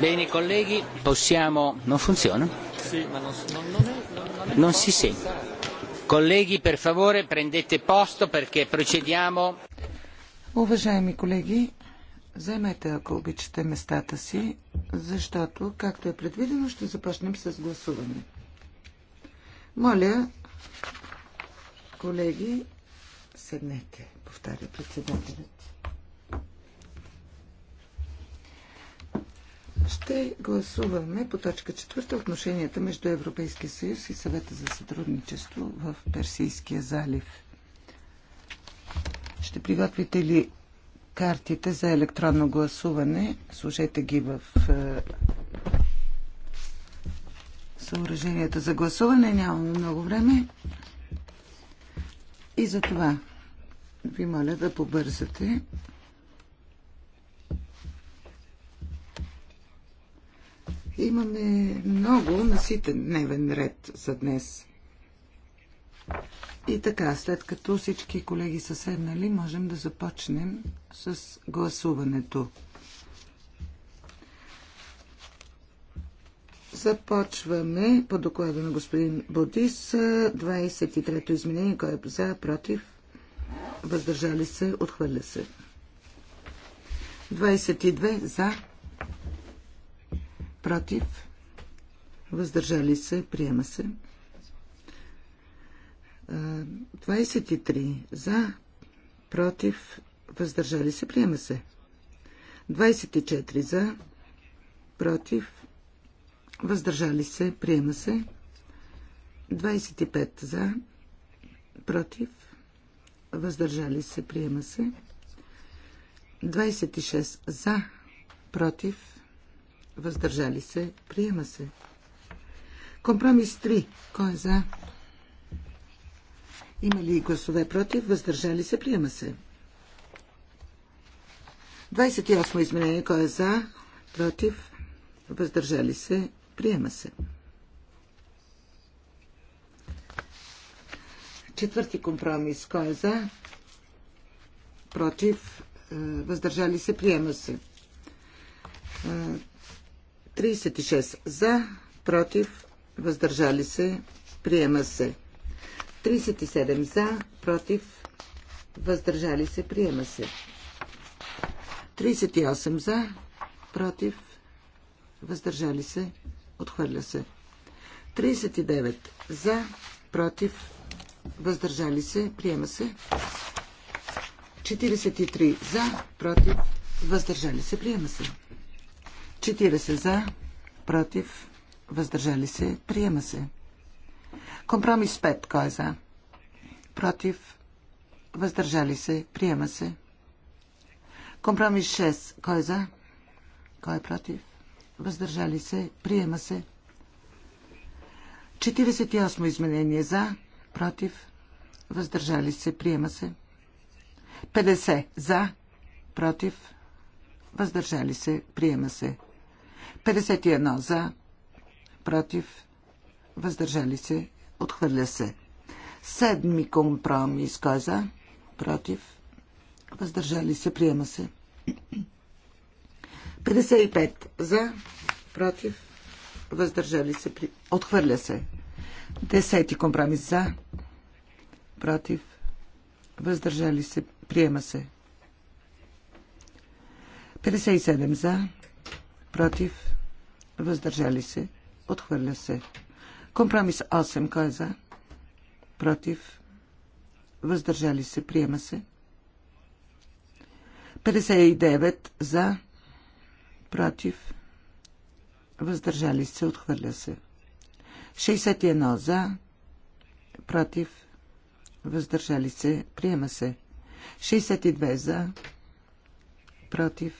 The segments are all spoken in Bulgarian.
Bene colleghi, possiamo... non funziona? Sì, ma non, non, non, è, non, non, è non si sente. Colleghi, per favore, prendete posto perché procediamo. Уважаеми колеги, Вземете, ако обичате, местата си, защото, както е предвидено, ще започнем с гласуване. Моля, колеги, седнете, повтаря председателят. ще гласуваме по точка четвърта отношенията между Европейския съюз и съвета за сътрудничество в Персийския залив. Ще приготвите ли картите за електронно гласуване? Служете ги в е, съоръженията за гласуване. Нямаме много време. И за това ви моля да побързате. Имаме много наситен дневен ред за днес. И така, след като всички колеги са седнали, можем да започнем с гласуването. Започваме по доклада на господин Бодис. 23-то изменение. Кой е за, против? Въздържали се, отхвърля се. 22 за, против, въздържали се, приема се. 23 за, против, въздържали се, приема се. 24 за, против, въздържали се, приема се. 25 за, против, въздържали се, приема се. 26 за, против, въздържали се, приема се. Компромис 3. Кой е за? Има ли гласове против? Въздържали се, приема се. 28 изменение. Кой е за? Против? Въздържали се, приема се. Четвърти компромис. Кой е за? Против? Въздържали се, приема се. 36 за, против, въздържали се, приема се. 37 за, против, въздържали се, приема се. 38 за, против, въздържали се, отхвърля се. 39 за, против, въздържали се, приема се. 43 за, против, въздържали се, приема се. 40 за, против, въздържали се, приема се. Компромис 5, кой е за? Против, въздържали се, приема се. Компромис 6, кой е за? Кой е против? Въздържали се, приема се. 48 изменение за, против, въздържали се, приема се. 50 за, против, въздържали се, приема се. 51 за, против, въздържали се, отхвърля се. Седми компромис, кой е за, против, въздържали се, приема се. 55 за, против, въздържали се, при... отхвърля се. Десети компромис за, против, въздържали се, приема се. 57 за, против, въздържали се, отхвърля се. Компромис 8, кой е за? Против, въздържали се, приема се. 59 за, против, въздържали се, отхвърля се. 61 за, против, въздържали се, приема се. 62 за, против,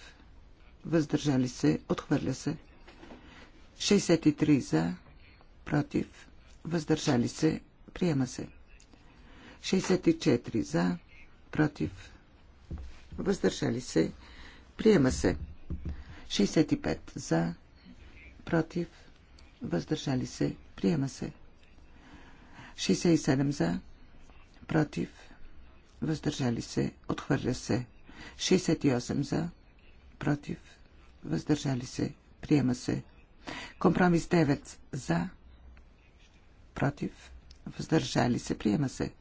въздържали се, отхвърля се. 63 за, против, въздържали се, приема се. 64 за, против, въздържали се, приема се. 65 за, против, въздържали се, приема се. 67 за, против, въздържали се, отхвърля се. 68 за, против, въздържали се, приема се. Компромис 9 за, против, въздържали се, приема се.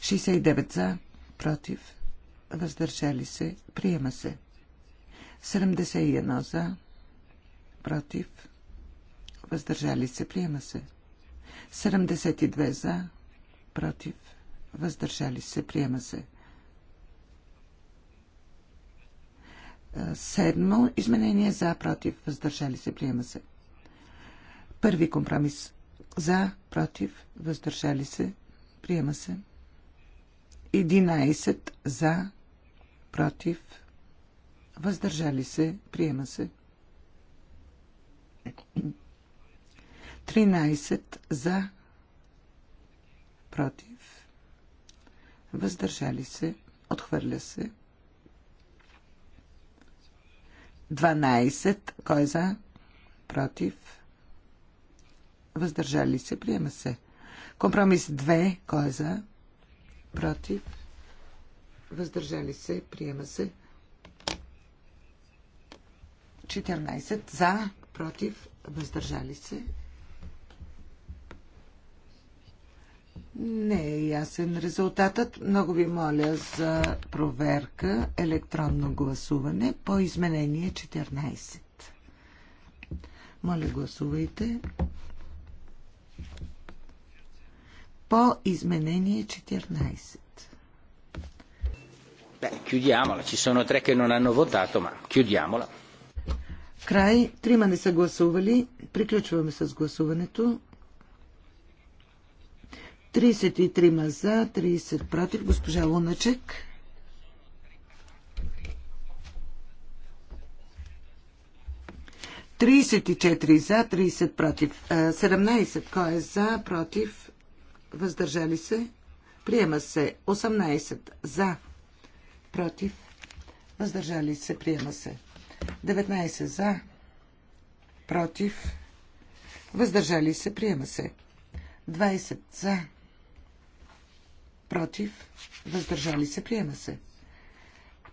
69 за, против, въздържали се, приема се. 71 за, против, въздържали се, приема се. 72 за, против, въздържали се, приема се. Седмо изменение за, против, въздържали се, приема се. Първи компромис за, против, въздържали се, приема се. 11 за, против, въздържали се, приема се. 13 за, против, въздържали се, отхвърля се. 12. Кой е за? Против. Въздържали се. Приема се. Компромис 2. Кой е за? Против. Въздържали се. Приема се. 14. За. Против. Въздържали се. Не е ясен резултатът. Много ви моля за проверка електронно гласуване по изменение 14. Моля, гласувайте. По изменение 14. Beh, chiudiamola, ci sono tre che non hanno votato, ma chiudiamola. Край, трима не са гласували. Приключваме с гласуването. 33 за, 30 против. Госпожа Луначек. Тридесет и четири за, 30 против. 17. Кой е за, против? Въздържали се? Приема се. 18. За, против? Въздържали се? Приема се. 19. За, против? Въздържали се? Приема се. 20. За, против, въздържали се, приема се.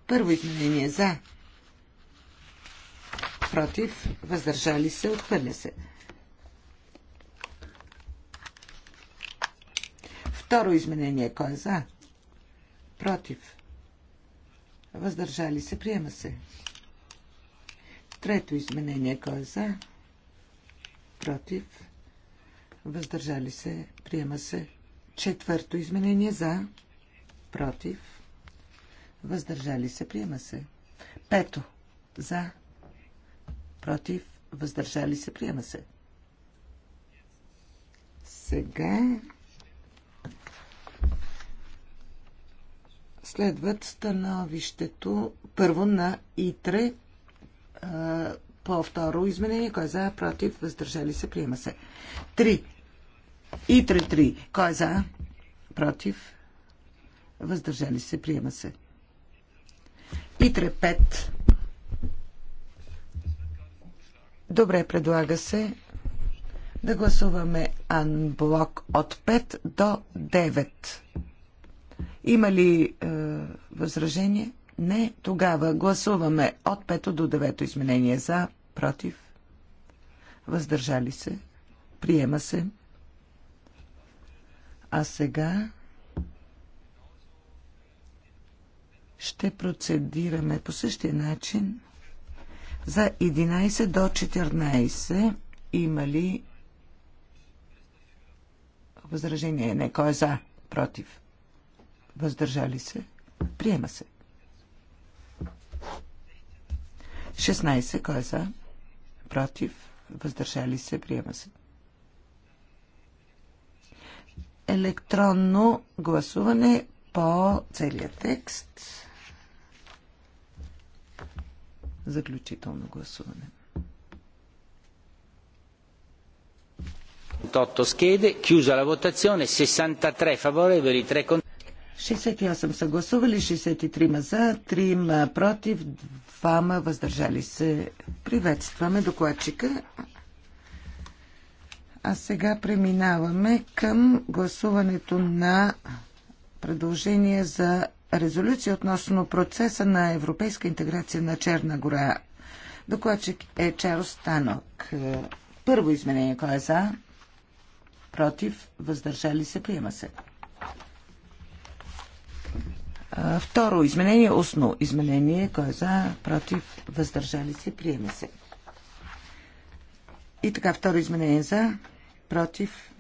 Първо изменение за, против, въздържали се, отхвърля се. Второ изменение, кой е за, против, въздържали се, приема се. Трето изменение, кой е за, против, въздържали се, приема се. Четвърто изменение за, против, въздържали се, приема се. Пето за, против, въздържали се, приема се. Сега следват становището първо на ИТРЕ по второ изменение, кой е за, против, въздържали се, приема се. Три и 3-3. Кой е за? Против? Въздържали се. Приема се. И 3-5. Добре, предлага се да гласуваме анблок от 5 до 9. Има ли е, възражение? Не. Тогава гласуваме от 5 до 9 изменение за, против, въздържали се, приема се. А сега ще процедираме по същия начин за 11 до 14. Има ли възражение? Не, кой е за? Против? Въздържали се? Приема се. 16. Кой е за? Против? Въздържали се? Приема се. 17 електронно гласуване по целия текст. Заключително гласуване. 8 schede, chiusa la votazione, 63 favorevoli, 3 contro. 68 са гласували, 63 за, 3 против, 2 въздържали се. Приветстваме докладчика. А сега преминаваме към гласуването на предложение за резолюция относно процеса на европейска интеграция на Черна гора. Докладчик е Чарлз Танок. Първо изменение, кой е за? Против? Въздържали се? Приема се. Второ изменение, устно изменение, кой е за? Против? Въздържали се? Приема се. И така, второ изменение за? против,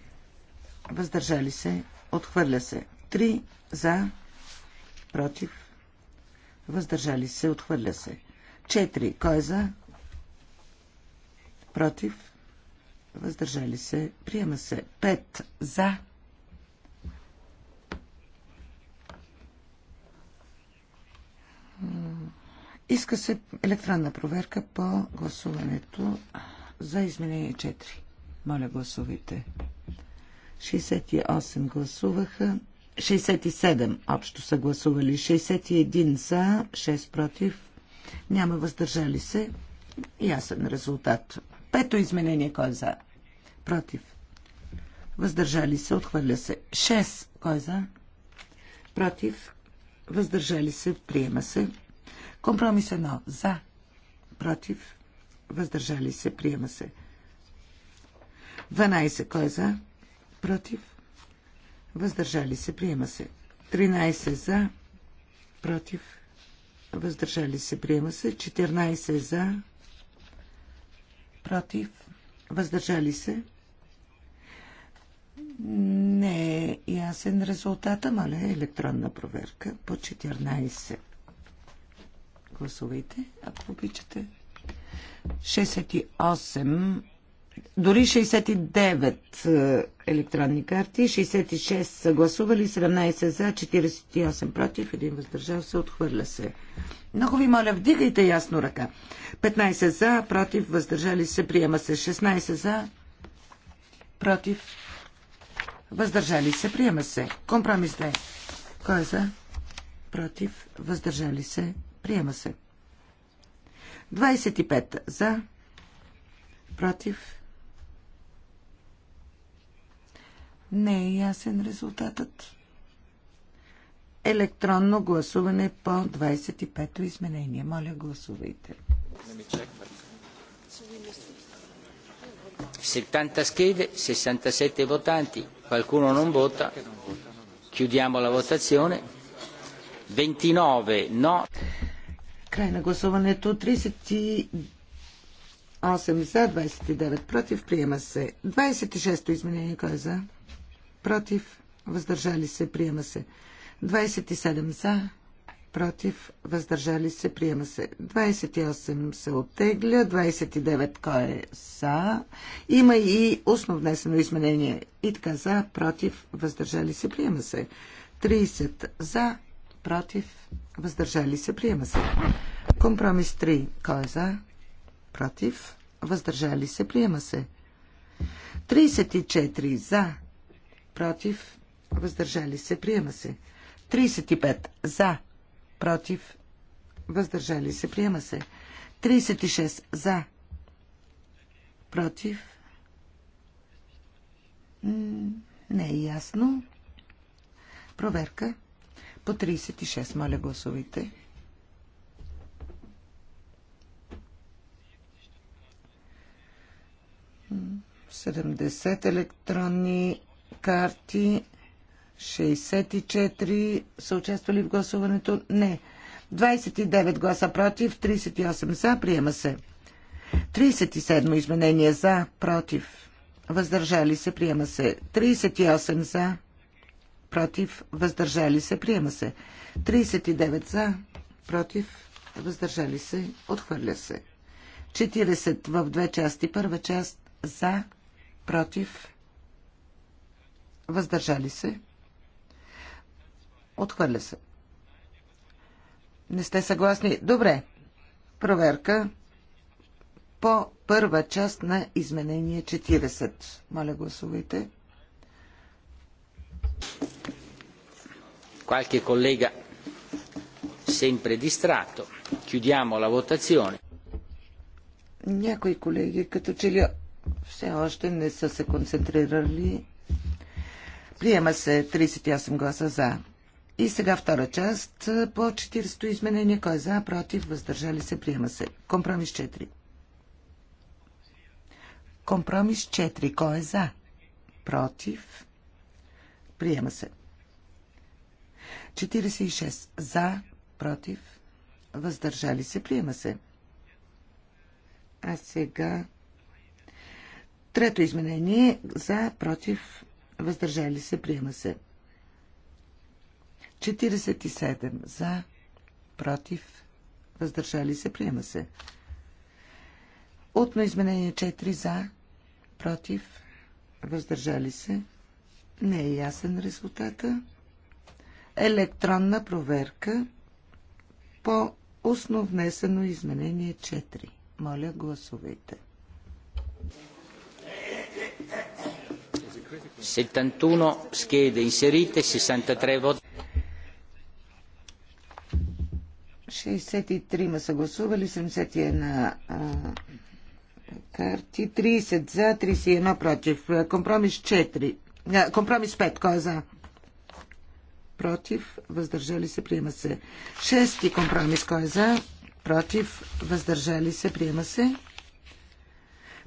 въздържали се, отхвърля се. 3 за, против, въздържали се, отхвърля се. 4. Кой е за? Против, въздържали се, приема се. 5 за, Иска се електронна проверка по гласуването за изменение 4. Моля, гласувайте. 68 гласуваха. 67 общо са гласували. 61 за, 6 против. Няма въздържали се. Ясен резултат. Пето изменение. Кой е за? Против. Въздържали се. Отхвърля се. 6. Кой е за? Против. Въздържали се. Приема се. Компромис 1. За. Против. Въздържали се. Приема се. 12. Кой е за? Против. Въздържали се. Приема се. 13 за. Против. Въздържали се. Приема се. 14 за. Против. Въздържали се. Не е ясен резултата, е електронна проверка по 14. Гласувайте, ако обичате. 68 дори 69 е, електронни карти, 66 са гласували, 17 за, 48 против, един въздържал се, отхвърля се. Много ви моля, вдигайте ясно ръка. 15 за, против, въздържали се, приема се. 16 за, против, въздържали се, приема се. Компромис е. Кой е за? Против, въздържали се, приема се. 25 за, против, Не е ясен резултатът. Електронно гласуване по 25-то изменение. Моля, гласувайте. 70 schede, 67 votanti, qualcuno non vota, chiudiamo la votazione, 29 no. Край на гласуването 38 за, 29 против, приема се. 26-то изменение, кой е за? против, въздържали се, приема се. 27 за, против, въздържали се, приема се. 28 се оттегля, 29 кой е за. Има и устно внесено изменение. И така за, против, въздържали се, приема се. 30 за, против, въздържали се, приема се. Компромис 3. Кой е за? Против, въздържали се, приема се. 34 за, против, въздържали се, приема се. 35 за, против, въздържали се, приема се. 36 за, против, не е ясно. Проверка. По 36, моля, гласувайте. Седемдесет 70 електронни карти. 64 са участвали в гласуването. Не. 29 гласа против, 38 за. Приема се. 37 изменение за, против. Въздържали се. Приема се. 38 за. Против. Въздържали се. Приема се. 39 за. Против. Въздържали се. Отхвърля се. 40 в две части. Първа част за. Против Въздържали се. Отхвърля се. Не сте съгласни? Добре. Проверка по първа част на изменение 40. Моля, гласувайте. Qualche collega sempre distratto. Chiudiamo la votazione. Някои колеги като че ли все още не са се концентрирали Приема се 38 гласа за. И сега втора част по 40-то изменение. Кой е за, против, въздържали се, приема се. Компромис 4. Компромис 4. Кой е за? Против. Приема се. 46. За, против, въздържали се, приема се. А сега трето изменение за, против, въздържали се, приема се. 47 за, против, въздържали се, приема се. Отно изменение 4 за, против, въздържали се. Не е ясен резултата. Електронна проверка по устно внесено изменение 4. Моля, гласувайте. 71 schede inserite, 63 voti. 63 са гласували, 71 а, карти, 30 за, 31 против. Компромис 4. А, компромис 5. Кой е за? Против. Въздържали се. Приема се. Шести компромис. Кой е за? Против. Въздържали се. Приема се.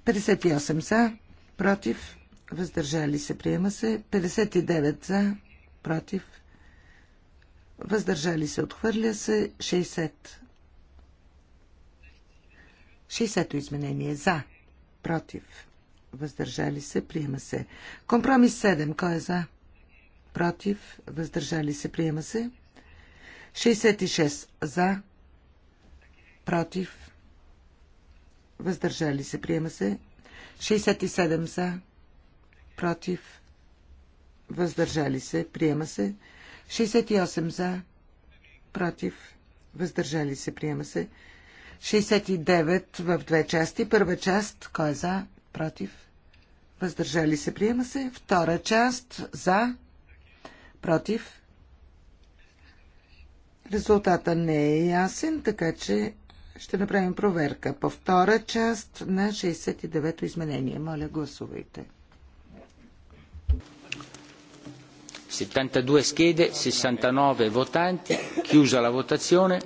58 за. Против въздържали се, приема се. 59 за, против, въздържали се, отхвърля се. 60. 60-то изменение за, против, въздържали се, приема се. Компромис 7, кой е за? Против, въздържали се, приема се. 66 за, против, въздържали се, приема се. 67 за, против, въздържали се, приема се. 68 за, против, въздържали се, приема се. 69 в две части. Първа част, кой е за, против, въздържали се, приема се. Втора част, за, против. Резултата не е ясен, така че ще направим проверка по втора част на 69-то изменение. Моля, гласувайте. settantadue schede, sessantanove votanti, chiusa la votazione,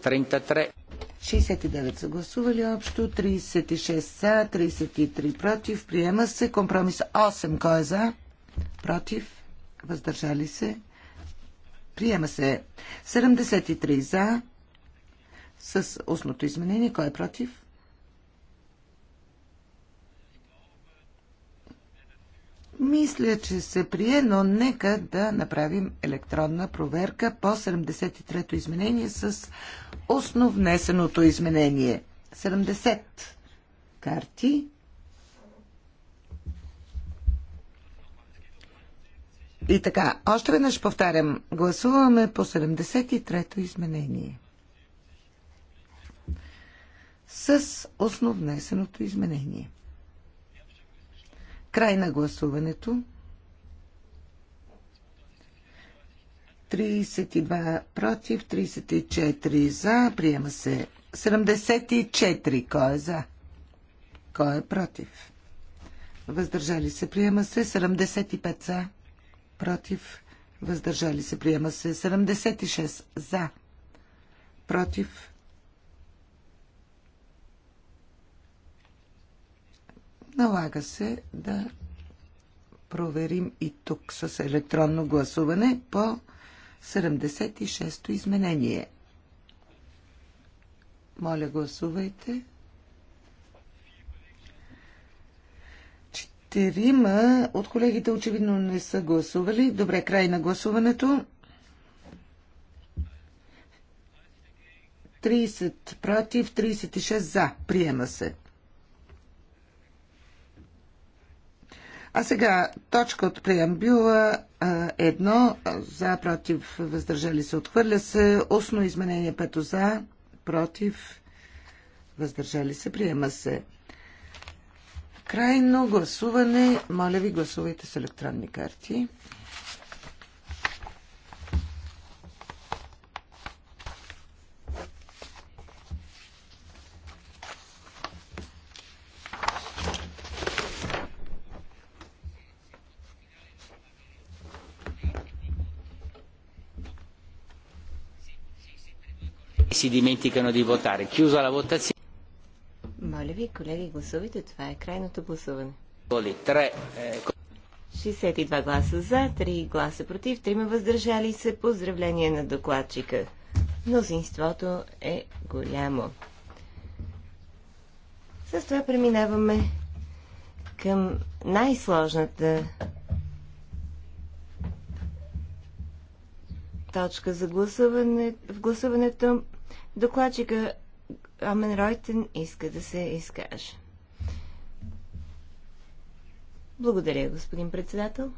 33. 69 са гласували общо, 36 са, 33 против. Приема се компромис 8. Кой е за? Против. Въздържали се. Приема се 73 за. С устното изменение. Кой е против? Мисля, че се прие, но нека да направим електронна проверка по 73-то изменение с основнесеното изменение. 70 карти. И така, още веднъж повтарям, гласуваме по 73-то изменение. С основнесеното изменение. Край на гласуването. 32 против, 34 за. Приема се 74. Кой е за? Кой е против? Въздържали се. Приема се 75 за. Против. Въздържали се. Приема се 76 за. Против. Налага се да проверим и тук с електронно гласуване по 76-то изменение. Моля, гласувайте. Четирима от колегите очевидно не са гласували. Добре, край на гласуването. 30 против, 36 за. Приема се. А сега точка от преамбюла едно за против въздържали се отхвърля се. Устно изменение пето за против въздържали се приема се. Крайно гласуване. Моля ви гласувайте с електронни карти. si dimenticano di votare. Chiusa la votazione. Моля ви, колеги, гласувайте. Това е крайното гласуване. 62 eh, гласа за, 3 гласа против, 3 въздържали се. Поздравление на докладчика. Мнозинството е голямо. С това преминаваме към най-сложната точка за гласуване, в гласуването Докладчика Амен Ройтен иска да се изкаже. Благодаря, господин председател.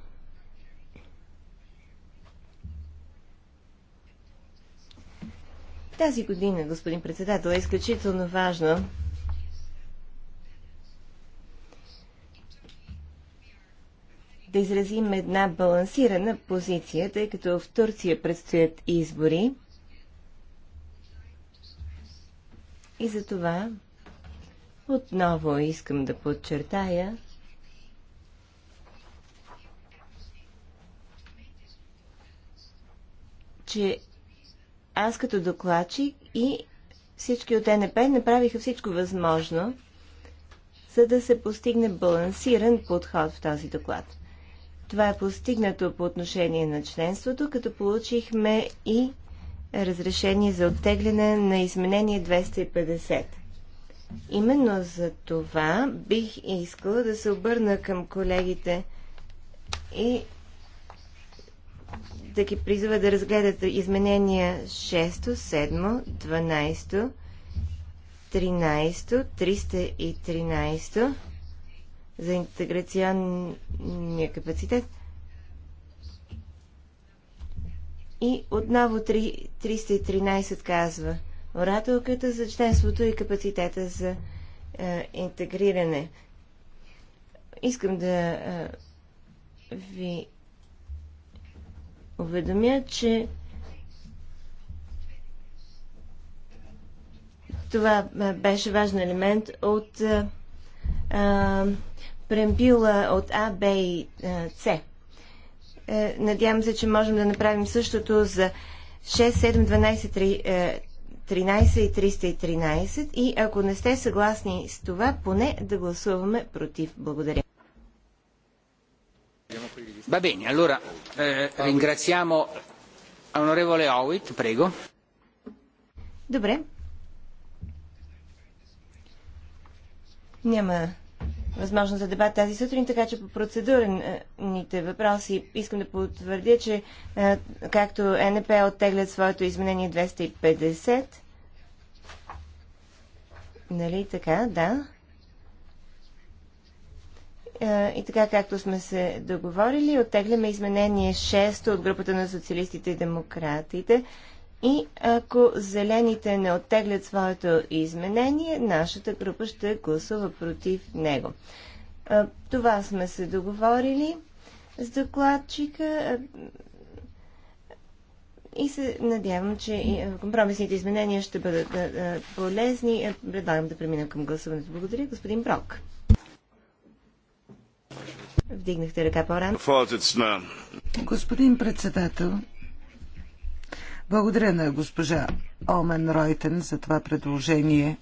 Тази година, господин председател, е изключително важно да изразим една балансирана позиция, тъй като в Турция предстоят избори – И за това отново искам да подчертая, че аз като докладчик и всички от НП направиха всичко възможно, за да се постигне балансиран подход в този доклад. Това е постигнато по отношение на членството, като получихме и разрешение за оттегляне на изменение 250. Именно за това бих искала да се обърна към колегите и да ги призова да разгледат изменения 6, 7, 12, 13, 313 за интеграционния капацитет – И отново 313 казва орателката за членството и капацитета за е, интегриране. Искам да е, ви уведомя, че това е, беше важен елемент от е, е, прембила от А, Б и е, С. Е, надявам се, че можем да направим същото за 6, 7, 12, 13 и 313 и ако не сте съгласни с това, поне да гласуваме против. Благодаря. Va bene, allora eh, ringraziamo l'onorevole Howitt, prego. Добре. Няма възможност за дебат тази сутрин, така че по процедурните въпроси искам да потвърдя, че е, както НП оттеглят своето изменение 250, нали така, да, е, и така както сме се договорили, оттегляме изменение 6 от групата на социалистите и демократите. И ако зелените не оттеглят своето изменение, нашата група ще гласува против него. Това сме се договорили с докладчика и се надявам, че компромисните изменения ще бъдат полезни. Предлагам да преминем към гласуването. Благодаря, господин Брок. Вдигнахте ръка по-рано. Господин председател, благодаря на госпожа Омен Ройтен за това предложение.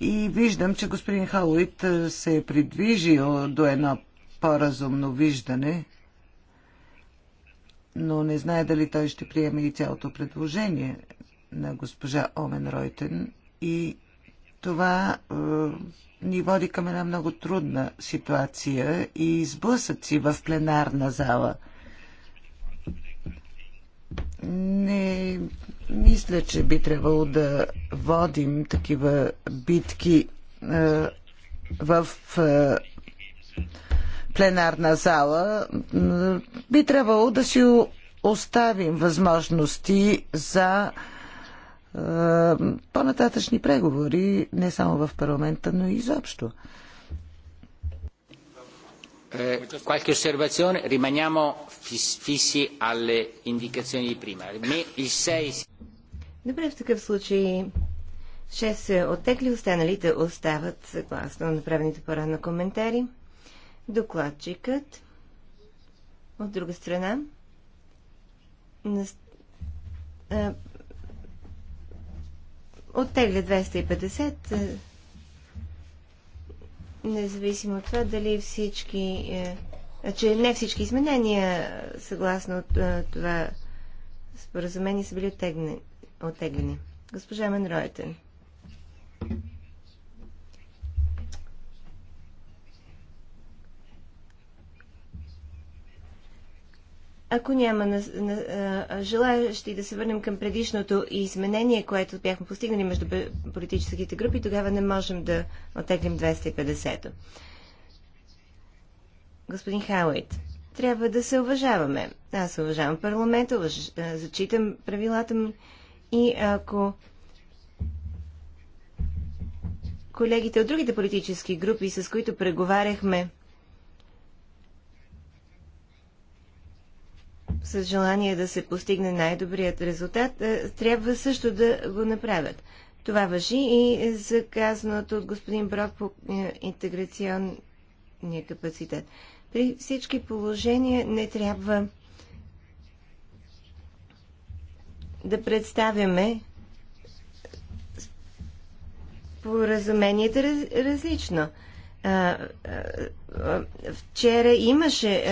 И виждам, че господин Халуит се е придвижил до едно по-разумно виждане, но не знае дали той ще приеме и цялото предложение на госпожа Омен Ройтен. И това е, ни води към една много трудна ситуация и сблъсъци в пленарна зала – не мисля, че би трябвало да водим такива битки е, в е, пленарна зала. Би трябвало да си оставим възможности за е, по-нататъчни преговори, не само в парламента, но и изобщо. Eh, qualche osservazione? Rimaniamo fissi alle indicazioni di prima. il 6 Добре, в такъв случай 6 се оттегли, останалите остават съгласно направените пора на коментари. Докладчикът от друга страна на, оттегля 250 независимо от това дали всички, е, че не всички изменения е, съгласно е, това споразумение са били оттеглени. Госпожа Мен Ако няма на, на, а, желаящи да се върнем към предишното изменение, което бяхме постигнали между политическите групи, тогава не можем да отеглим 250-то. Господин Хауит, трябва да се уважаваме. Аз уважавам парламента, уваж... зачитам правилата му и ако колегите от другите политически групи, с които преговаряхме, с желание да се постигне най-добрият резултат, е, трябва също да го направят. Това въжи и за казаното от господин Брок по е, интеграционния капацитет. При всички положения не трябва да представяме поразумението, раз, различно. А, а, а, вчера имаше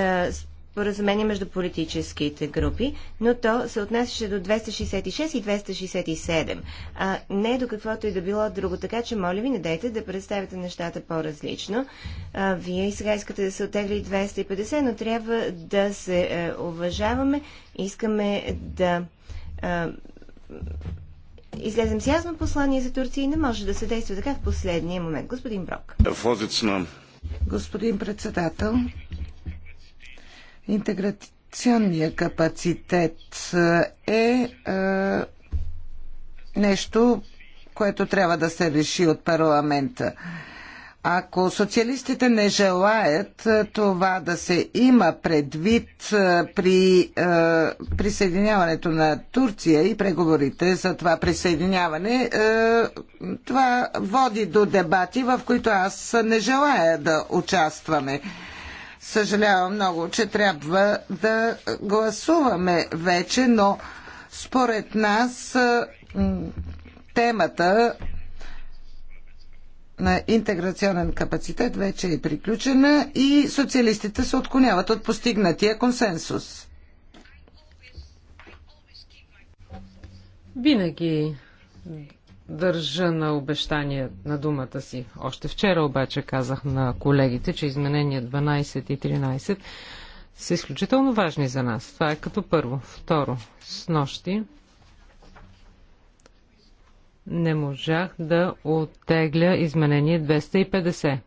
споразумение между политическите групи, но то се отнасяше до 266 и 267, а не до каквото и да било друго. Така че, моля ви, не дайте да представите нещата по-различно. вие и сега искате да се отегли 250, но трябва да се е, уважаваме. Искаме да е, излезем с ясно послание за Турция и не може да се действа така в последния момент. Господин Брок. Господин председател, Интеграционния капацитет е, е нещо, което трябва да се реши от парламента. Ако социалистите не желаят е, това да се има предвид е, при е, присъединяването на Турция и преговорите за това присъединяване, е, това води до дебати, в които аз не желая да участваме. Съжалявам много, че трябва да гласуваме вече, но според нас темата на интеграционен капацитет вече е приключена и социалистите се отклоняват от постигнатия консенсус. Винаги държа на обещание на думата си. Още вчера обаче казах на колегите, че изменения 12 и 13 са изключително важни за нас. Това е като първо. Второ, с нощи не можах да оттегля изменение 250,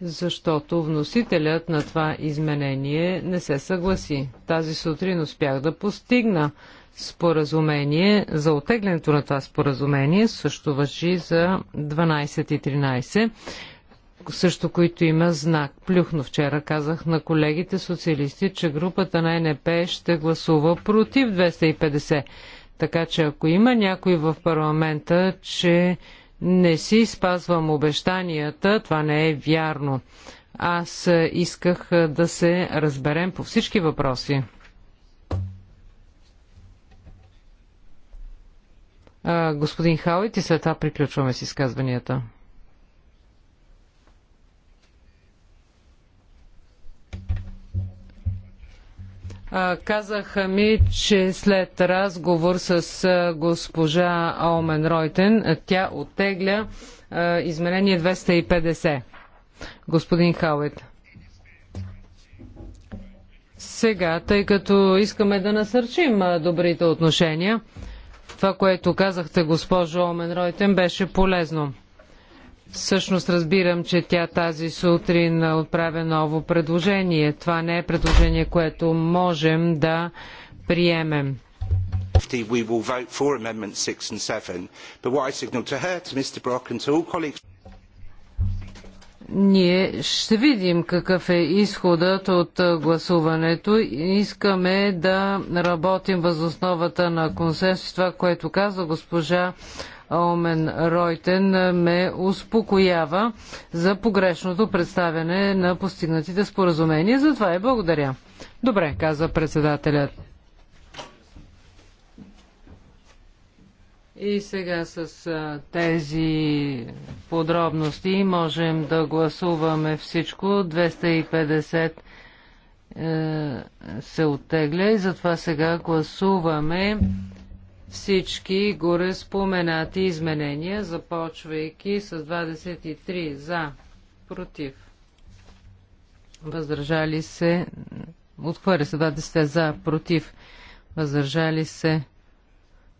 защото вносителят на това изменение не се съгласи. Тази сутрин успях да постигна споразумение, за отеглянето на това споразумение също въжи за 12 и 13 също които има знак. Плюхно вчера казах на колегите социалисти, че групата на НП ще гласува против 250. Така че ако има някой в парламента, че не си спазвам обещанията, това не е вярно. Аз исках да се разберем по всички въпроси. а, господин Хауит и след това приключваме с изказванията. Казаха ми, че след разговор с госпожа Олмен Ройтен, тя оттегля изменение 250. Господин Хауит. Сега, тъй като искаме да насърчим добрите отношения, това, което казахте, госпожо Омен Ройтен, беше полезно. Всъщност разбирам, че тя тази сутрин отправя ново предложение. Това не е предложение, което можем да приемем we will vote for and but what i to her to mr and to all colleagues ние ще видим какъв е изходът от гласуването. Искаме да работим възосновата на консенсус. Това, което каза госпожа Омен Ройтен, ме успокоява за погрешното представяне на постигнатите споразумения. Затова и е. благодаря. Добре, каза председателят. И сега с тези подробности можем да гласуваме всичко. 250 е, се оттегля и затова сега гласуваме всички горе споменати изменения, започвайки с 23 за, против, въздържали се, отхвърля се 20 за, против, въздържали се,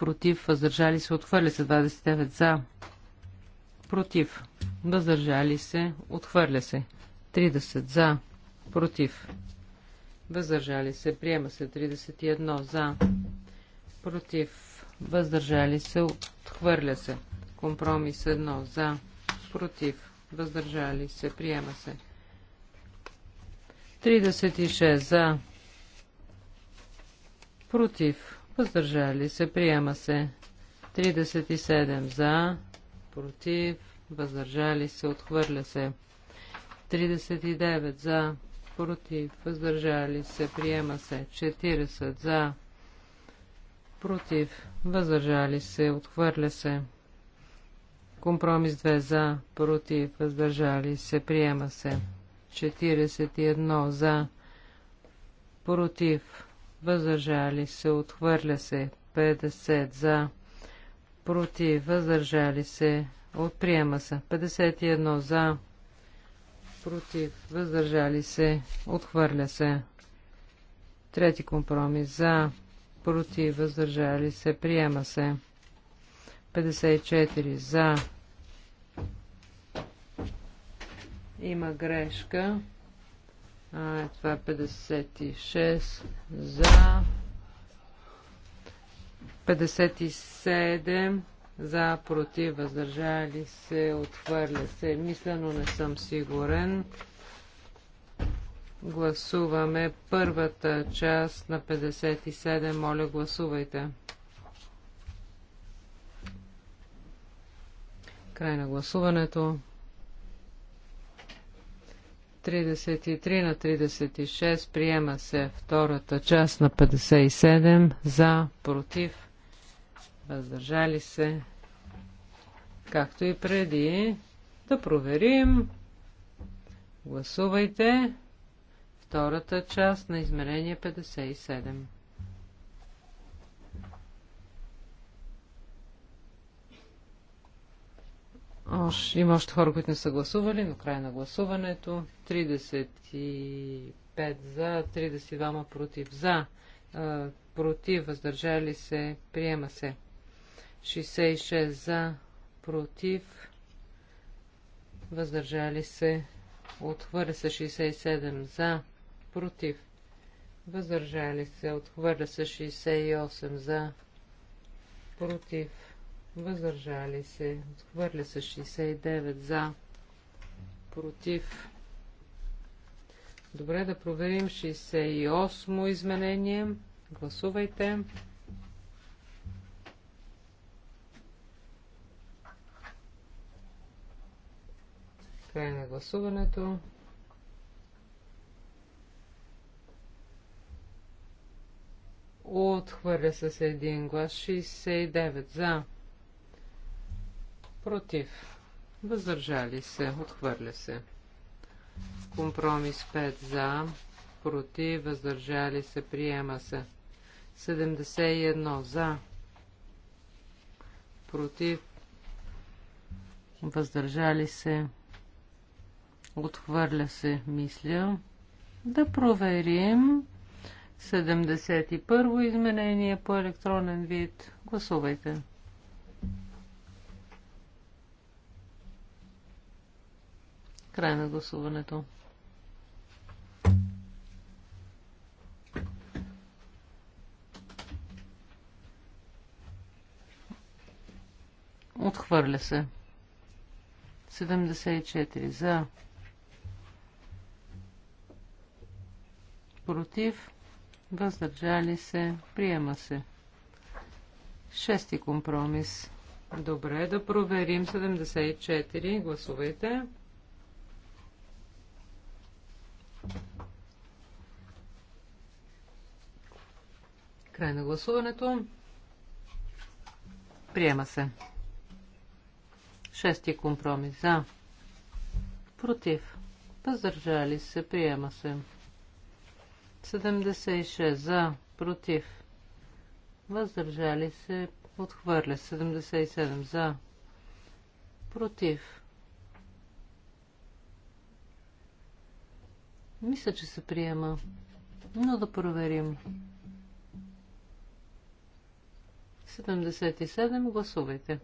против, въздържали се, отхвърля се. 29 за, против, въздържали се, отхвърля се. 30 за, против, въздържали се, приема се. 31 за, против, въздържали се, отхвърля се. Компромис 1 за, против, въздържали се, приема се. 36 за, против, въздържали се, приема се. 37 за, против, въздържали се, отхвърля се. 39 за, против, въздържали се, приема се. 40 за, против, въздържали се, отхвърля се. Компромис 2 за, против, въздържали се, приема се. 41 за, против, въздържали се, отхвърля се. 50 за, против, въздържали се, отприема се. 51 за, против, въздържали се, отхвърля се. Трети компромис за, против, въздържали се, приема се. 54 за. Има грешка. А, това е 56 за. 57 за, против, въздържали се, отхвърля се. Мисля, но не съм сигурен. Гласуваме първата част на 57. Моля, гласувайте. Край на гласуването. 33 на 36 приема се втората част на 57 за, против, въздържали се, както и преди. Да проверим. Гласувайте втората част на измерение 57. има още хора, които не са гласували, но край на гласуването. 35 за, 32 против за, против, въздържали се, приема се. 66 за, против, въздържали се, отхвърля се 67 за, против, въздържали се, отхвърля се 68 за, против въздържали се, отхвърля се 69 за, против. Добре, да проверим 68 изменение. Гласувайте. Край на гласуването. Отхвърля се с един глас 69 за против, въздържали се, отхвърля се. Компромис 5 за, против, въздържали се, приема се. 71 за, против, въздържали се, отхвърля се, мисля. Да проверим 71 изменение по електронен вид. Гласувайте. Край на гласуването. Отхвърля се. 74 за. Против. Въздържали се. Приема се. Шести компромис. Добре, да проверим 74. Гласувайте. Край на гласуването. Приема се. Шести компромис. За. Против. Въздържали се. Приема се. 76. За. Против. Въздържали се. Отхвърля. 77. За. Против. Мисля, че се приема. Но да проверим. 77. Гласувайте.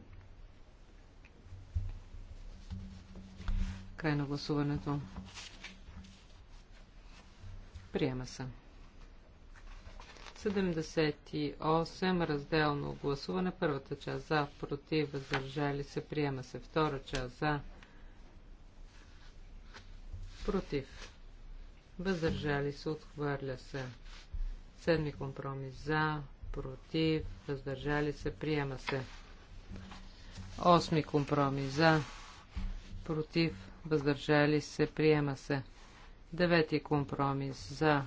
Край на гласуването. Приема се. 78. Разделно гласуване. Първата част за, против, въздържали се. Приема се. Втора част за, против, въздържали се. Отхвърля се. Седми компромис за, против, въздържали се, приема се. Осми компромис за, против, въздържали се, приема се. Девети компромис за,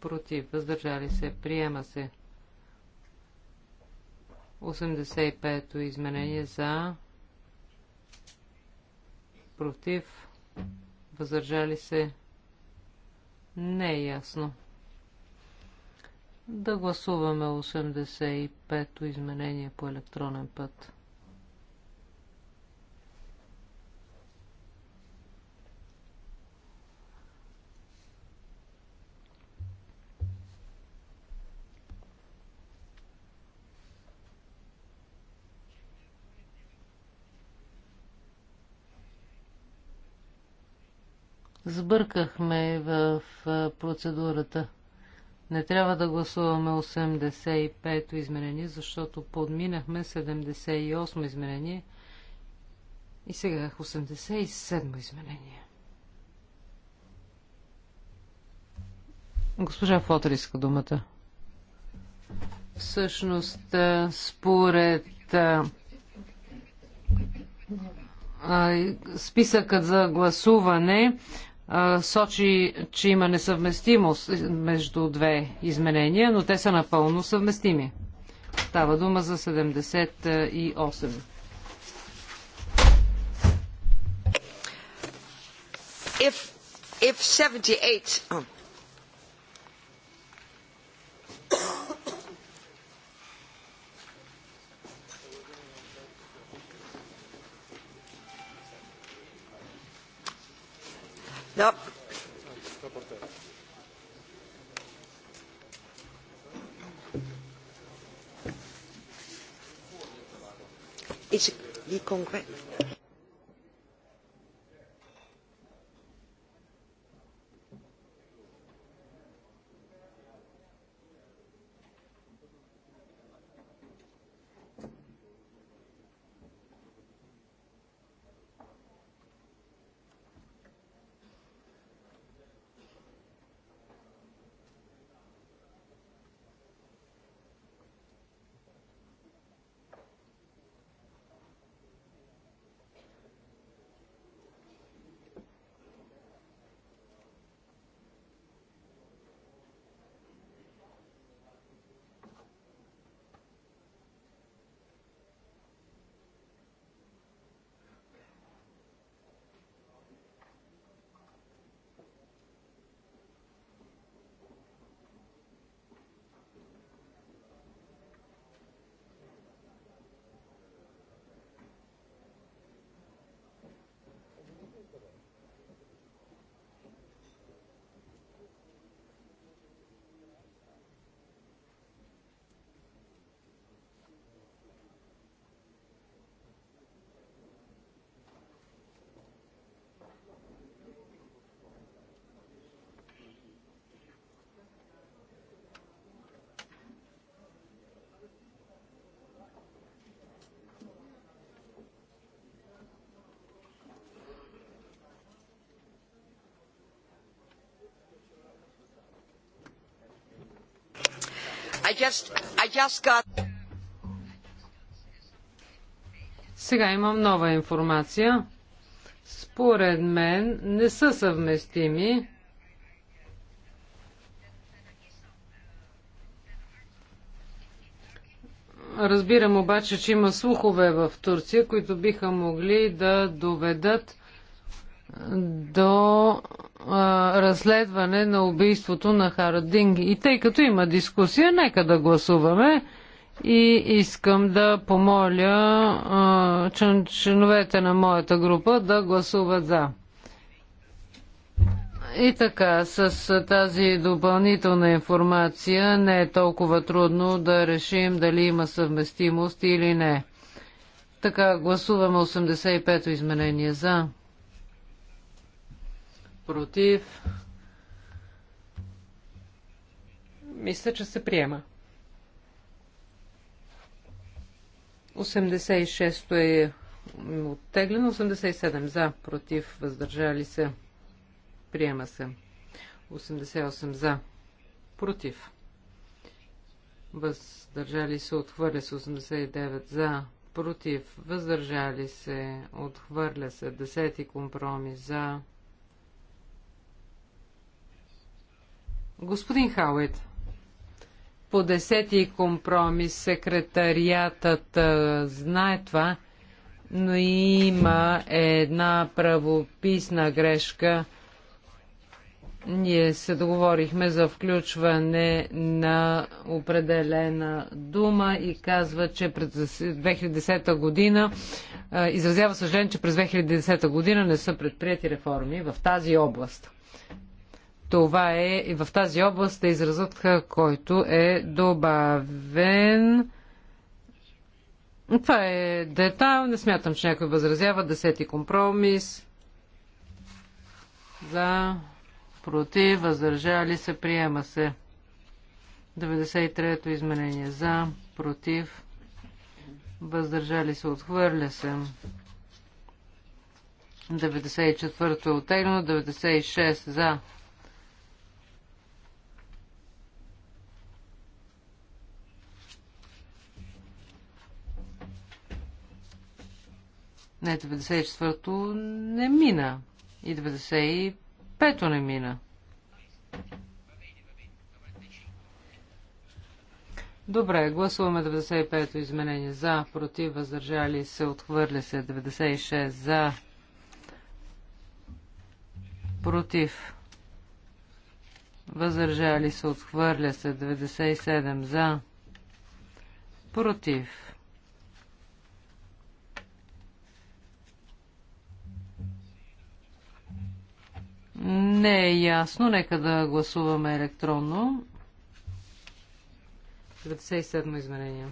против, въздържали се, приема се. 85-то изменение за, против, въздържали се, не е ясно да гласуваме 85-то изменение по електронен път. Сбъркахме в процедурата. Не трябва да гласуваме 85-то изменение, защото подминахме 78-о изменение и сега 87-о е изменение. Госпожа Фотер иска думата. Всъщност, според списъкът за гласуване сочи, че има несъвместимост между две изменения, но те са напълно съвместими. Става дума за 78. If, if 78... Да. It's the concrete. I just, I just got... Сега имам нова информация. Според мен не са съвместими. Разбирам обаче, че има слухове в Турция, които биха могли да доведат до а, разследване на убийството на Харадинг. И тъй като има дискусия, нека да гласуваме. И искам да помоля а, член, членовете на моята група да гласуват за. И така, с тази допълнителна информация не е толкова трудно да решим дали има съвместимост или не. Така, гласуваме 85-то изменение за против. Мисля, че се приема. 86-то е оттеглено, 87 за, против, въздържали се, приема се. 88 за, против, въздържали се, отхвърля се, 89 за, против, въздържали се, отхвърля се, 10 компромис за, Господин Хауит, по десети компромис секретариатът знае това, но има една правописна грешка. Ние се договорихме за включване на определена дума и казва, че през 2010 година изразява съжаление, че през 2010 година не са предприяти реформи в тази област. Това е и в тази област е изразът, който е добавен. Това е детайл. Не смятам, че някой възразява. Десети компромис. За, против, възражали се, приема се. 93-то изменение. За, против, въздържали се, отхвърля се. 94-то е оттеглено, 96 за, Не, 94-то не мина. И 95-то не мина. Добре, гласуваме 95-то изменение за, против, въздържали се, отхвърля се 96 за, против, въздържали се, отхвърля се 97 за, против, Не е ясно. Нека да гласуваме електронно. 97 изменение.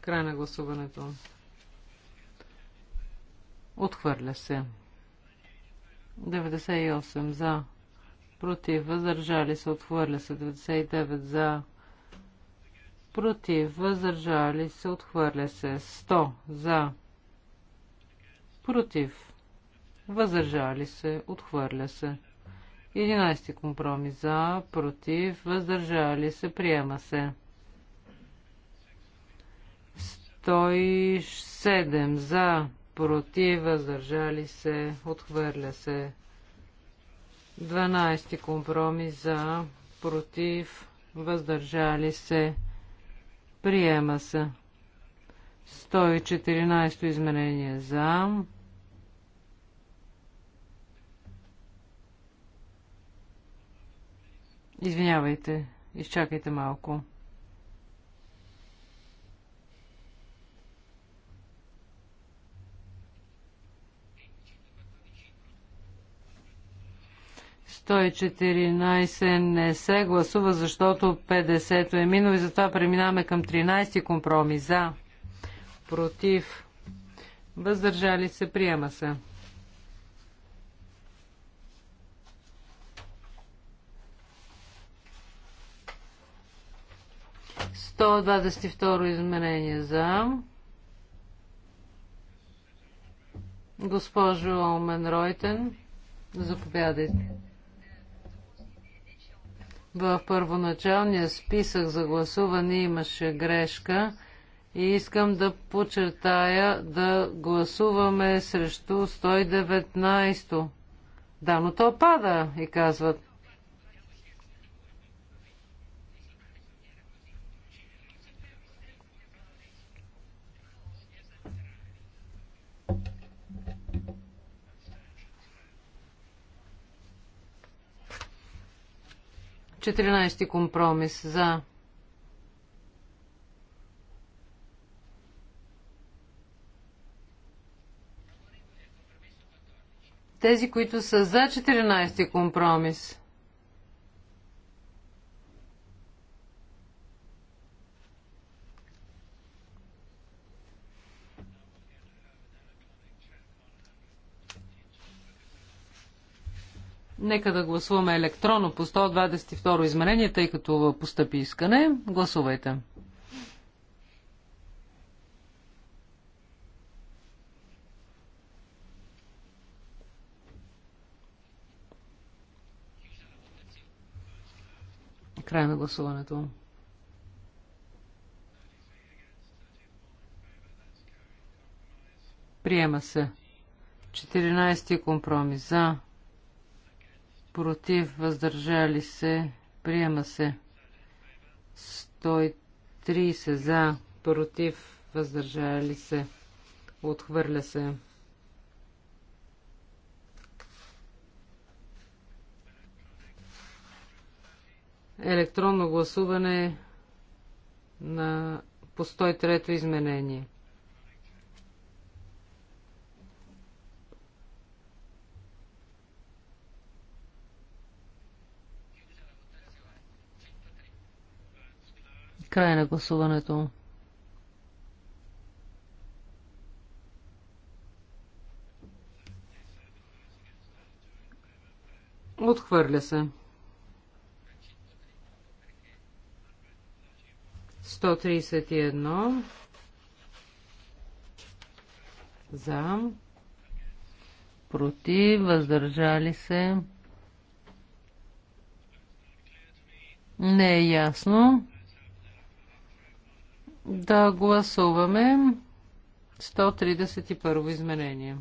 Край на гласуването. Отхвърля се. 98 за. Против. Въздържали се. Отхвърля се. 99 за. Против. Въздържали се. Отхвърля се. 100 за против, въздържали се, отхвърля се. 11 компромис за, против, въздържали се, приема се. 107 за, против, въздържали се, отхвърля се. 12 компромис за, против, въздържали се, приема се. 114 изменение за, Извинявайте, изчакайте малко. Той 14 не се гласува, защото 50-то е минало и затова преминаваме към 13-ти компромис. За, против, въздържали се, приема се. 122 изменение за. Госпожо Омен Ройтен, заповядайте. В първоначалния списък за гласуване имаше грешка и искам да подчертая да гласуваме срещу 119. Да, но то пада и казват. 14 компромис за тези, които са за 14 компромис. Нека да гласуваме електронно по 122 изменение, тъй като постъпи искане. Гласувайте. Край на гласуването. Приема се. 14 компромис за против, въздържали се, приема се. 130 за, против, въздържали се, отхвърля се. Електронно гласуване на по 103-то изменение. Край на гласуването. Отхвърля се. 131 за против, въздържали се. Не е ясно да гласуваме 131 во изменение.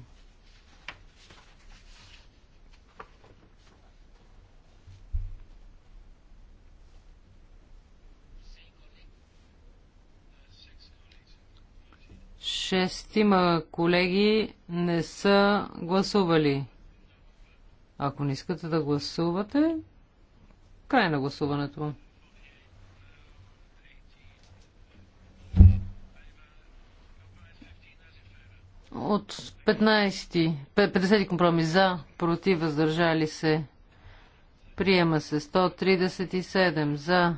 шестима колеги не са гласували. Ако не искате да гласувате, край на гласуването. От 15, 50 компромис за, против, въздържали се, приема се 137 за,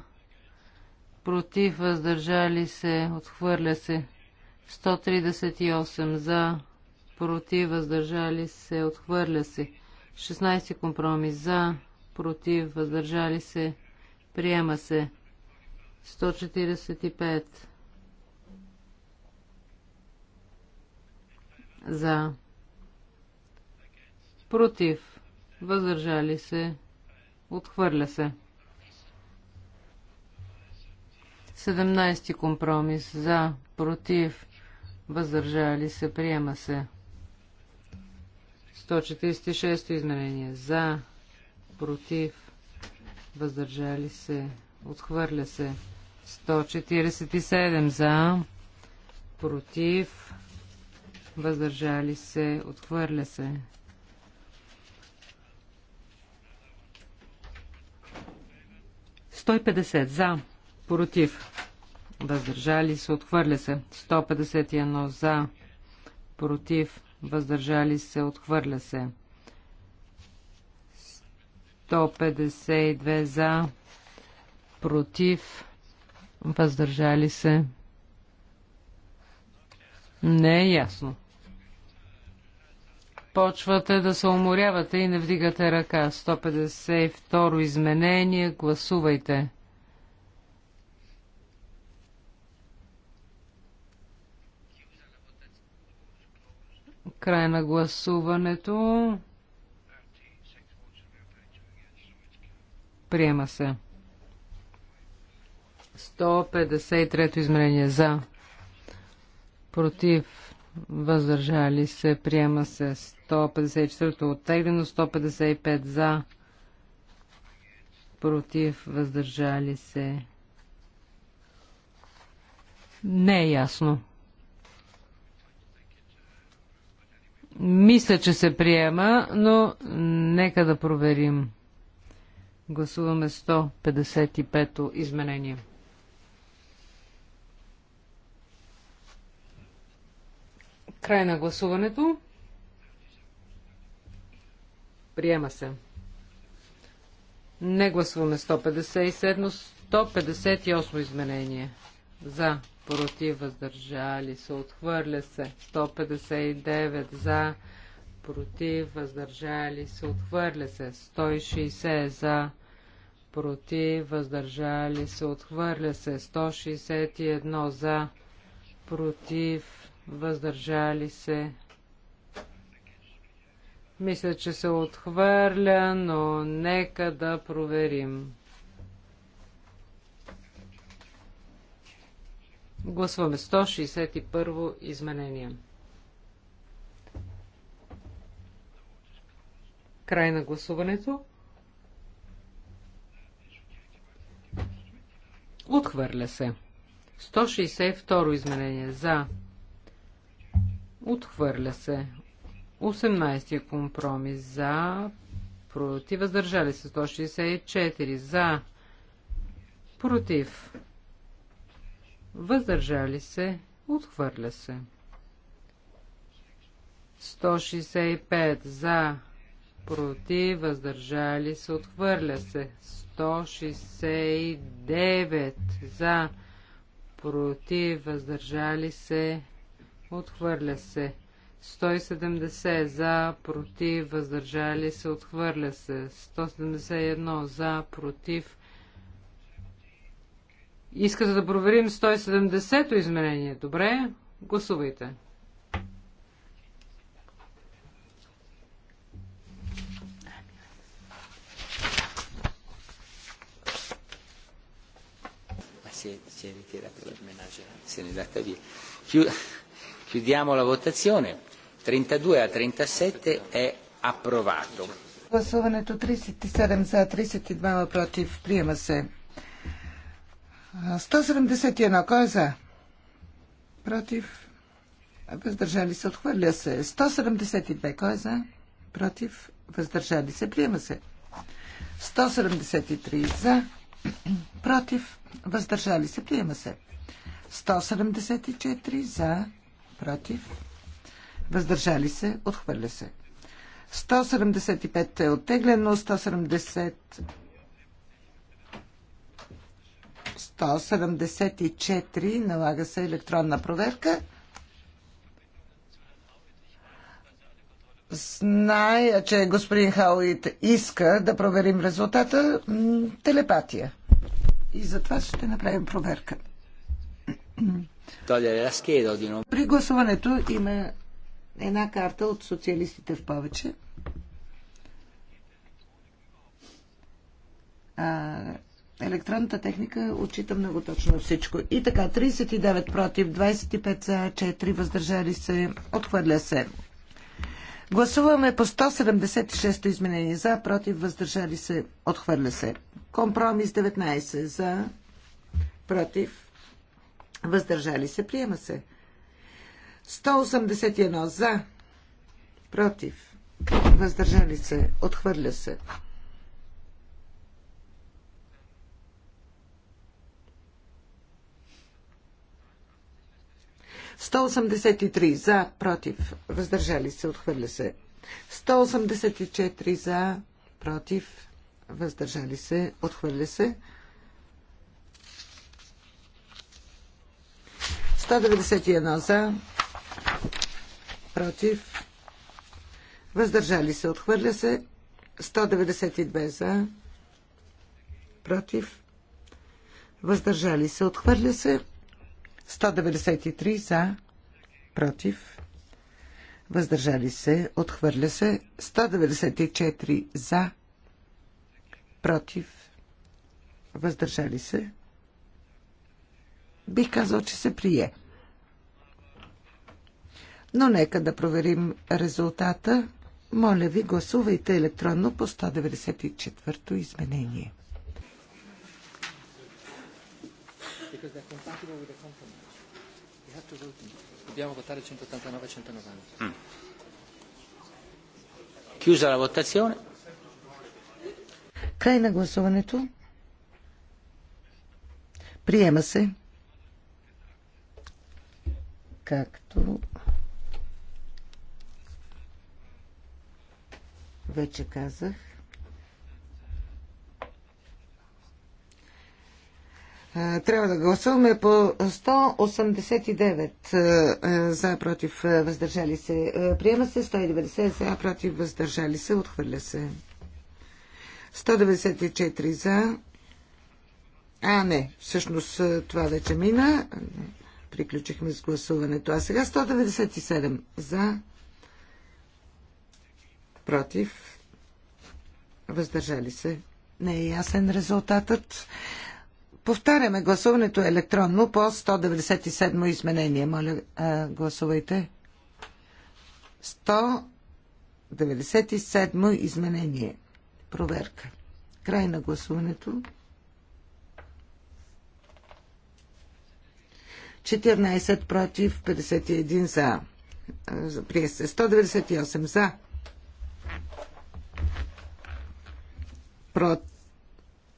против, въздържали се, отхвърля се 138 за, против, въздържали се, отхвърля се 16 компромис за, против, въздържали се, приема се 145 за против въздържали се отхвърля се 17 компромис за против въздържали се приема се 146 изменение за против въздържали се отхвърля се 147 за против въздържали се, отхвърля се. Сто за, против, въздържали се, отхвърля се. 151 за, против, въздържали се, отхвърля се. две за, против, въздържали се. Не е ясно. Почвате да се уморявате и не вдигате ръка. 152 изменение. Гласувайте. Край на гласуването. Приема се. 153 изменение за. Против въздържали се, приема се 154 оттеглено, 155 за, против, въздържали се. Не е ясно. Мисля, че се приема, но нека да проверим. Гласуваме 155-то изменение. Край на гласуването. Приема се. Не гласуваме 157, 158 изменение. За, против, въздържали се, отхвърля се. 159 за, против, въздържали се, отхвърля се. 160 за, против, въздържали се, отхвърля се. 161 за, против, въздържали се. Мисля, че се отхвърля, но нека да проверим. Гласуваме 161 изменение. Край на гласуването. Отхвърля се. 162 изменение за Отхвърля се. 18 компромис за, против, въздържали се 164 за, против, въздържали се, отхвърля се. 165 за, против, въздържали се, отхвърля се. 169 за, против, въздържали се, отхвърля се. 170 за, против, въздържали се, отхвърля се. 171 за, против. Искате да проверим 170-то изменение. Добре, гласувайте. si è ritirata la se n'è data via. Chiud- Chiudiamo la votazione. 32 a 37 е approvato. Гласуването 37 за, 32 против. Приема се. 171. Кой е за? Против. Въздържали се. Отхвърля се. 172. Кой е за? Против. Въздържали се. Приема се. 173 за. Против. Въздържали се. Приема се. 174 за против, въздържали се, отхвърля се. 175 е оттеглено, 170... 174 налага се електронна проверка. Зная, че господин Хауит иска да проверим резултата. Телепатия. И затова ще направим проверка. При гласуването има една карта от социалистите в повече. А, електронната техника отчита много точно всичко. И така, 39 против, 25 за, 4 въздържали се, отхвърля се. Гласуваме по 176 изменение за, против, въздържали се, отхвърля се. Компромис 19 за, против, въздържали се, приема се. 181 за, против, въздържали се, отхвърля се. Сто за, против, въздържали се, отхвърля се. 184 за, против, въздържали се, отхвърля се. 191 за, против, въздържали се, отхвърля се, 192 за, против, въздържали се, отхвърля се, 193 за, против, въздържали се, отхвърля се, 194 за, против, въздържали се, бих казал, че се прие. Но нека да проверим резултата. Моля ви, гласувайте електронно по 194-то изменение. Dobbiamo votare e mm. Край на гласуването. Приема се. Както вече казах, Трябва да гласуваме по 189 за против въздържали се. Приема се 190 за против въздържали се. Отхвърля се. 194 за. А, не. Всъщност това вече мина. Приключихме с гласуването. А сега 197 за, против, въздържали се. Не е ясен резултатът. Повтаряме гласуването електронно по 197 изменение. Моля, гласувайте. 197 изменение. Проверка. Край на гласуването. 14 против, 51 за. Прие се 198 за.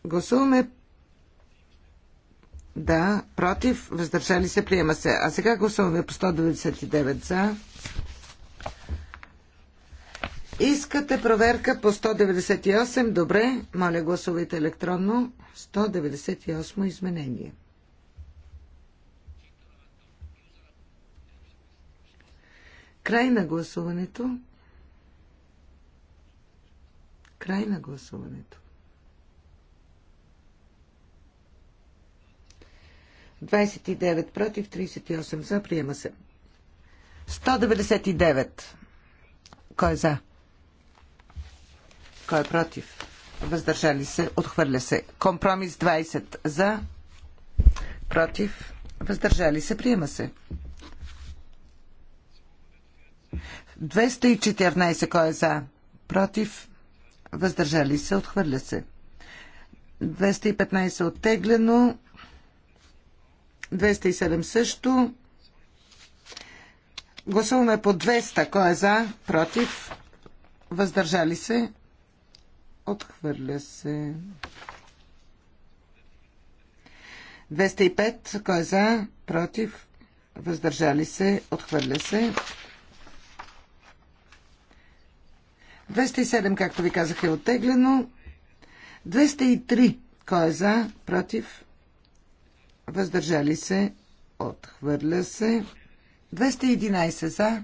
Гласуваме да, против, въздържали се, приема се. А сега гласуваме по 199 за. Искате проверка по 198? Добре, моля гласувайте електронно. 198 изменение. Край на гласуването. Край на гласуването. 29 против, 38 за. Приема се. 199. Кой е за? Кой е против? Въздържали се. Отхвърля се. Компромис 20 за. Против. Въздържали се. Приема се. 214. Кой е за? Против? Въздържали се? Отхвърля се. 215 оттеглено. 207 също. Гласуваме по 200. Кой е за? Против? Въздържали се? Отхвърля се. 205. Кой е за? Против? Въздържали се? Отхвърля се. 207, както ви казах, е оттеглено. 203, кой е за, против, въздържали се, отхвърля се. 211 за.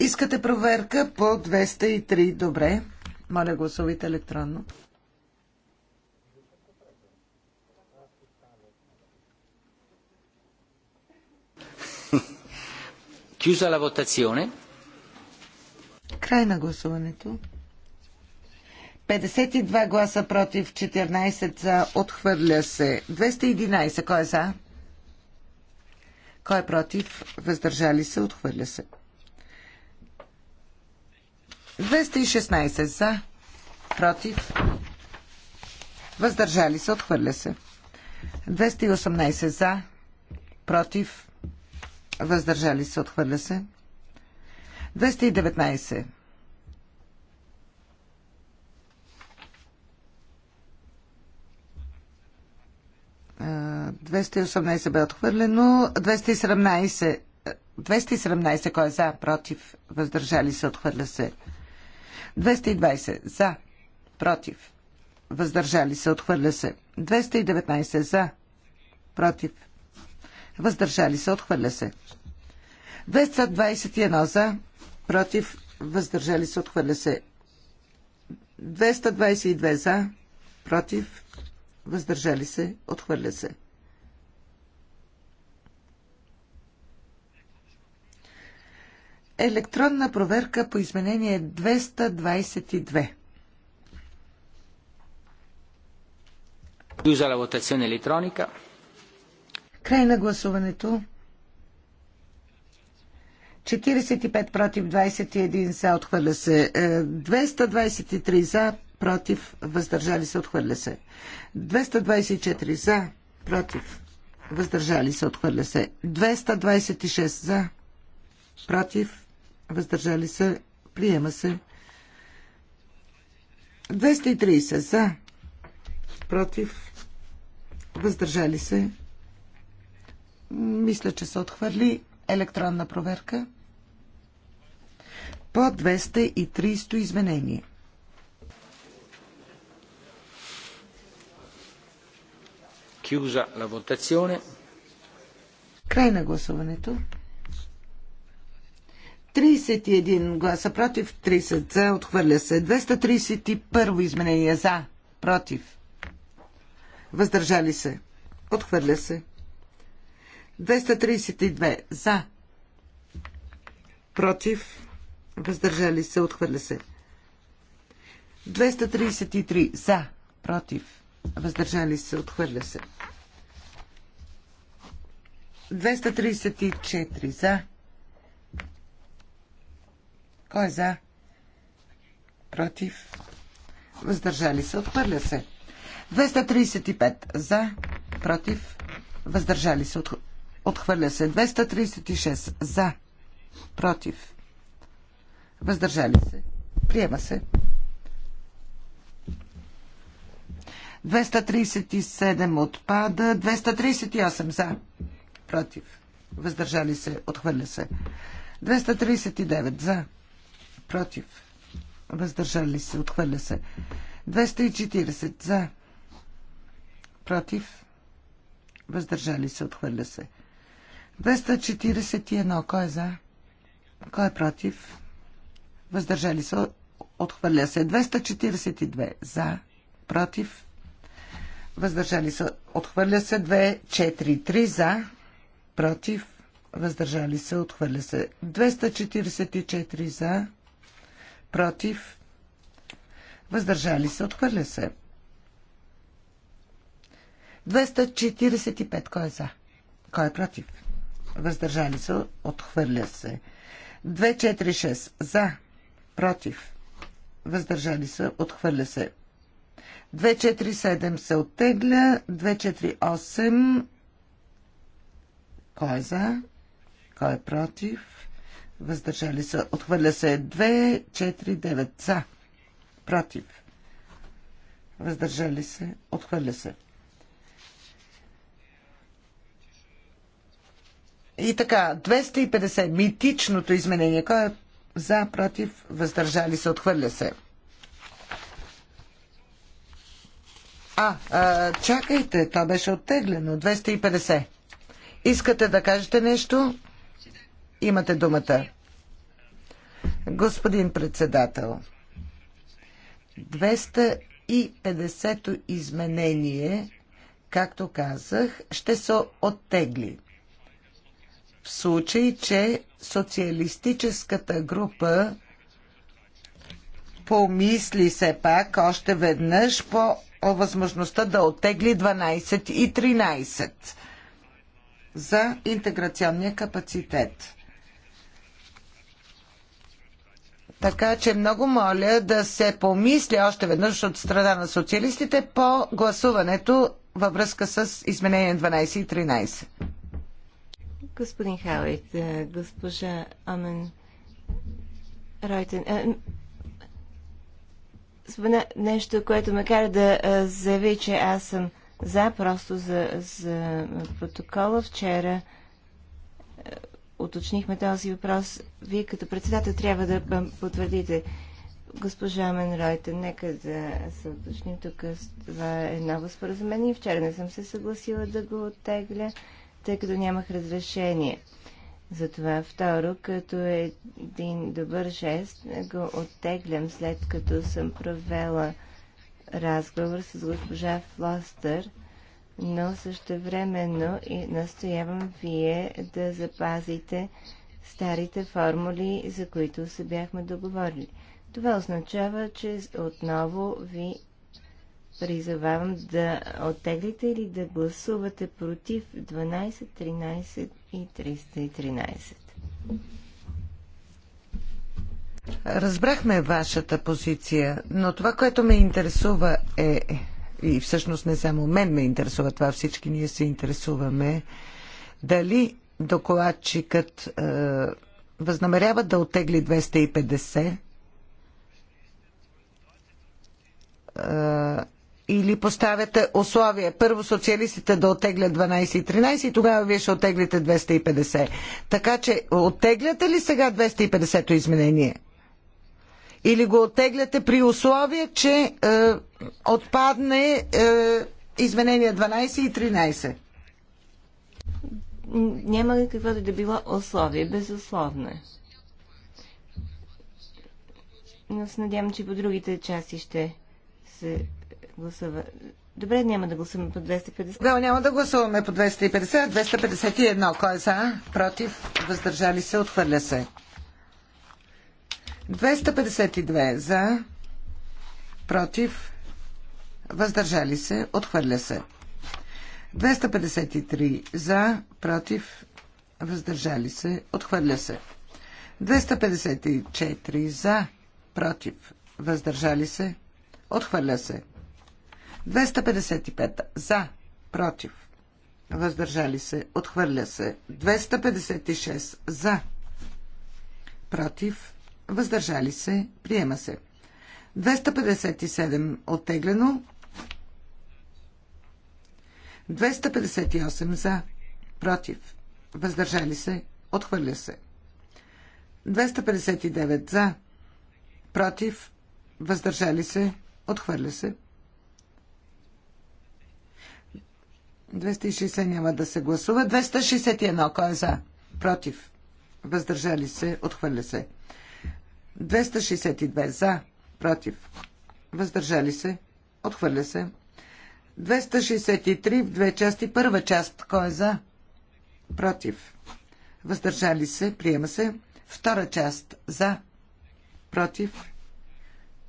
Искате проверка по 203, добре. Моля, гласувайте електронно. Chiusa la votazione. Край на гласуването. 52 гласа против, 14 за, отхвърля се. 211. Кой е за? Кой е против? Въздържали се, отхвърля се. 216 за, против, въздържали се, отхвърля се. 218 за, против, въздържали се, отхвърля се. 219. 218 бе отхвърлено. 217. 217 кой е за, против, въздържали се, отхвърля се. 220 за, против, въздържали се, отхвърля се. 219 за, против, въздържали се, отхвърля се. 221 за, против, въздържали се, отхвърля се. 222 за, против, въздържали се, отхвърля се. Електронна проверка по изменение 222. Chiusa la votazione elettronica. Край на гласуването. 45 против 21 за отхвърля се. 223 е, за против въздържали се отхвърля се. 224 за против въздържали се отхвърля се. 226 за против въздържали се приема се. 230 за против въздържали се мисля, че се отхвърли електронна проверка по 230 изменение. Chiusa la votazione. Край на гласуването. 31 гласа против, 30 за, отхвърля се. 231 изменение за, против. Въздържали се. Отхвърля се. 232 за. Против. Въздържали се. Отхвърля се. 233 за. Против. Въздържали се. Отхвърля се. 234 за. Кой е за? Против. Въздържали се. Отхвърля се. 235 за. Против. Въздържали се. Отхвърля Отхвърля се 236 за. Против. Въздържали се. Приема се. 237 отпада. 238 за. Против. Въздържали се. Отхвърля се. 239 за. Против. Въздържали се. Отхвърля се. 240 за. Против. Въздържали се. Отхвърля се. 241. Кой е за? Кой е против? Въздържали се. Отхвърля се. 242. За. Против. Въздържали се. Отхвърля се. 2, 4, 3. За. Против. Въздържали се. Отхвърля се. 244. За. Против. Въздържали се. Отхвърля се. 245. Кой е за? Кой е против? въздържали се, отхвърля се. 246 за, против, въздържали се, отхвърля се. 247 се оттегля, 248 кой е за, кой е против, въздържали се, отхвърля се 249 за, против, въздържали се, отхвърля се. И така, 250, митичното изменение. Кой е за, против, въздържали се, отхвърля се. А, а чакайте, това беше оттеглено. 250. Искате да кажете нещо? Имате думата. Господин председател, 250-то изменение, както казах, ще се оттегли в случай, че социалистическата група помисли все пак още веднъж по възможността да отегли 12 и 13 за интеграционния капацитет. Така че много моля да се помисли още веднъж от страда на социалистите по гласуването във връзка с изменение 12 и 13. Господин Хауит, е, госпожа Амен Ройтен, е, спомена нещо, което ме кара да е, заяви, че аз съм за, просто за, за протокола. Вчера уточнихме този въпрос. Вие като председател трябва да потвърдите госпожа Амен Ройтен. Нека да се уточним тук. Това е ново споразумение. Вчера не съм се съгласила да го оттегля тъй като нямах разрешение. Затова второ, като е един добър жест, го оттеглям след като съм провела разговор с госпожа Флостър, но времено и настоявам вие да запазите старите формули, за които се бяхме договорили. Това означава, че отново ви призовавам да оттеглите или да гласувате против 12, 13 и 313. Разбрахме вашата позиция, но това, което ме интересува е, и всъщност не само мен ме интересува това, всички ние се интересуваме, дали докладчикът е, възнамерява да оттегли 250 или поставяте условия. Първо социалистите да оттеглят 12 и 13 и тогава вие ще оттеглите 250. Така че оттегляте ли сега 250-то изменение? Или го оттегляте при условие, че е, отпадне е, изменения 12 и 13? Няма каквото да било условие, безусловно. Е. Но се надявам, че по другите части ще се гласува. Добре, няма да гласуваме по 250. Да, няма да гласуваме по 250, 251. Кой е за? Против? Въздържали се? Отхвърля се. 252 за. Против? Въздържали се? Отхвърля се. 253 за. Против? Въздържали се? Отхвърля се. 254 за. Против? Въздържали се? Отхвърля се. 255 за, против, въздържали се, отхвърля се. 256 за, против, въздържали се, приема се. 257 оттеглено. 258 за, против, въздържали се, отхвърля се. 259 за, против, въздържали се, отхвърля се. 260 няма да се гласува. 261. Кой е за? Против. Въздържали се. Отхвърля се. 262. За. Против. Въздържали се. Отхвърля се. 263 в две части. Първа част. Кой е за? Против. Въздържали се. Приема се. Втора част. За. Против.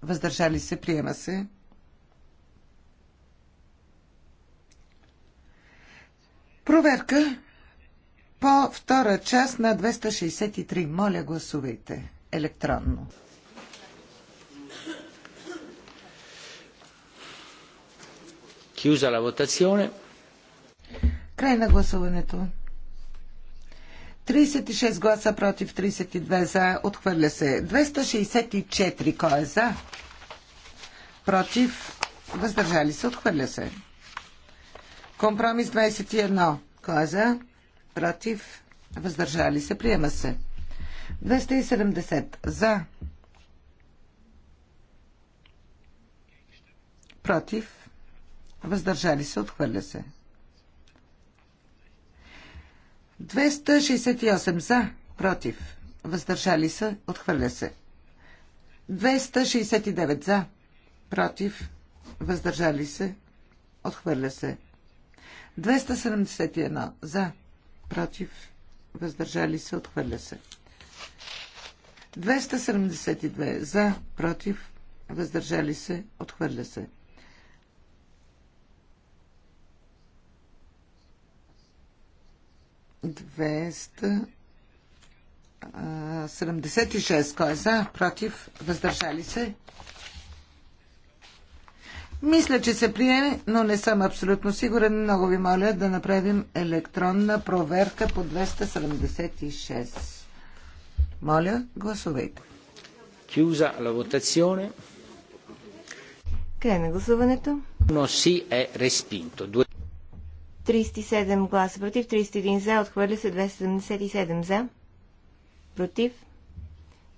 Въздържали се. Приема се. Проверка по втора част на 263. Моля, гласувайте електронно. Кюза la Край на гласуването. 36 гласа против, 32 за. Отхвърля се. 264. Кой е за? Против. Въздържали се. Отхвърля се. Компромис 21. Кой е за? Против? Въздържали се? Приема се. 270. За? Против? Въздържали се? Отхвърля се. 268. За? Против? Въздържали се? Отхвърля се. 269. За? Против? Въздържали се? Отхвърля се. 271 за, против, въздържали се, отхвърля се. 272 за, против, въздържали се, отхвърля се. 276. Кой е за? Против? Въздържали се? Мисля, че се приеме, но не съм абсолютно сигурен. Много ви моля да направим електронна проверка по 276. Моля, гласувайте. Chiusa la votazione. Край на гласуването. Но си е респинто. 37 гласа против, 31 за, отхвърля се 277 за, против,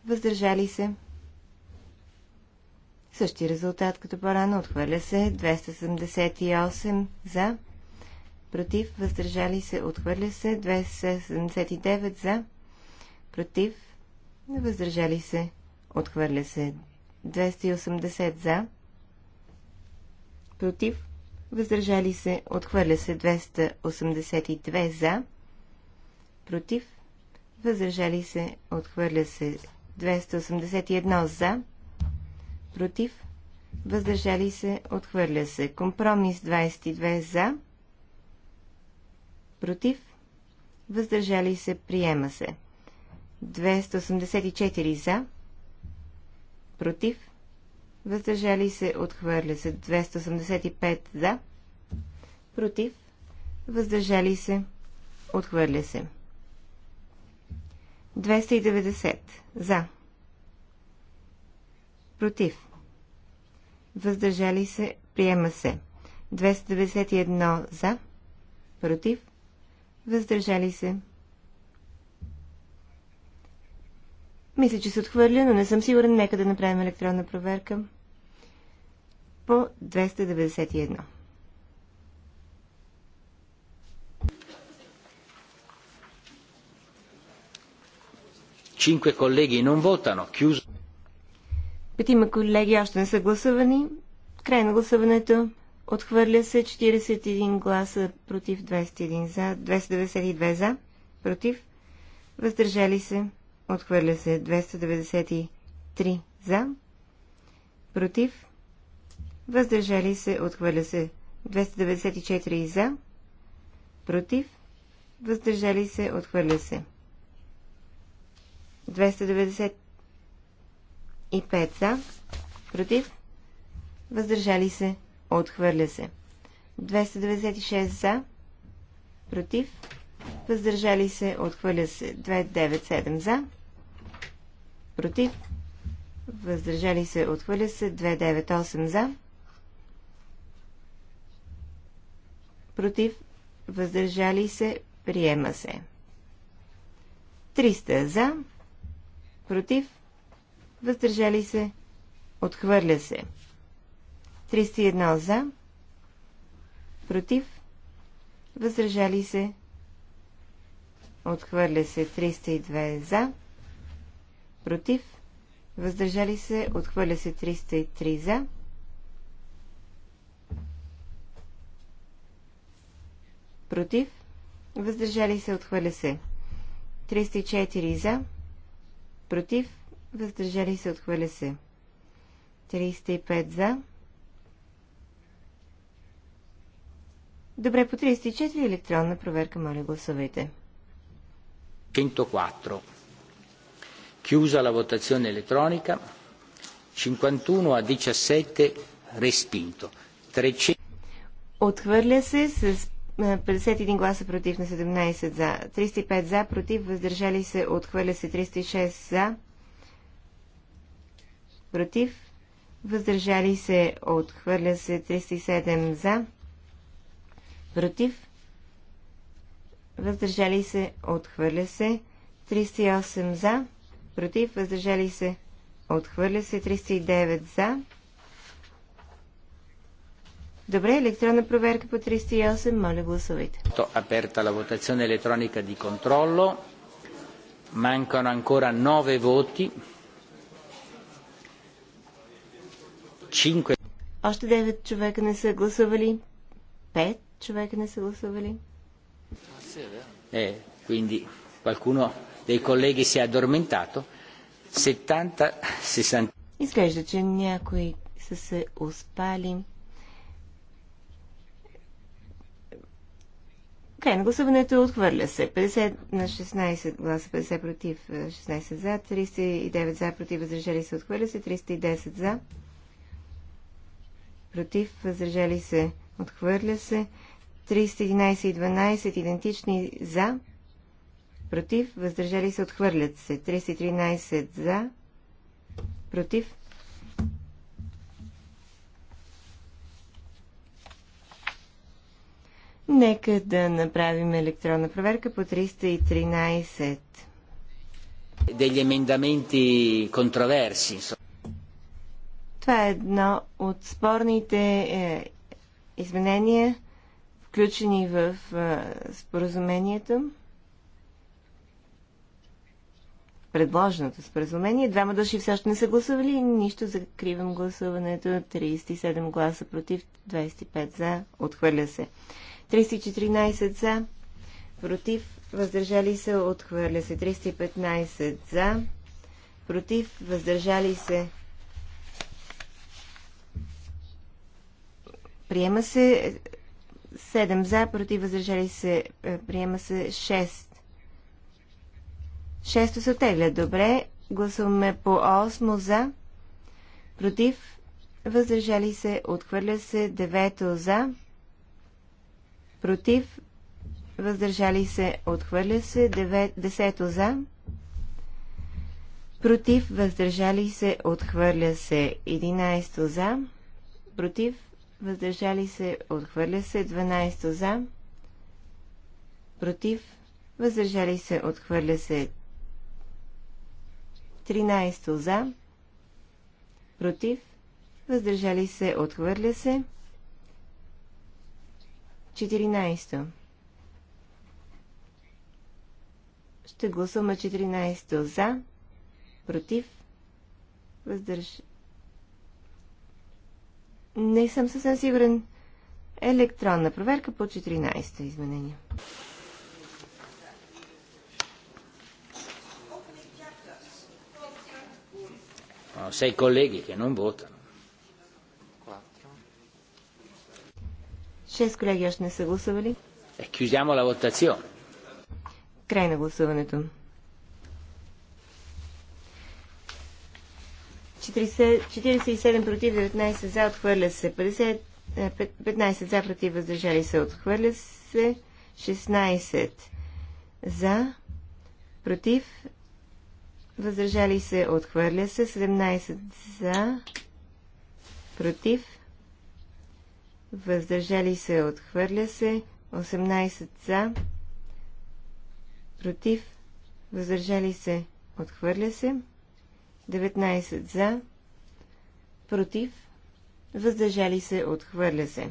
въздържали се Същия резултат като по-рано. Отхвърля се. 278 за. Против. Въздържали се. Отхвърля се. 279 за. Против. Въздържали се. Отхвърля се. 280 за. Против. Въздържали се. Отхвърля се. 282 за. Против. Въздържали се. Отхвърля се. 281 за против, въздържали се, отхвърля се. Компромис 22 за, против, въздържали се, приема се. 284 за, против, въздържали се, отхвърля се. 285 за, против, въздържали се, отхвърля се. 290 за, Против. Въздържали се. Приема се. 291 за. Против. Въздържали се. Мисля, че се отхвърля, но не съм сигурен. Нека да направим електронна проверка по 291. Cinque colleghi non votano. Chiuso. Петима колеги още не са гласувани. Край на гласуването. Отхвърля се 41 гласа против 21 за, 292 за, против. Въздържали се. Отхвърля се 293 за, против. Въздържали се. Отхвърля се 294 за, против. Въздържали се. Отхвърля се. И 5 за, против, въздържали се, отхвърля се. 296 за, против, въздържали се, отхвърля се. 297 за, против, въздържали се, отхвърля се. 298 за, против, въздържали се, приема се. 300 за, против, въздържали се, отхвърля се. 301 за, против, въздържали се, отхвърля се. 302 за, против, въздържали се, отхвърля се. 303 за, против, въздържали се, отхвърля се. 304 за, против, въздържали се, отхвърля се. 35 за. Добре, по 34 електронна проверка, моля гласувайте. 104. Chiusa la votazione elettronica. 51 a 17 respinto. 300... Отхвърля се с 51 гласа против на 17 за. 305 за, против, въздържали се, отхвърля се 306 за против, въздържали се, отхвърля се 307 за, против, въздържали се, отхвърля се 308 за, против, въздържали се, отхвърля се 309 за. Добре, електронна проверка по 308, моля гласувайте. Аперта ла votazione електроника ди контролло. Манкано анкора 9 voti. Cinque. Още 9 човека не са гласували. 5 човека не са гласували. Е, quindi qualcuno dei colleghi si è addormentato. 70, 60... Изглежда, че някои са се успали. Край на гласуването отхвърля се. 50 на 16 гласа, 50 против, 16 за, 39 за, против, възражали се, отхвърля се, 310 за против, въздържали се, отхвърля се. 311 и 12 идентични за, против, въздържали се, отхвърлят се. 313 за, против. Нека да направим електронна проверка по 313. Degli emendamenti controversi. Това е едно от спорните е, изменения, включени в е, споразумението. Предложеното споразумение. Двама души все още не са гласували. Нищо закривам гласуването. 37 гласа против, 25 за. Отхвърля се. 314 за. Против. Въздържали се. Отхвърля се. 315 за. Против. Въздържали се. Приема се 7 за, против възражали се. Е, приема се 6. 6 се отегля. Добре. Гласуваме по 8 за. Против въздържали се. Отхвърля се 9 за. Против въздържали се. Отхвърля се 9, 10 за. Против въздържали се. Отхвърля се 11 за. Против въздържали се, отхвърля се. 12 за, против, въздържали се, отхвърля се. 13 за, против, въздържали се, отхвърля се. 14. Ще гласуваме 14 за, против, въздържа. Не съм съвсем сигурен. Електронна проверка по 14-та изменение. Ah, sei colleghi che non Шест колеги още не са гласували. Е, Chiusiamo la Край на гласуването. 47 против 19 за, отхвърля се. 50, 15 е, за, против въздържали се, отхвърля се. 16 за, против въздържали се, отхвърля се. 17 за, против въздържали се, отхвърля се. 18 за, против въздържали се, отхвърля се. 19 за, против, въздържали се, отхвърля се.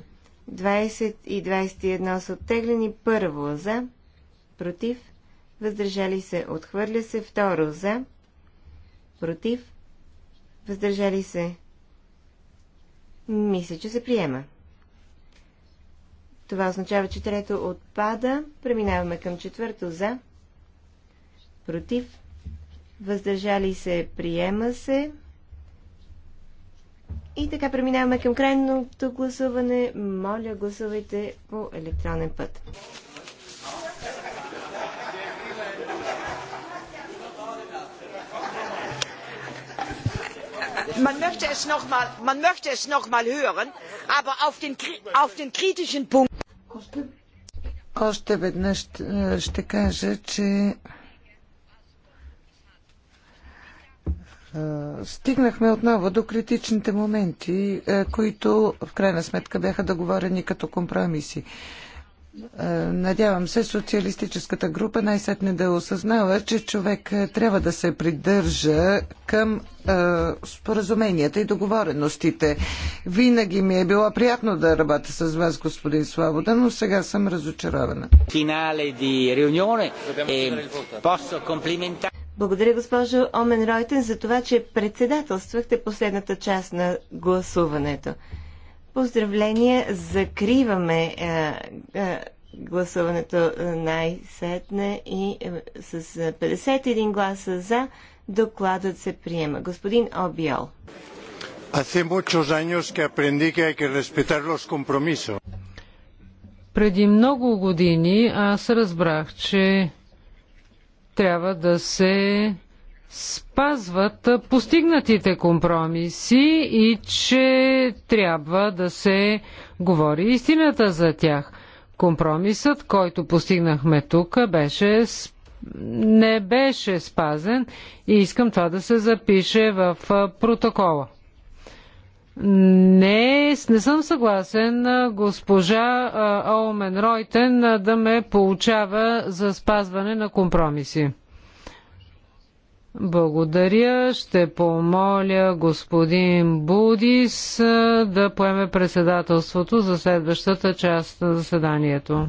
20 и 21 са оттеглени, първо за, против, въздържали се, отхвърля се, второ за, против, въздържали се. Мисля, че се приема. Това означава, че трето отпада. Преминаваме към четвърто за, против, въздържали се, приема се. И така преминаваме към крайното гласуване. Моля, гласувайте по електронен път. Man möchte es noch mal, man möchte es noch mal hören, aber auf den, auf den kritischen Punkt. Още веднъж е, ще, кажа, че Е, стигнахме отново до критичните моменти, е, които в крайна сметка бяха договорени като компромиси. Е, надявам се социалистическата група най-сетне да осъзнава, че човек трябва да се придържа към е, споразуменията и договореностите. Винаги ми е било приятно да работя с вас, господин Свобода, но сега съм разочарована. Финале ди реунионе. Е, благодаря, госпожо Омен Ройтен, за това, че председателствахте последната част на гласуването. Поздравления, закриваме е, е, гласуването най-сетне и е, с 51 гласа за докладът се приема. Господин Обиол. Hace muchos años que aprendí que hay que respetar los compromisos. Преди много години аз разбрах, че трябва да се спазват постигнатите компромиси и че трябва да се говори истината за тях. Компромисът, който постигнахме тук, беше не беше спазен и искам това да се запише в протокола. Не, не съм съгласен госпожа Олмен Ройтен да ме получава за спазване на компромиси. Благодаря. Ще помоля господин Будис да поеме председателството за следващата част на заседанието.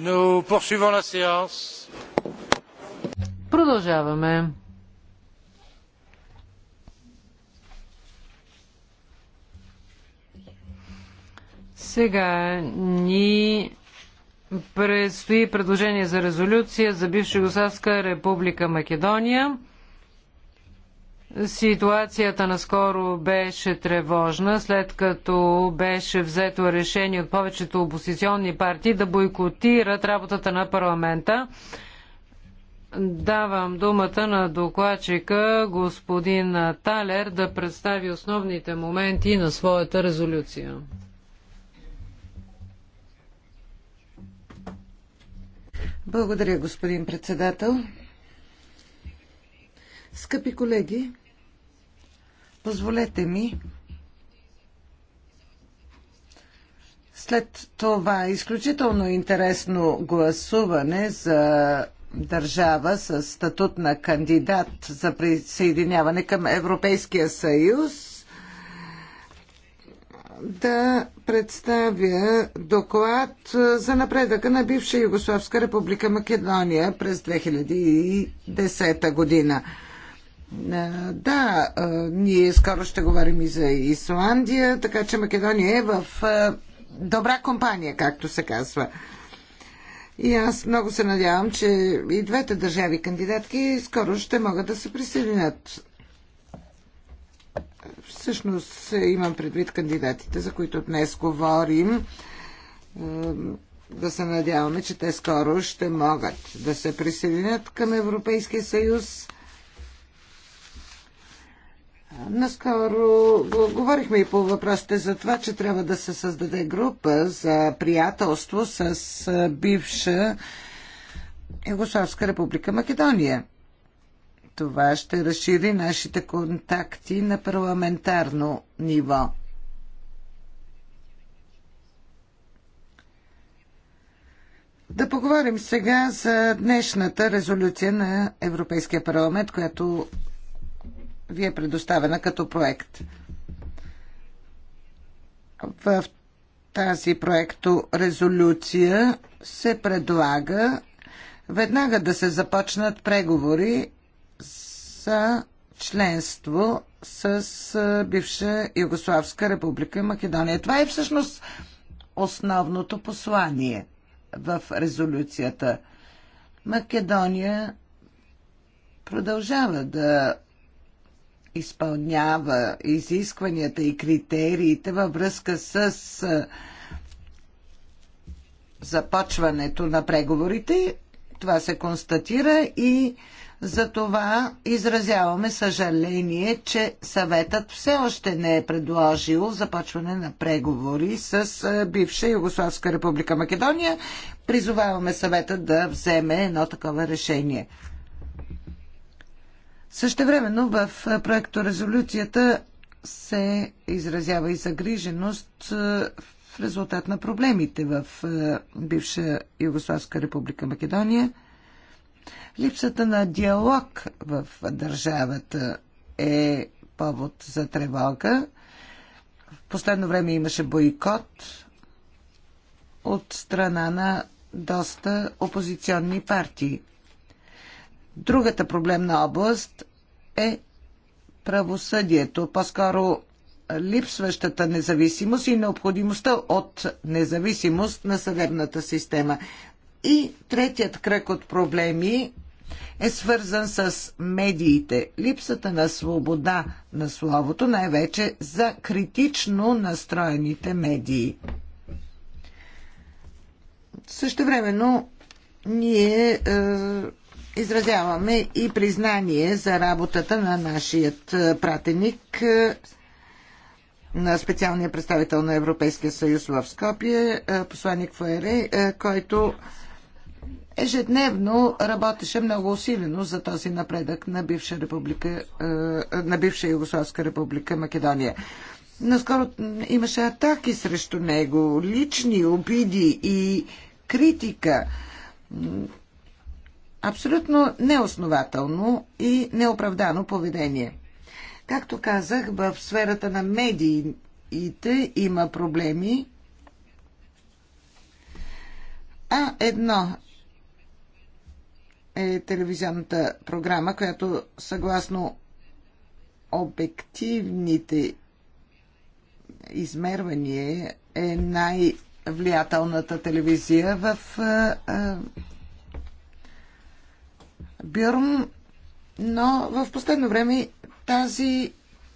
Nous poursuivons la séance. Продължаваме. Сега ни предстои предложение за резолюция за бивша Югославска република Македония. Ситуацията наскоро беше тревожна, след като беше взето решение от повечето опозиционни партии да бойкотират работата на парламента. Давам думата на докладчика господин Талер да представи основните моменти на своята резолюция. Благодаря, господин председател. Скъпи колеги, позволете ми след това изключително интересно гласуване за държава с статут на кандидат за присъединяване към Европейския съюз да представя доклад за напредъка на бивша Югославска република Македония през 2010 година. Да, ние скоро ще говорим и за Исландия, така че Македония е в добра компания, както се казва. И аз много се надявам, че и двете държави кандидатки скоро ще могат да се присъединят. Всъщност е, имам предвид кандидатите, за които днес говорим. Е, да се надяваме, че те скоро ще могат да се присъединят към Европейския съюз Наскоро говорихме и по въпросите за това, че трябва да се създаде група за приятелство с бивша Югославска република Македония. Това ще разшири нашите контакти на парламентарно ниво. Да поговорим сега за днешната резолюция на Европейския парламент, която ви е предоставена като проект. В тази проекто резолюция се предлага веднага да се започнат преговори за членство с бивша Югославска република Македония. Това е всъщност основното послание в резолюцията. Македония продължава да изпълнява изискванията и критериите във връзка с започването на преговорите. Това се констатира и за това изразяваме съжаление, че съветът все още не е предложил започване на преговори с бивша Югославска република Македония. Призоваваме съвета да вземе едно такова решение. Същевременно в проекто резолюцията се изразява и загриженост в резултат на проблемите в бивша Югославска република Македония. Липсата на диалог в държавата е повод за тревога. В последно време имаше бойкот от страна на доста опозиционни партии – Другата проблемна област е правосъдието, по-скоро липсващата независимост и необходимостта от независимост на съдебната система. И третият кръг от проблеми е свързан с медиите. Липсата на свобода на словото, най-вече за критично настроените медии. времено, ние е, изразяваме и признание за работата на нашият е, пратеник е, на специалния представител на Европейския съюз в Скопие, е, посланник Фуере, който ежедневно работеше много усилено за този напредък на бивша, република, на бивша Югославска република Македония. Наскоро имаше атаки срещу него, лични обиди и критика абсолютно неоснователно и неоправдано поведение. Както казах, в сферата на медиите има проблеми. А едно е телевизионната програма, която съгласно обективните измервания е най-влиятелната телевизия в Бюрм, но в последно време тази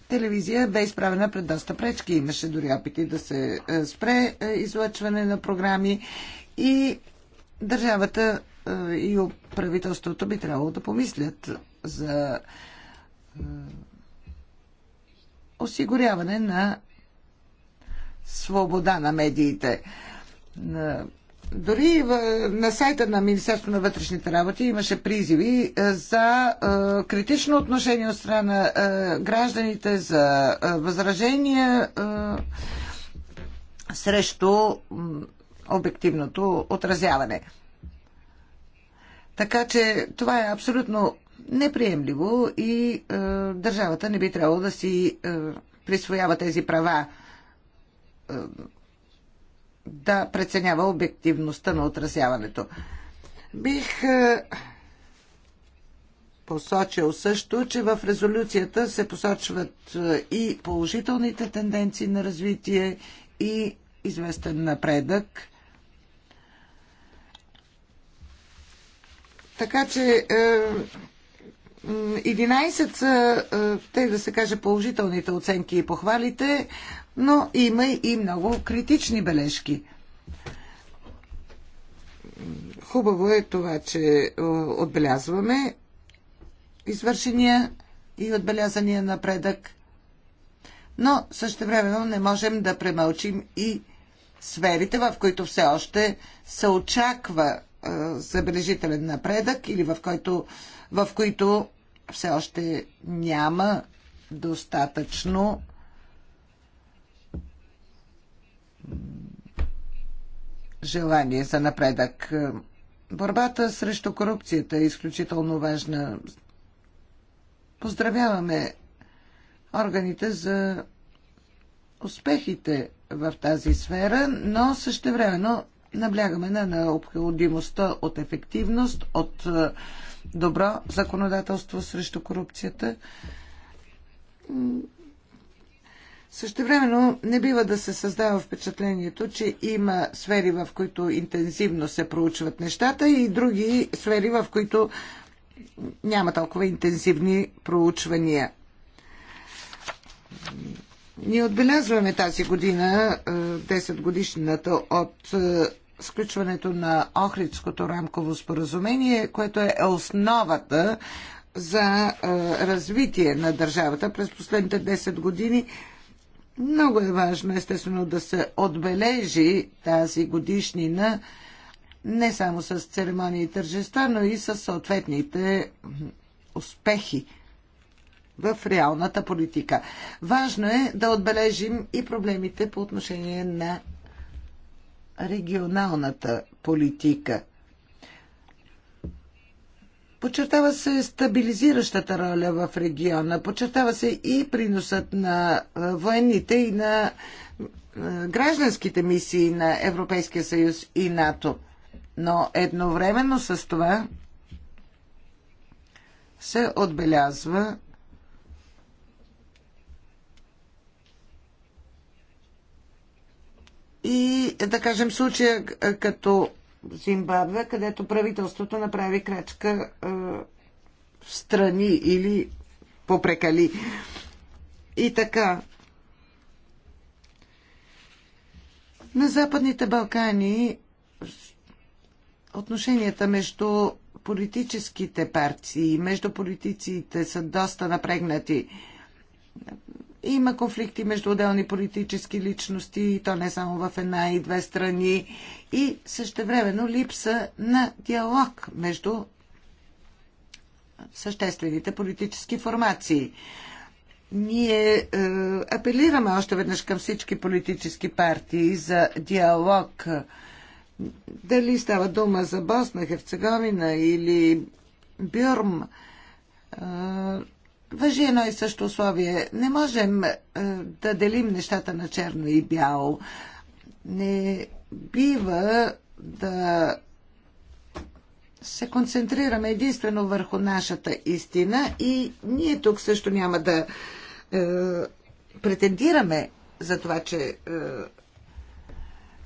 телевизия бе изправена пред доста пречки. Имаше дори опити да се е, спре е, излъчване на програми и държавата е, и правителството би трябвало да помислят за осигуряване на свобода на медиите. Дори на сайта на Министерство на вътрешните работи имаше призиви е, за е, критично отношение от страна на е, гражданите, за възражения срещу обективното отразяване. Така че това е абсолютно неприемливо и е, държавата не би трябвало да си е, присвоява тези права. Е, да преценява обективността на отразяването. Бих е, посочил също, че в резолюцията се посочват е, и положителните тенденции на развитие и известен напредък. Така че 11 е, са, тъй да се каже, положителните оценки и похвалите, но има и много критични бележки. Хубаво е това, че е, отбелязваме извършения и отбелязания напредък, но също време не можем да премълчим и сферите, в които все още се очаква е, забележителен напредък или в, който, в които все още няма достатъчно желание за напредък. Борбата срещу корупцията е изключително важна. Поздравяваме органите за успехите в тази сфера, но времено наблягаме на необходимостта от ефективност, от е, добро законодателство срещу корупцията. Същевременно не бива да се създава впечатлението, че има сфери, в които интензивно се проучват нещата и други сфери, в които няма толкова интензивни проучвания. Ние отбелязваме тази година 10 е, годишната, от е, сключването на Охридското рамково споразумение, което е основата за е, развитие на държавата през последните 10 години много е важно, естествено, да се отбележи тази годишнина не само с церемонии и тържества, но и с съответните успехи в реалната политика. Важно е да отбележим и проблемите по отношение на регионалната политика. Подчертава се стабилизиращата роля в региона, подчертава се и приносът на военните и на гражданските мисии на Европейския съюз и НАТО. Но едновременно с това се отбелязва и, да кажем, случая като Зимбабве, където правителството направи крачка е, страни или попрекали. И така, на Западните Балкани отношенията между политическите партии, между политиците са доста напрегнати. Има конфликти между отделни политически личности, и то не само в една и две страни, и същевременно липса на диалог между съществените политически формации. Ние е, апелираме още веднъж към всички политически партии за диалог. Дали става дума за Босна, Херцеговина или Бюрм, е, въжи едно и също условие. Не можем е, да делим нещата на черно и бяло. Не бива да се концентрираме единствено върху нашата истина и ние тук също няма да е, претендираме за това, че е,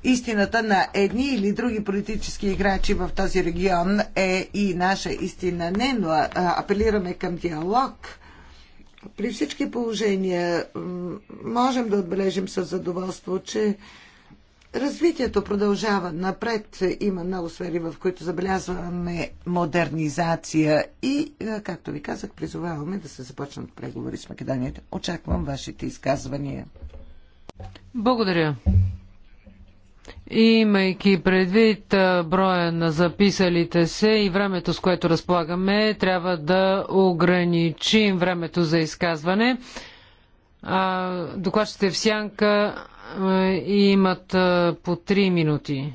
истината на едни или други политически играчи в този регион е и наша истина. Не, но апелираме към диалог при всички положения можем да отбележим с задоволство, че развитието продължава напред. Има много сфери, в които забелязваме модернизация и, е, както ви казах, призоваваме да се започнат преговори с Македонията. Очаквам вашите изказвания. Благодаря. Имайки предвид броя на записалите се и времето, с което разполагаме, трябва да ограничим времето за изказване. Докладчите в сянка имат по 3 минути.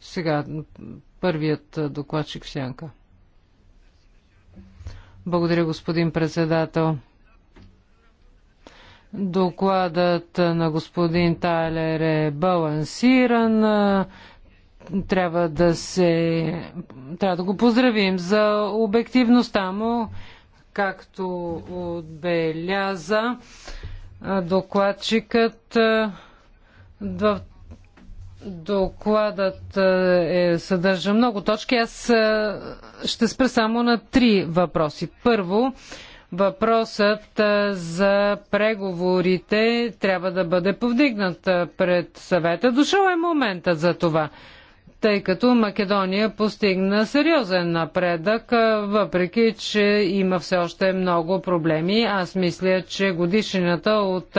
Сега първият докладчик в сянка. Благодаря, господин председател. Докладът на господин Тайлер е балансиран. Трябва да се. Трябва да го поздравим за обективността му, както отбеляза докладчикът. Докладът е, съдържа много точки. Аз ще спра само на три въпроси. Първо, Въпросът за преговорите трябва да бъде повдигнат пред съвета. Дошъл е моментът за това, тъй като Македония постигна сериозен напредък, въпреки че има все още много проблеми. Аз мисля, че годишнината от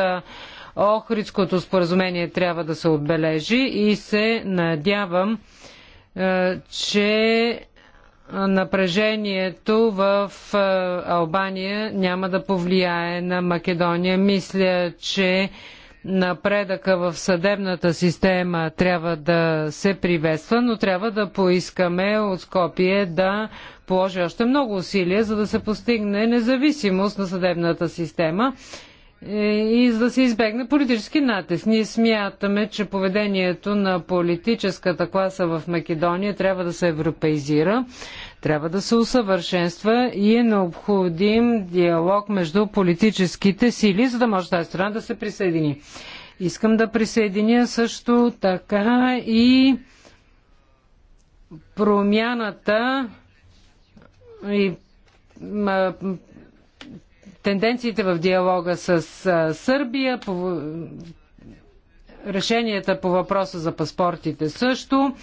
Охридското споразумение трябва да се отбележи и се надявам, че напрежението в е, Албания няма да повлияе на Македония. Мисля, че напредъка в съдебната система трябва да се приветства, но трябва да поискаме от Скопие да положи още много усилия, за да се постигне независимост на съдебната система е, и за да се избегне политически натиск. Ние смятаме, че поведението на политическата класа в Македония трябва да се европеизира, трябва да се усъвършенства и е необходим диалог между политическите сили, за да може тази страна да се присъедини. Искам да присъединя също така и промяната и тенденциите в диалога с Сърбия, по, решенията по въпроса за паспортите също.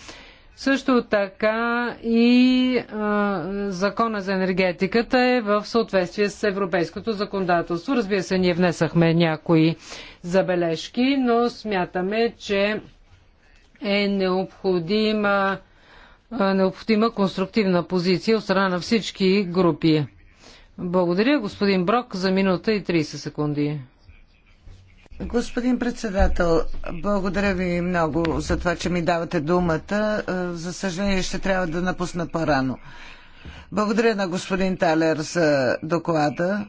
Също така и а, закона за енергетиката е в съответствие с европейското законодателство. Разбира се, ние внесахме някои забележки, но смятаме, че е необходима, а, необходима конструктивна позиция от страна на всички групи. Благодаря, господин Брок, за минута и 30 секунди. Господин председател, благодаря ви много за това, че ми давате думата. Е, за съжаление ще трябва да напусна по-рано. Благодаря на господин Талер за доклада.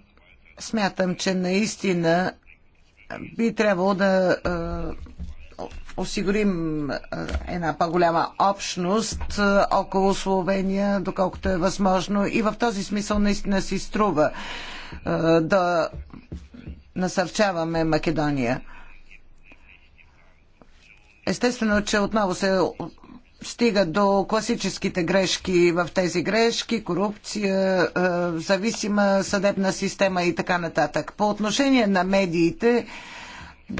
Смятам, че наистина би трябвало да е, осигурим една по-голяма общност около Словения, доколкото е възможно. И в този смисъл наистина си струва да насърчаваме Македония. Естествено, че отново се стига до класическите грешки в тези грешки, корупция, зависима съдебна система и така нататък. По отношение на медиите,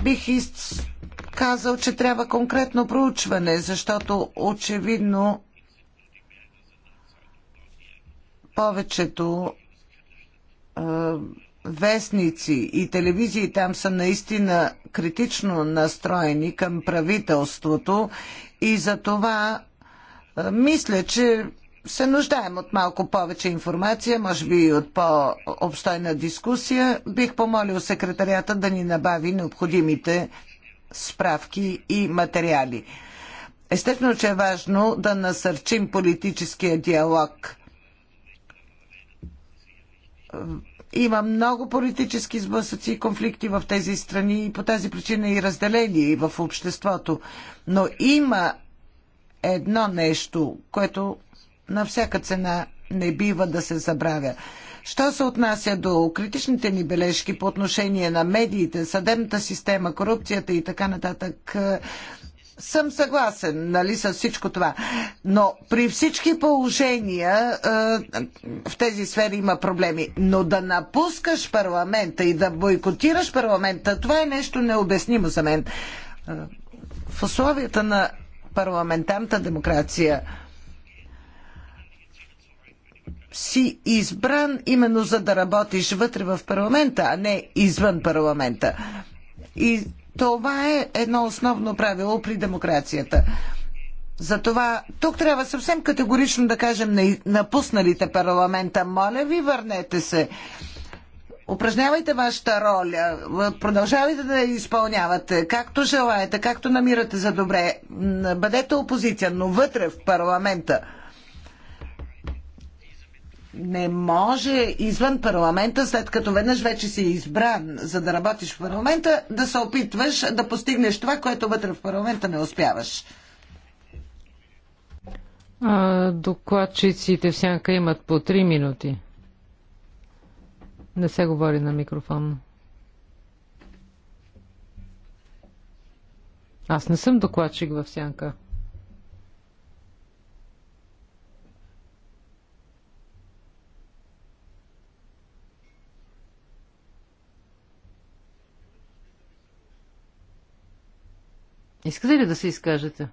бих из казал, че трябва конкретно проучване, защото очевидно повечето е, вестници и телевизии там са наистина критично настроени към правителството и за това е, мисля, че се нуждаем от малко повече информация, може би и от по-обстойна дискусия. Бих помолил секретарията да ни набави необходимите справки и материали. Естествено, че е важно да насърчим политическия диалог. Има много политически сблъсъци и конфликти в тези страни и по тази причина и разделение в обществото. Но има едно нещо, което на всяка цена не бива да се забравя. Що се отнася до критичните ни бележки по отношение на медиите, съдебната система, корупцията и така нататък, е, съм съгласен, нали, с всичко това. Но при всички положения е, в тези сфери има проблеми. Но да напускаш парламента и да бойкотираш парламента, това е нещо необяснимо за мен. Е, в условията на парламентарната демокрация си избран именно за да работиш вътре в парламента, а не извън парламента. И това е едно основно правило при демокрацията. Затова тук трябва съвсем категорично да кажем на напусналите парламента, моля ви, върнете се. Упражнявайте вашата роля, продължавайте да я изпълнявате, както желаете, както намирате за добре. Бъдете опозиция, но вътре в парламента не може извън парламента, след като веднъж вече си избран, за да работиш в парламента, да се опитваш да постигнеш това, което вътре в парламента не успяваш. А, докладчиците в сянка имат по 3 минути. Не се говори на микрофон. Аз не съм докладчик в сянка. Искате ли да се изкажете?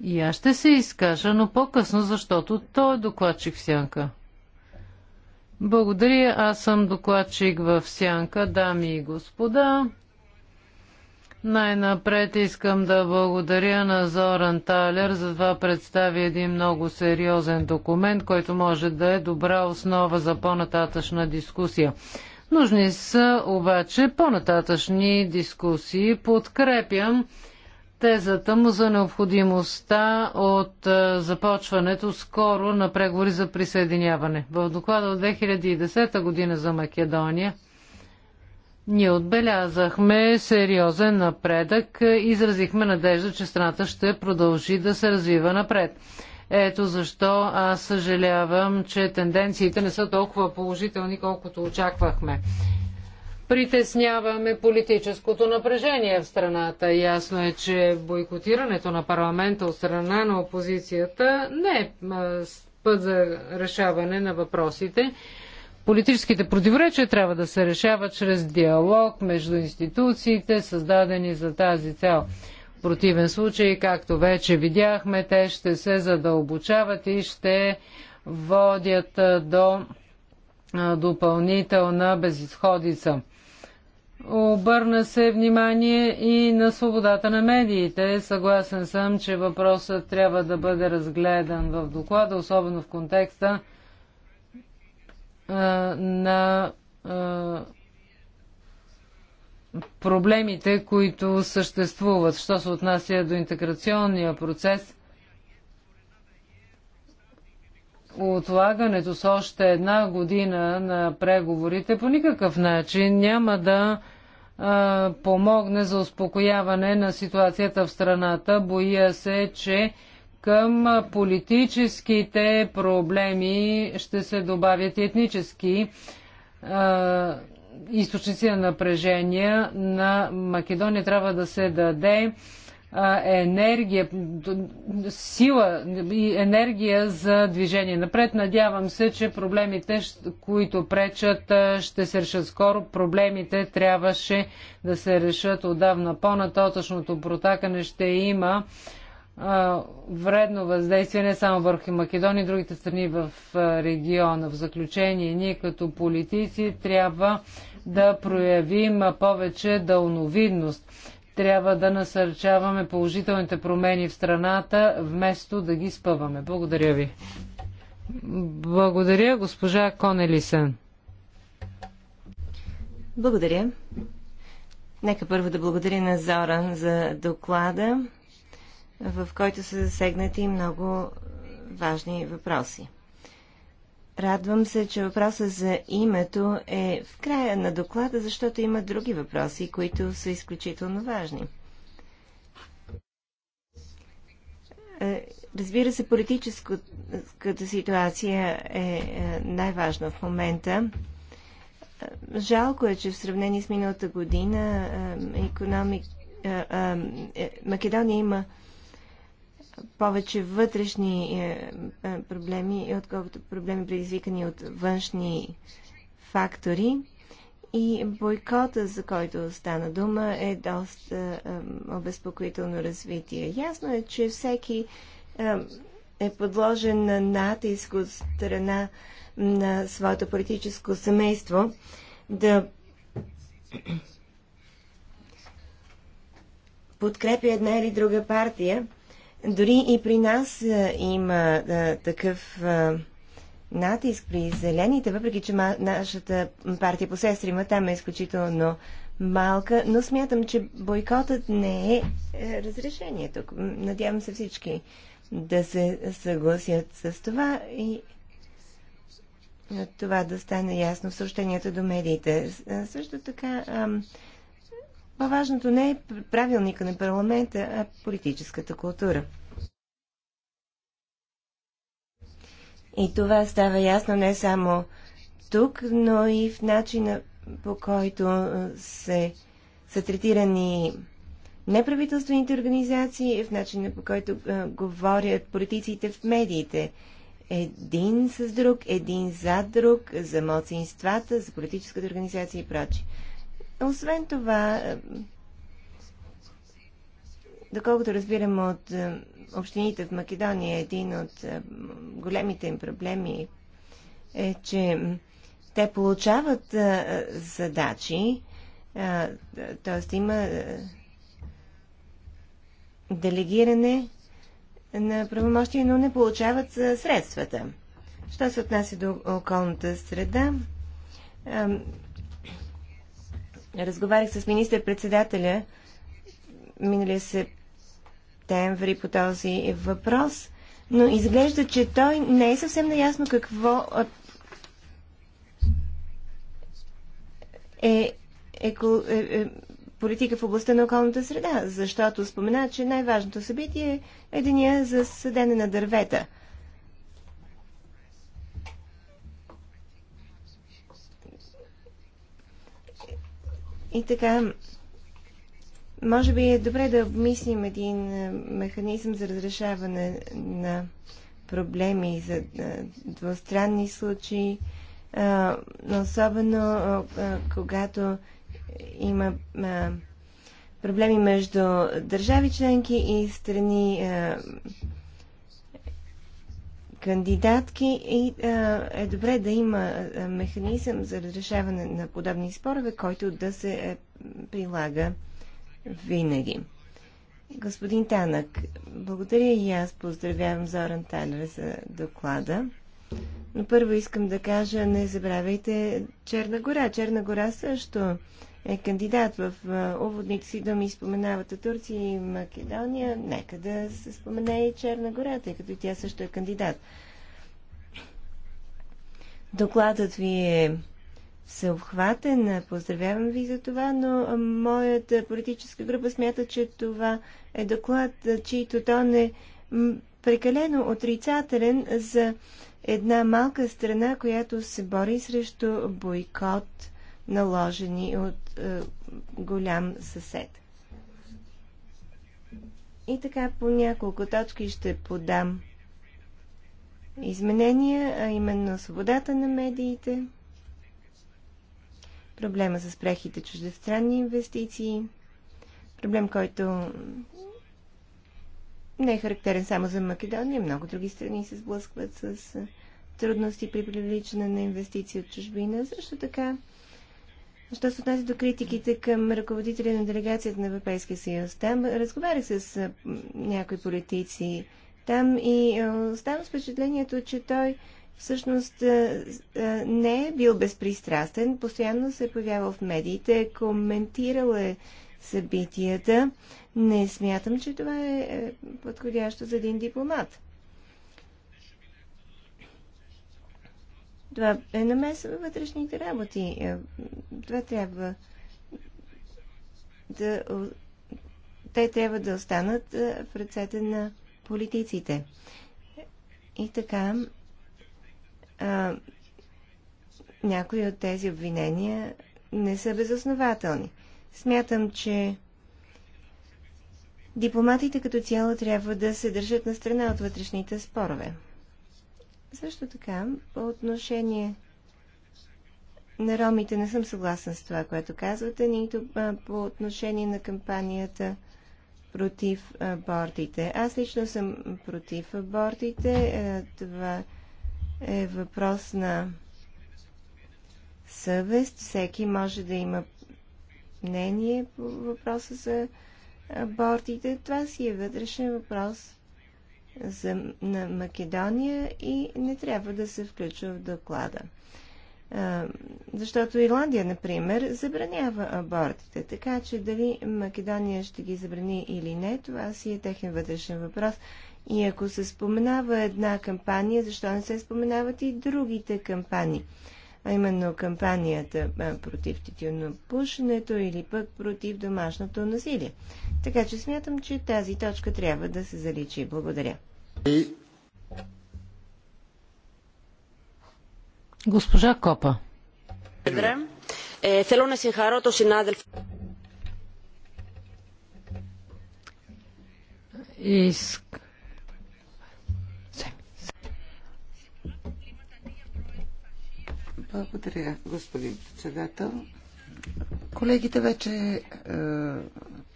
И аз ще се изкажа, но по-късно, защото той е докладчик в сянка. Благодаря, аз съм докладчик в сянка, дами и господа. Най-напред искам да благодаря на Зоран Талер за това представи един много сериозен документ, който може да е добра основа за по-нататъчна дискусия. Нужни са обаче по-нататъчни дискусии. Подкрепям тезата му за необходимостта от е, започването скоро на преговори за присъединяване. В доклада от 2010 година за Македония ние отбелязахме сериозен напредък и изразихме надежда, че страната ще продължи да се развива напред. Ето защо аз съжалявам, че тенденциите не са толкова положителни, колкото очаквахме. Притесняваме политическото напрежение в страната. Ясно е, че бойкотирането на парламента от страна на опозицията не е път за решаване на въпросите. Политическите противоречия трябва да се решават чрез диалог между институциите, създадени за тази цел противен случай, както вече видяхме, те ще се задълбочават и ще водят до допълнителна безисходица. Обърна се внимание и на свободата на медиите. Съгласен съм, че въпросът трябва да бъде разгледан в доклада, особено в контекста а, на а, проблемите, които съществуват. Що се отнася до интеграционния процес, отлагането с още една година на преговорите по никакъв начин няма да а, помогне за успокояване на ситуацията в страната. Боя се, че към политическите проблеми ще се добавят и етнически а, източници на напрежение на Македония трябва да се даде енергия, сила и енергия за движение напред. Надявам се, че проблемите, които пречат, ще се решат скоро. Проблемите трябваше да се решат отдавна. По-нататъчното протакане ще има вредно въздействие не само върху Македония и другите страни в региона. В заключение, ние като политици трябва да проявим повече дълновидност. Трябва да насърчаваме положителните промени в страната, вместо да ги спъваме. Благодаря ви. Благодаря, госпожа Конелисен. Благодаря. Нека първо да благодаря на Зоран за доклада, в който са засегнати много важни въпроси. Радвам се, че въпросът за името е в края на доклада, защото има други въпроси, които са изключително важни. Е, разбира се, политическата ситуация е, е най-важна в момента. Е, жалко е, че в сравнение с миналата година економик... Македония има повече вътрешни е, е, проблеми, отколкото проблеми предизвикани от външни фактори. И бойкота, за който стана дума, е доста е, обезпокоително развитие. Ясно е, че всеки е подложен на натиск от страна на своето политическо семейство да подкрепи една или друга партия дори и при нас е, има а, е, такъв а, е, натиск при зелените, въпреки че ма, нашата партия по сестрима там е изключително малка, но смятам, че бойкотът не е разрешение тук. Надявам се всички да се съгласят с това и това да стане ясно в съобщенията до медиите. Също така, А, по-важното не е правилника на парламента, а политическата култура. И това става ясно не само тук, но и в начина по който се, са третирани неправителствените организации, в начина по който а, говорят политиците в медиите. Един с друг, един за друг, за младсинствата, за политическата организация и прочи. Освен това, е, доколкото разбирам от е, общините в Македония, един от е, големите им проблеми е, че те получават задачи, т.е. има делегиране на правомощия, но не получават средствата. Що се отнася до околната среда, Разговарях с министър-председателя миналия септември по този въпрос, но изглежда, че той не е съвсем наясно какво е, е, е, е политика в областта на околната среда, защото спомена, че най-важното събитие е деня за съдене на дървета – И така, може би е добре да обмислим един е, механизъм за разрешаване на проблеми за е, двустранни случаи, е, особено когато има проблеми между държави членки и страни кандидатки и а, е добре да има механизъм за разрешаване на подобни спорове, който да се е, прилага винаги. Господин Танък, благодаря и аз поздравявам Зоран Талер за доклада. Но първо искам да кажа, не забравяйте Черна гора. Черна гора също е кандидат. В уводните си думи споменавате Турция и Македония. Нека да се спомене и Черна гора, тъй като и тя също е кандидат. Докладът ви е всеобхватен. Поздравявам ви за това, но моята политическа група смята, че това е доклад, чийто тон е прекалено отрицателен за една малка страна, която се бори срещу бойкот, наложени от е, голям съсед. И така по няколко точки ще подам изменения, а именно свободата на медиите, проблема с прехите чуждестранни инвестиции, проблем, който не е характерен само за Македония, много други страни се сблъскват с трудности при привличане на инвестиции от чужбина. Също така Що се отнася до критиките към ръководителя на делегацията на Европейския съюз? Там разговарях с някои политици там и оставам с впечатлението, че той всъщност не е бил безпристрастен, постоянно се е появявал в медиите, е коментирал е събитията. Не смятам, че това е, е подходящо за един дипломат. Това е намеса във вътрешните работи. Е, това трябва да... Те трябва да останат е, в ръцете на политиците. И така, а, някои от тези обвинения не са безоснователни. Смятам, че дипломатите като цяло трябва да се държат на страна от вътрешните спорове. Също така, по отношение на ромите не съм съгласен с това, което казвате, нито по отношение на кампанията против абортите. Аз лично съм против абортите. Е, това е въпрос на съвест. Всеки може да има мнение по въпроса за абортите. Това си е вътрешен въпрос за, на Македония и не трябва да се включва в доклада. А, защото Ирландия, например, забранява абортите, така че дали Македония ще ги забрани или не, това си е техен вътрешен въпрос. И ако се споменава една кампания, защо не се споменават и другите кампании? а именно кампанията против пушенето или пък против домашното насилие. Така че смятам, че тази точка трябва да се заличи. Благодаря. Госпожа Копа. Благодаря. Е, να Благодаря, господин председател. Колегите вече е,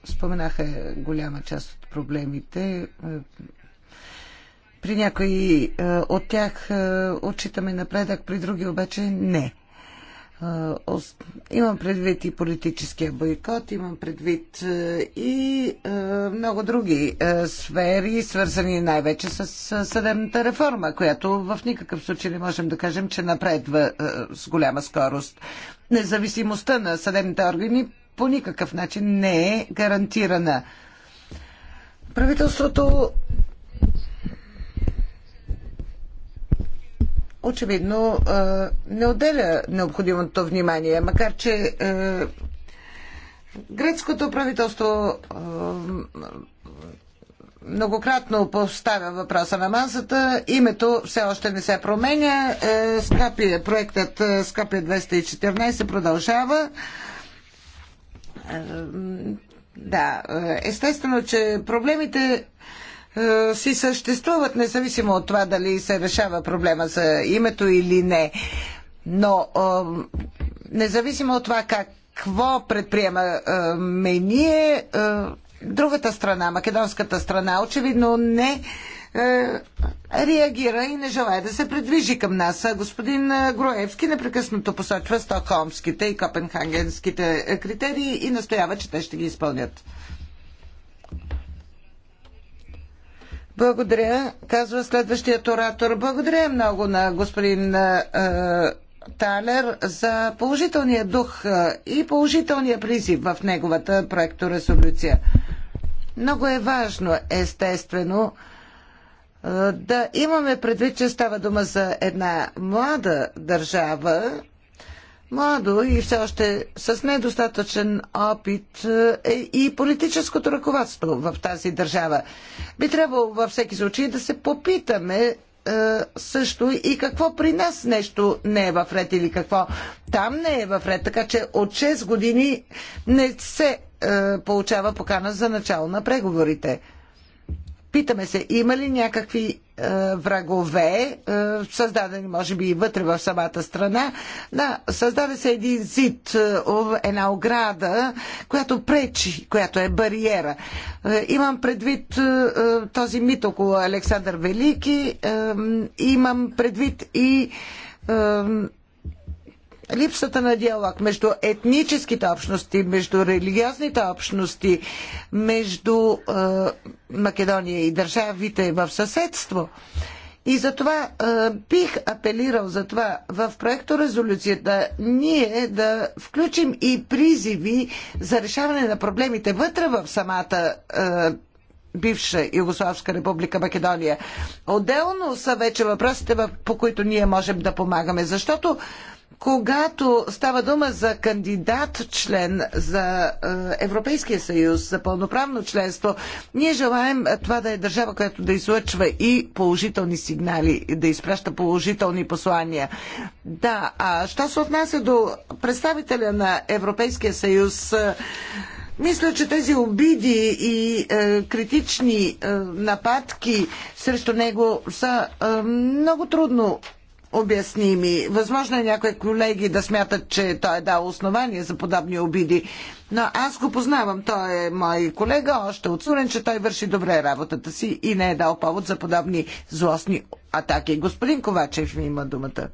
споменаха голяма част от проблемите. Е, при някои е, от тях е, отчитаме напредък, при други обаче не. Имам предвид и политическия бойкот, имам предвид и много други сфери, свързани най-вече с съдебната реформа, която в никакъв случай не можем да кажем, че напредва с голяма скорост. Независимостта на съдебните органи по никакъв начин не е гарантирана. Правителството очевидно не отделя необходимото внимание, макар че гръцкото правителство многократно поставя въпроса на масата. Името все още не се променя. Е, скопие, проектът е, Скопие 214 продължава. Е, да, естествено, че проблемите е, си съществуват, независимо от това дали се решава проблема за името или не. Но е, независимо от това какво предприема е, ме ние, другата страна, македонската страна, очевидно не реагира и не желая да се придвижи към нас. Господин Гроевски непрекъснато посочва стокхолмските и копенхагенските критерии и настоява, че те ще ги изпълнят. Благодаря, казва следващият оратор. Благодаря много на господин е, Талер за положителния дух и положителния призив в неговата проекторезолюция. Много е важно, естествено, да имаме предвид, че става дума за една млада държава, Младо и все още с недостатъчен опит е, е и политическото ръководство в тази държава. Би трябвало във всеки случай да се попитаме е, също и какво при нас нещо не е в ред или какво там не е в ред. Така че от 6 години не се е, получава покана за начало на преговорите. Питаме се, има ли някакви е, врагове, е, създадени може би и вътре в самата страна. Да, създаде се един зид, е, една ограда, която пречи, която е бариера. Имам предвид този мит около Александър Велики, имам предвид и липсата на диалог между етническите общности, между религиозните общности, между е, Македония и държавите в съседство. И затова е, бих апелирал за това в проекто резолюцията ние да включим и призиви за решаване на проблемите вътре в самата е, бивша Югославска република Македония. Отделно са вече въпросите, по които ние можем да помагаме, защото когато става дума за кандидат член за е, Европейския съюз, за пълноправно членство, ние желаем това да е държава, която да излъчва и положителни сигнали, да изпраща положителни послания. Да, а що се отнася до представителя на Европейския съюз, е, мисля, че тези обиди и е, критични е, нападки срещу него са е, много трудно обясними. Възможно е някои колеги да смятат, че той е дал основание за подобни обиди, но аз го познавам. Той е мой колега, още от Сурен, че той върши добре работата си и не е дал повод за подобни злостни атаки. Господин Ковачев ми има думата.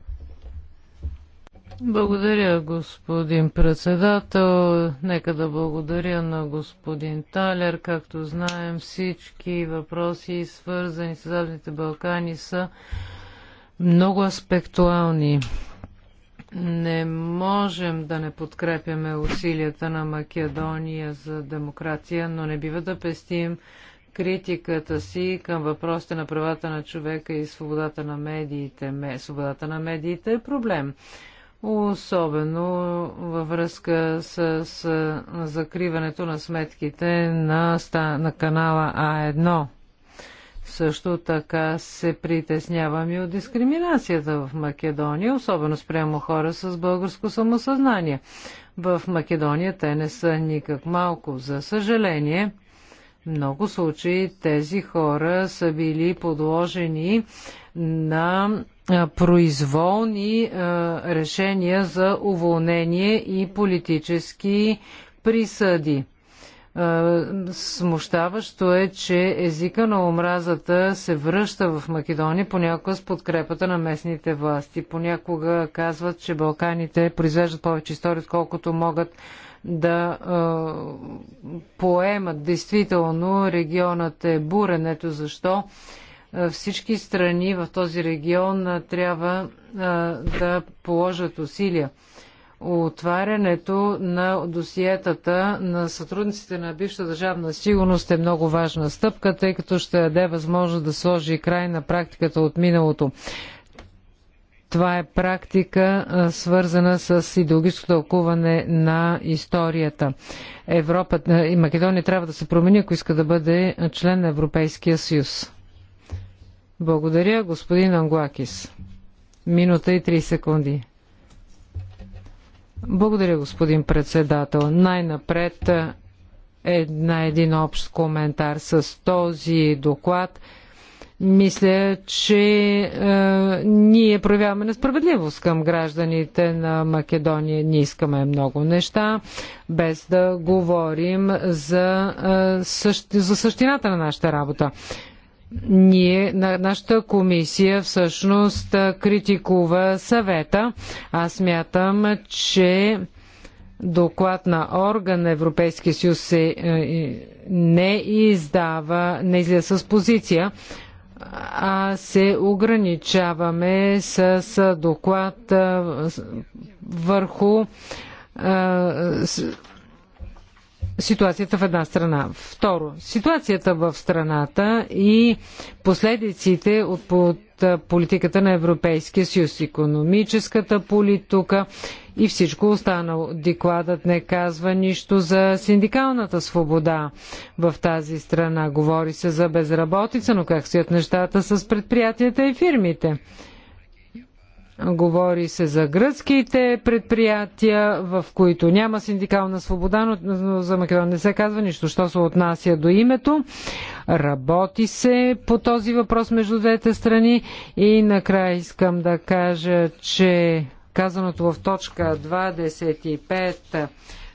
Благодаря, господин председател. Нека да благодаря на господин Талер. Както знаем, всички въпроси, свързани с Западните Балкани, са много аспектуални. Не можем да не подкрепяме усилията на Македония за демокрация, но не бива да пестим критиката си към въпросите на правата на човека и свободата на медиите. Свободата на медиите е проблем. Особено във връзка с, с закриването на сметките на, на канала А1. Също така се притеснявам и от дискриминацията в Македония, особено спрямо хора с българско самосъзнание. В Македония те не са никак малко. За съжаление, много случаи тези хора са били подложени на произволни решения за уволнение и политически присъди. Е, смущаващо е, че езика на омразата се връща в Македония, понякога с подкрепата на местните власти. Понякога казват, че Балканите произвеждат повече истории, отколкото могат да а, е, поемат. Действително, регионът е бурен. Ето защо е, всички страни в този регион трябва а, да положат усилия. Отварянето на досиетата на сътрудниците на бивша държавна сигурност е много важна стъпка, тъй като ще даде възможност да сложи край на практиката от миналото. Това е практика, свързана с идеологическото тълкуване на историята. Европа и Македония трябва да се промени, ако иска да бъде член на Европейския съюз. Благодаря, господин Англакис. Минута и 3 секунди. Благодаря, господин председател. Най-напред е, една, един общ коментар с този доклад. Мисля, че е, ние проявяваме несправедливост към гражданите на Македония. Ние искаме много неща, без да говорим за, е, същ, за същината на нашата работа ние, на нашата комисия всъщност критикува съвета. Аз мятам, че доклад на орган на Европейския съюз се не издава, не излиза с позиция, а се ограничаваме с доклад върху ситуацията в една страна. Второ, ситуацията в страната и последиците от, политиката на Европейския съюз, економическата политика и всичко останало. Декладът не казва нищо за синдикалната свобода в тази страна. Говори се за безработица, но как стоят нещата с предприятията и фирмите? Говори се за гръцките предприятия, в които няма синдикална свобода, но за Македония не се казва нищо, що се отнася до името. Работи се по този въпрос между двете страни и накрая искам да кажа, че казаното в точка 25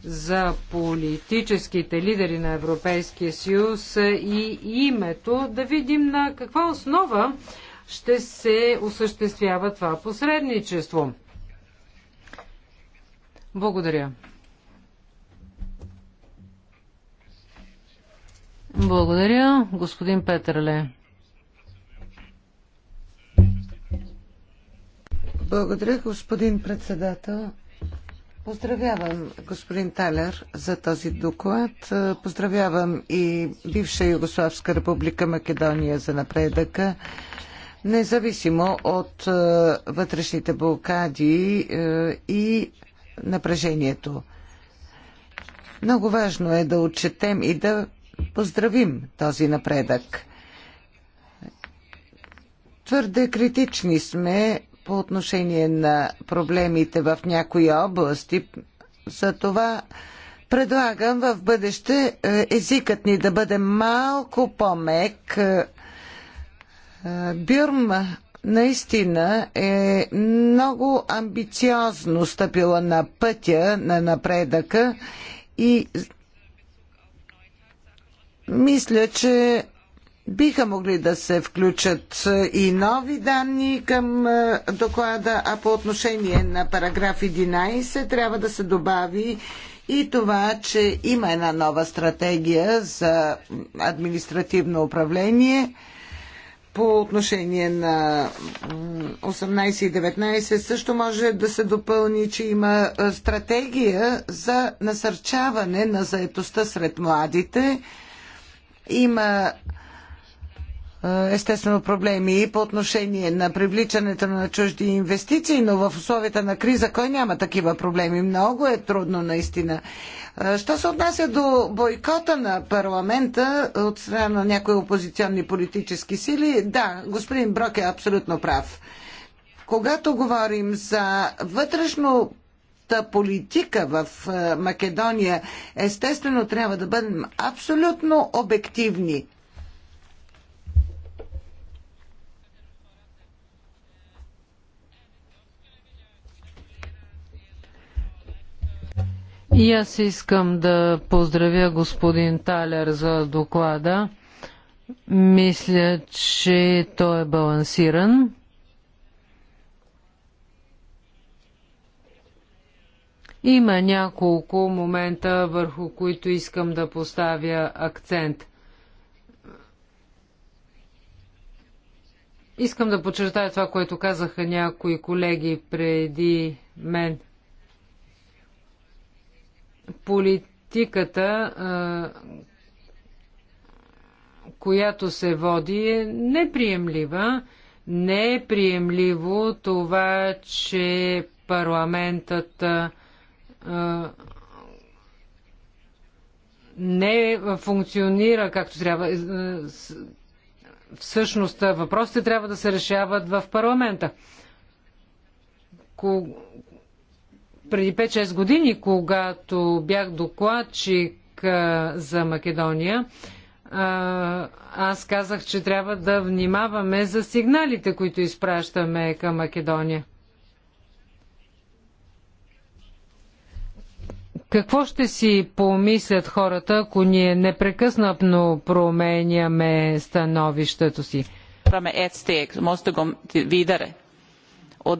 за политическите лидери на Европейския съюз и името, да видим на каква основа ще се осъществява това посредничество. Благодаря. Благодаря, господин Петърле. Благодаря, господин председател. Поздравявам господин Талер за този доклад. Поздравявам и бивша Югославска република Македония за напредъка независимо от е, вътрешните блокади е, и напрежението. Много важно е да отчетем и да поздравим този напредък. Твърде критични сме по отношение на проблемите в някои области. Затова предлагам в бъдеще е, езикът ни да бъде малко по-мек Бюрма наистина е много амбициозно стъпила на пътя на напредъка и мисля, че биха могли да се включат и нови данни към доклада, а по отношение на параграф 11 трябва да се добави и това, че има една нова стратегия за административно управление – по отношение на 18 и 19 също може да се допълни, че има стратегия за насърчаване на заетостта сред младите. Има е, естествено проблеми и по отношение на привличането на чужди инвестиции, но в условията на криза кой няма такива проблеми? Много е трудно наистина. Е, що се отнася до бойкота на парламента от страна на някои опозиционни политически сили, да, господин Брок е абсолютно прав. Когато говорим за вътрешно политика в е, Македония, естествено трябва да бъдем абсолютно обективни И аз искам да поздравя господин Талер за доклада. Мисля, че той е балансиран. Има няколко момента, върху които искам да поставя акцент. Искам да подчертая това, което казаха някои колеги преди мен – политиката, която се води, е неприемлива. Не е приемливо това, че парламентът не функционира както трябва. Е, всъщност въпросите трябва да се решават в парламента преди 5-6 години, когато бях докладчик за Македония, аз казах, че трябва да внимаваме за сигналите, които изпращаме към Македония. Какво ще си помислят хората, ако ние непрекъснатно променяме становището си? Ett steg måste gå vidare. Och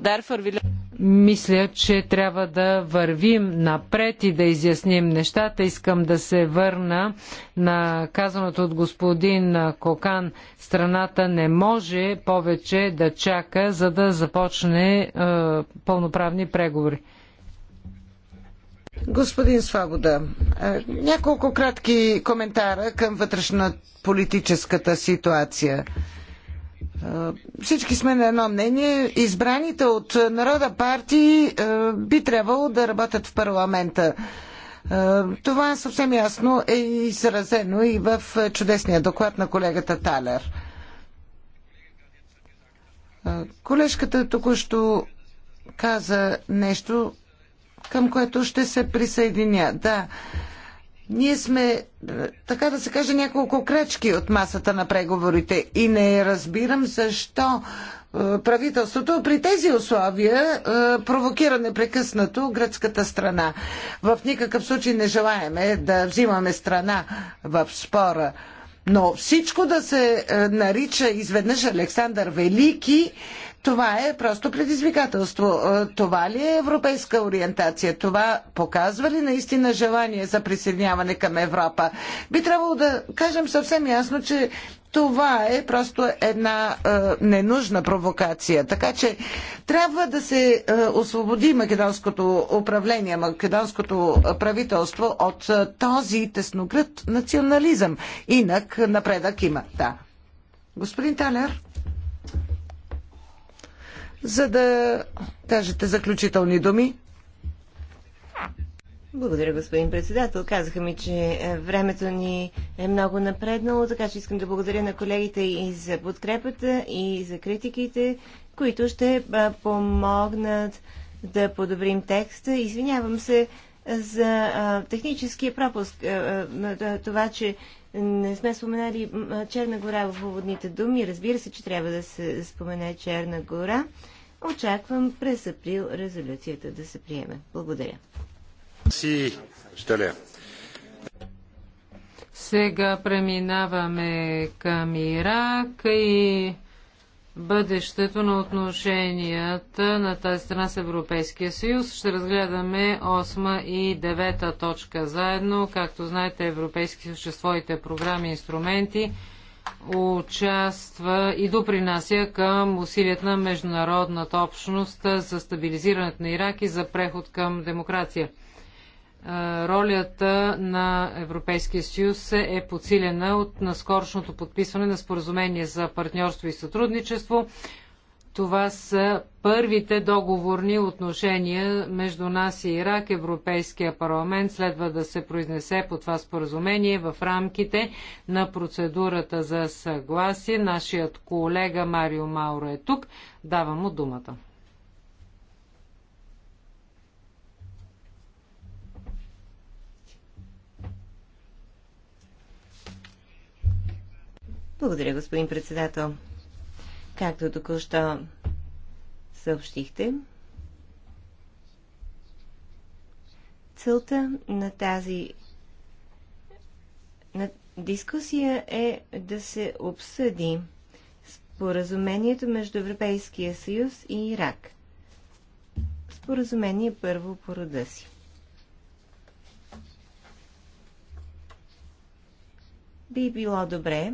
мисля, че трябва да вървим напред и да изясним нещата. Искам да се върна на казаното от господин Кокан. Страната не може повече да чака, за да започне е, пълноправни преговори. Господин Свобода, е, няколко кратки коментара към вътрешна политическата ситуация. Е, всички сме на едно мнение. Избраните от народа партии е, би трябвало да работят в парламента. Е, това съвсем ясно е изразено и в чудесния доклад на колегата Талер. Колежката току-що каза нещо, към което ще се присъединя. Да, ние сме, е, така да се каже, няколко крачки от масата на преговорите и не разбирам защо е, правителството при тези условия е, провокира непрекъснато гръцката страна. В никакъв случай не желаеме да взимаме страна в спора. Но всичко да се нарича изведнъж Александър Велики това е просто предизвикателство. Е, това ли е европейска ориентация? Това показва ли наистина желание за присъединяване към Европа? Би трябвало да кажем съвсем ясно, че това е просто една е, ненужна провокация. Така че трябва да се е, освободи македонското управление, македонското правителство от е, този тесногръд национализъм. Инак напредък има. Да. Господин Талер за да кажете заключителни думи. Благодаря, господин председател. Казаха ми, че е, времето ни е много напреднало, така че искам да благодаря на колегите и за подкрепата, и за критиките, които ще помогнат да подобрим текста. Извинявам се за техническия пропуск, това, че не сме споменали Черна гора в уводните думи. Разбира се, че трябва да се спомене Черна гора. Очаквам през април резолюцията да се приеме. Благодаря. Си, щале. Сега преминаваме към Ирак и бъдещето на отношенията на тази страна с Европейския съюз. Ще разгледаме 8 и 9 точка заедно. Както знаете, Европейски съюз чрез своите програми и инструменти участва и допринася към усилията на международната общност за стабилизирането на Ирак и за преход към демокрация ролята на Европейския съюз е, е подсилена от наскорошното подписване на споразумение за партньорство и сътрудничество. Това са първите договорни отношения между нас и Ирак. Европейския парламент следва да се произнесе по това споразумение в рамките на процедурата за съгласие. Нашият колега Марио Мауро е тук. Давам му думата. Благодаря, господин председател. Както току-що съобщихте, целта на тази на дискусия е да се обсъди споразумението между Европейския съюз и Ирак. Споразумение първо по рода си. Би било добре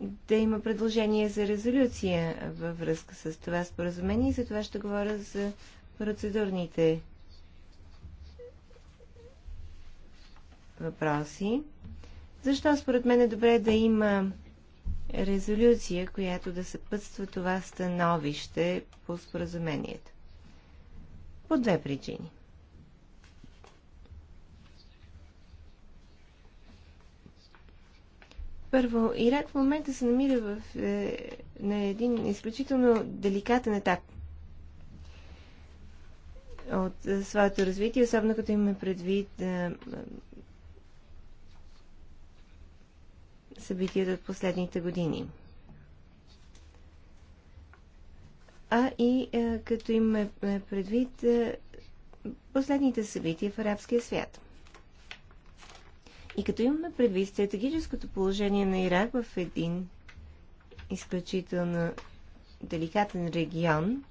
да има предложение за резолюция във връзка с това споразумение и за това ще говоря за процедурните въпроси. Защо според мен е добре да има резолюция, която да съпътства това становище по споразумението? По две причини. Първо, Ирак в момента се намира в, е, на един изключително деликатен етап от е, своето развитие, особено като имаме предвид е, събитията от последните години. А и е, като имаме е, предвид е, последните събития в арабския свят. И като имаме предвид стратегическото положение на Ирак в един изключително деликатен регион,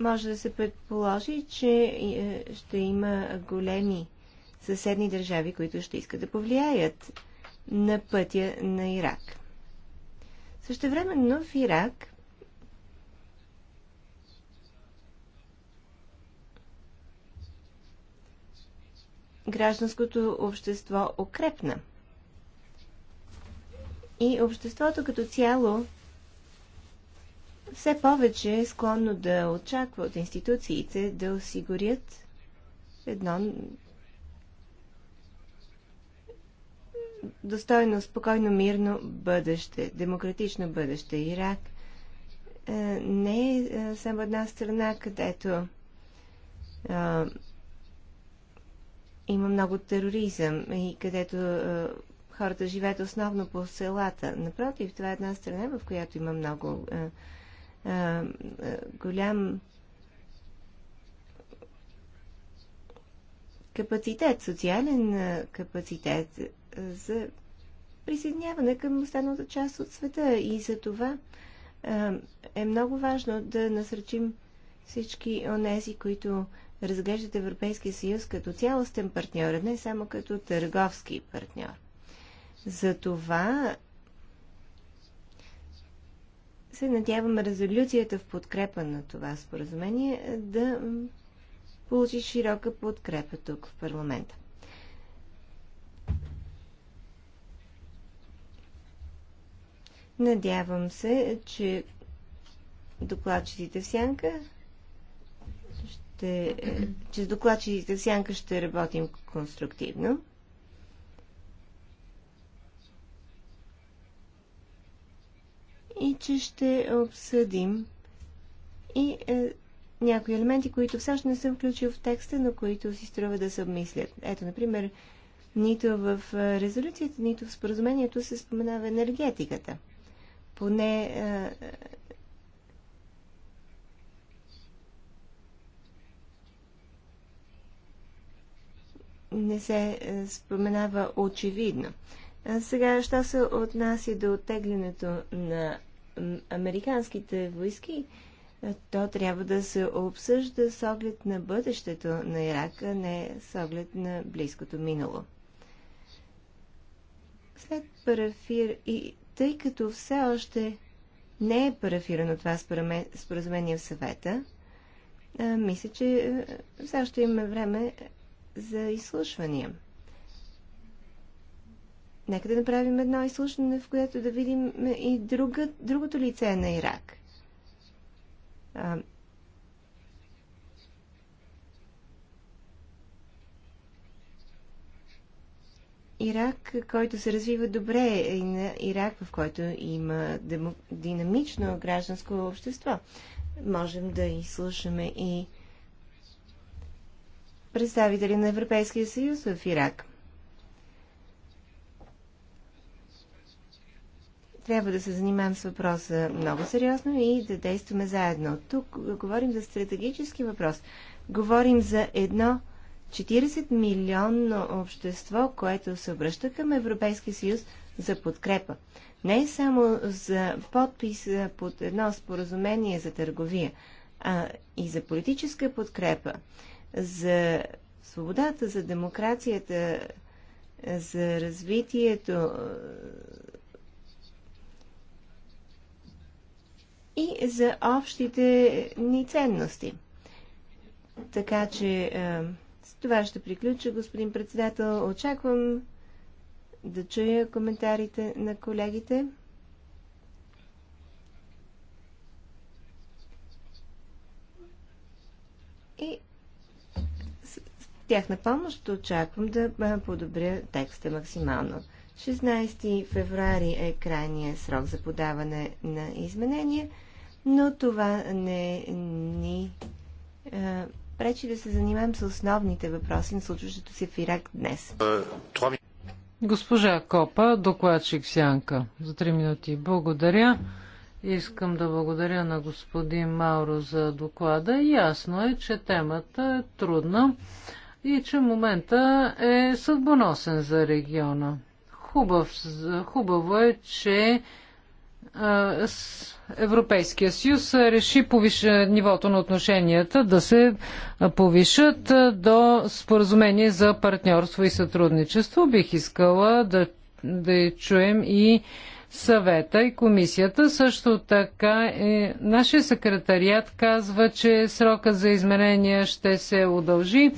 може да се предположи, че е, ще има големи съседни държави, които ще искат да повлияят на пътя на Ирак. времено в Ирак гражданското общество укрепна. И обществото като цяло все повече е склонно да очаква от институциите да осигурят едно достойно, спокойно, мирно бъдеще, демократично бъдеще. Ирак е, не е, е само една страна, където е, има много тероризъм и където е, хората живеят основно по селата. Напротив, това е една страна, в която има много е, е, е голям капацитет, социален е, капацитет е, за присъединяване към останалата част от света. И за това е много важно да насръчим всички онези, които разглеждат Европейския съюз като цялостен партньор, а не само като търговски партньор. Затова се надявам резолюцията в подкрепа на това споразумение да получи широка подкрепа тук в парламента. Надявам се, че докладчиците в сянка ще, че с докладчиците сянка ще работим конструктивно. И че ще обсъдим и е, някои елементи, които всъщност не съм включил в текста, но които си струва да се обмислят. Ето, например, нито в е, резолюцията, нито в споразумението се споменава енергетиката. Поне е, не се е, споменава очевидно. А сега, що се отнася до оттеглянето на американските войски, е, то трябва да се обсъжда с оглед на бъдещето на Ирак, а не с оглед на близкото минало. След парафир и тъй като все още не е парафирано това споразумение в съвета, мисля, че е, все още имаме време за изслушвания. Нека да направим едно изслушване, в което да видим и друга, другото лице на Ирак. А, Ирак, който се развива добре, е и на Ирак, в който има динамично гражданско общество. Можем да изслушаме и представители на Европейския съюз в Ирак. Трябва да се занимавам с въпроса много сериозно и да действаме заедно. Тук говорим за стратегически въпрос. Говорим за едно 40 милионно общество, което се обръща към Европейския съюз за подкрепа. Не само за подпис под едно споразумение за търговия, а и за политическа подкрепа, за свободата, за демокрацията, за развитието и за общите ни ценности. Така че с това ще приключа, господин председател. Очаквам да чуя коментарите на колегите. И тяхна помощ очаквам да подобря текста максимално. 16 феврари е крайния срок за подаване на изменения, но това не ни а, пречи да се занимаем с основните въпроси на случващото се в Ирак днес. Госпожа Копа, докладчик Сянка, за 3 минути. Благодаря. Искам да благодаря на господин Мауро за доклада. Ясно е, че темата е трудна и че момента е съдбоносен за региона. Хубав, хубаво е, че Европейския съюз реши повиша нивото на отношенията да се повишат до споразумение за партньорство и сътрудничество. Бих искала да, да чуем и съвета и комисията. Също така е, нашия секретариат казва, че срока за изменения ще се удължи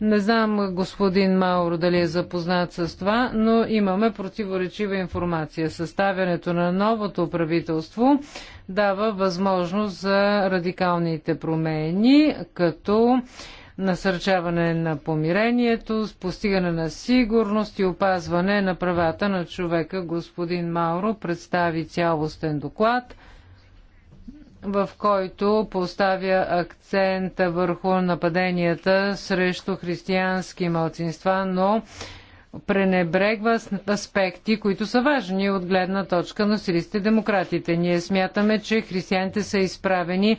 не знам господин Мауро дали е запознат с това, но имаме противоречива информация. Съставянето на новото правителство дава възможност за радикалните промени, като насърчаване на помирението, постигане на сигурност и опазване на правата на човека. Господин Мауро представи цялостен доклад – в който поставя акцента върху нападенията срещу християнски малцинства, но пренебрегва аспекти, които са важни от гледна точка на силистите демократите. Ние смятаме, че християните са изправени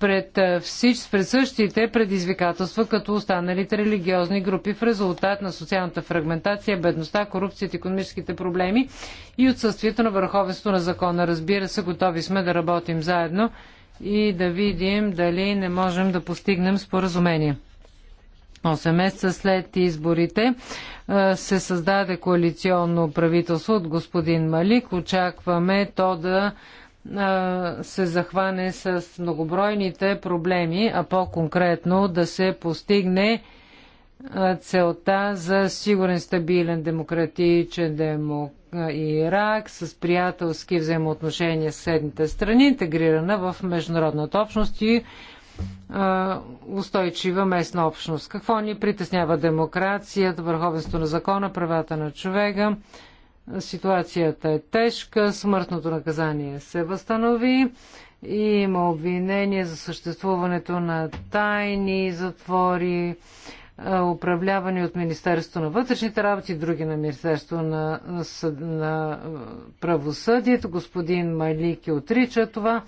пред, всич, пред същите предизвикателства, като останалите религиозни групи в резултат на социалната фрагментация, бедността, корупцията, економическите проблеми и отсъствието на върховенство на закона. Разбира се, готови сме да работим заедно и да видим дали не можем да постигнем споразумение. 8 месеца след изборите се създаде коалиционно правителство от господин Малик. Очакваме то да се захване с многобройните проблеми, а по-конкретно да се постигне целта за сигурен, стабилен, демократичен Ирак с приятелски взаимоотношения с съседните страни, интегрирана в международната общност и устойчива местна общност. Какво ни притеснява демокрацията, върховенство на закона, правата на човека, Ситуацията е тежка, смъртното наказание се възстанови, има обвинение за съществуването на тайни затвори, управлявани от Министерство на вътрешните работи, други на Министерство на, на, на правосъдието. Господин Малики е отрича това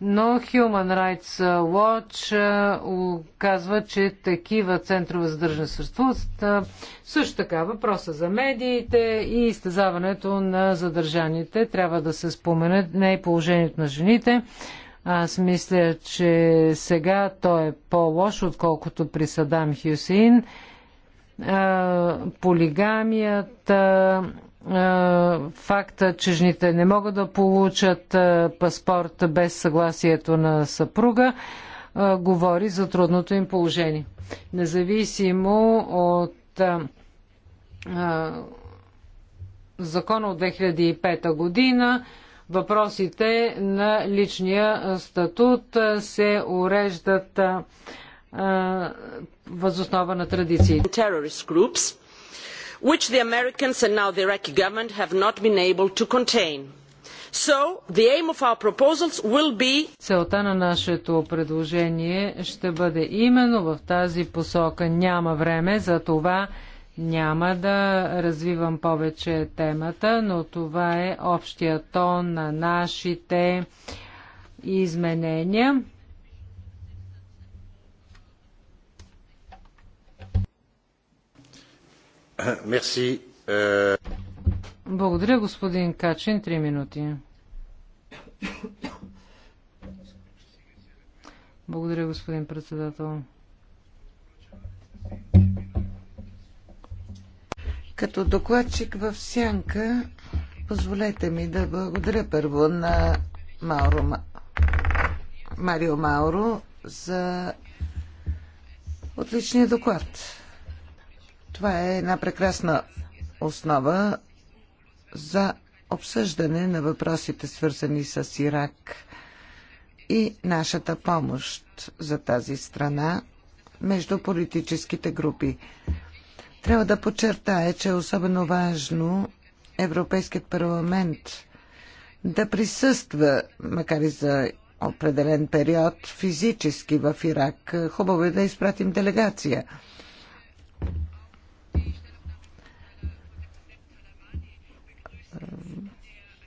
но Human Rights Watch е, казва, че такива центрове за държане съществуват. Е, също така въпроса за медиите и изтезаването на задържаните трябва да се спомене не и положението на жените. Аз мисля, че сега той е по-лош, отколкото при Садам Хюсейн е, полигамията, факта, че жените не могат да получат паспорт без съгласието на съпруга, говори за трудното им положение. Независимо от закона от 2005 година, въпросите на личния статут се уреждат възоснова на традициите which the americans and now the iraqi government have not been able to contain. Целта на нашето предложение ще бъде именно в тази посока. Няма време, за това няма да развивам повече темата, но това е общия тон на нашите изменения. Мерси. Euh. Благодаря, господин Качин. Три минути. Благодаря, господин председател. Като докладчик в Сянка, позволете ми да благодаря първо на Мауро, Марио Мауро за отличния доклад. Това е една прекрасна основа за обсъждане на въпросите, свързани с Ирак и нашата помощ за тази страна между политическите групи. Трябва да подчертая, че е особено важно Европейският парламент да присъства, макар и за определен период, физически в Ирак. Хубаво е да изпратим делегация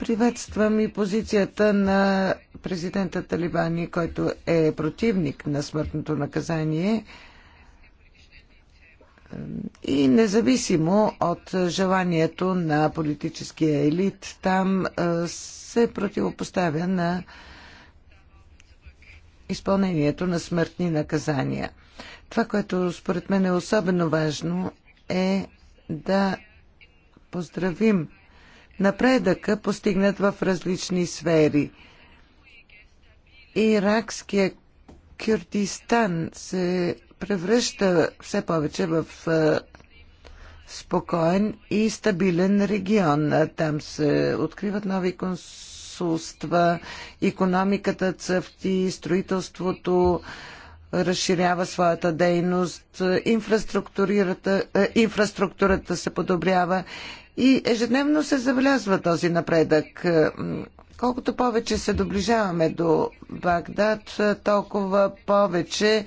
Приветствам и позицията на президента Талибани, който е противник на смъртното наказание и независимо от желанието на политическия елит, там се противопоставя на изпълнението на смъртни наказания. Това, което според мен е особено важно, е да поздравим напредъка, постигнат в различни сфери. Иракския Кюрдистан се превръща все повече в спокоен и стабилен регион. Там се откриват нови консулства, економиката цъфти, строителството разширява своята дейност, инфраструктурата, инфраструктурата се подобрява и ежедневно се забелязва този напредък. Колкото повече се доближаваме до Багдад, е, толкова повече е,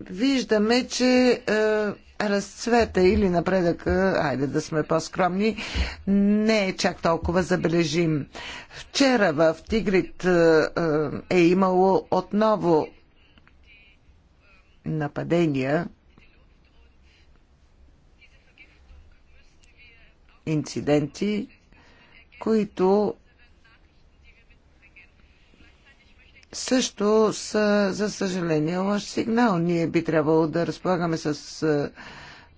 виждаме, че е, разцвета или напредък, айде да сме по-скромни, не е чак толкова забележим. Вчера в Тигрит е, е имало отново нападения инциденти, които също са, за съжаление, лош сигнал. Ние би трябвало да разполагаме с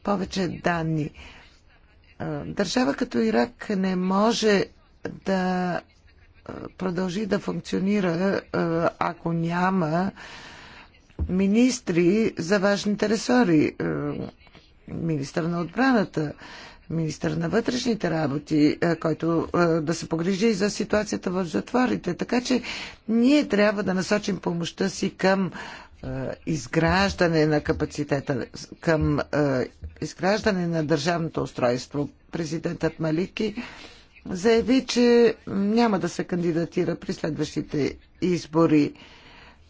повече данни. Държава като Ирак не може да продължи да функционира, ако няма министри за важните ресори. Министър на отбраната, министър на вътрешните работи, е, който е, да се погрижи и за ситуацията в затворите. Така че ние трябва да насочим помощта си към е, изграждане на капацитета, към изграждане на държавното устройство. Президентът Малики заяви, че няма да се кандидатира при следващите избори.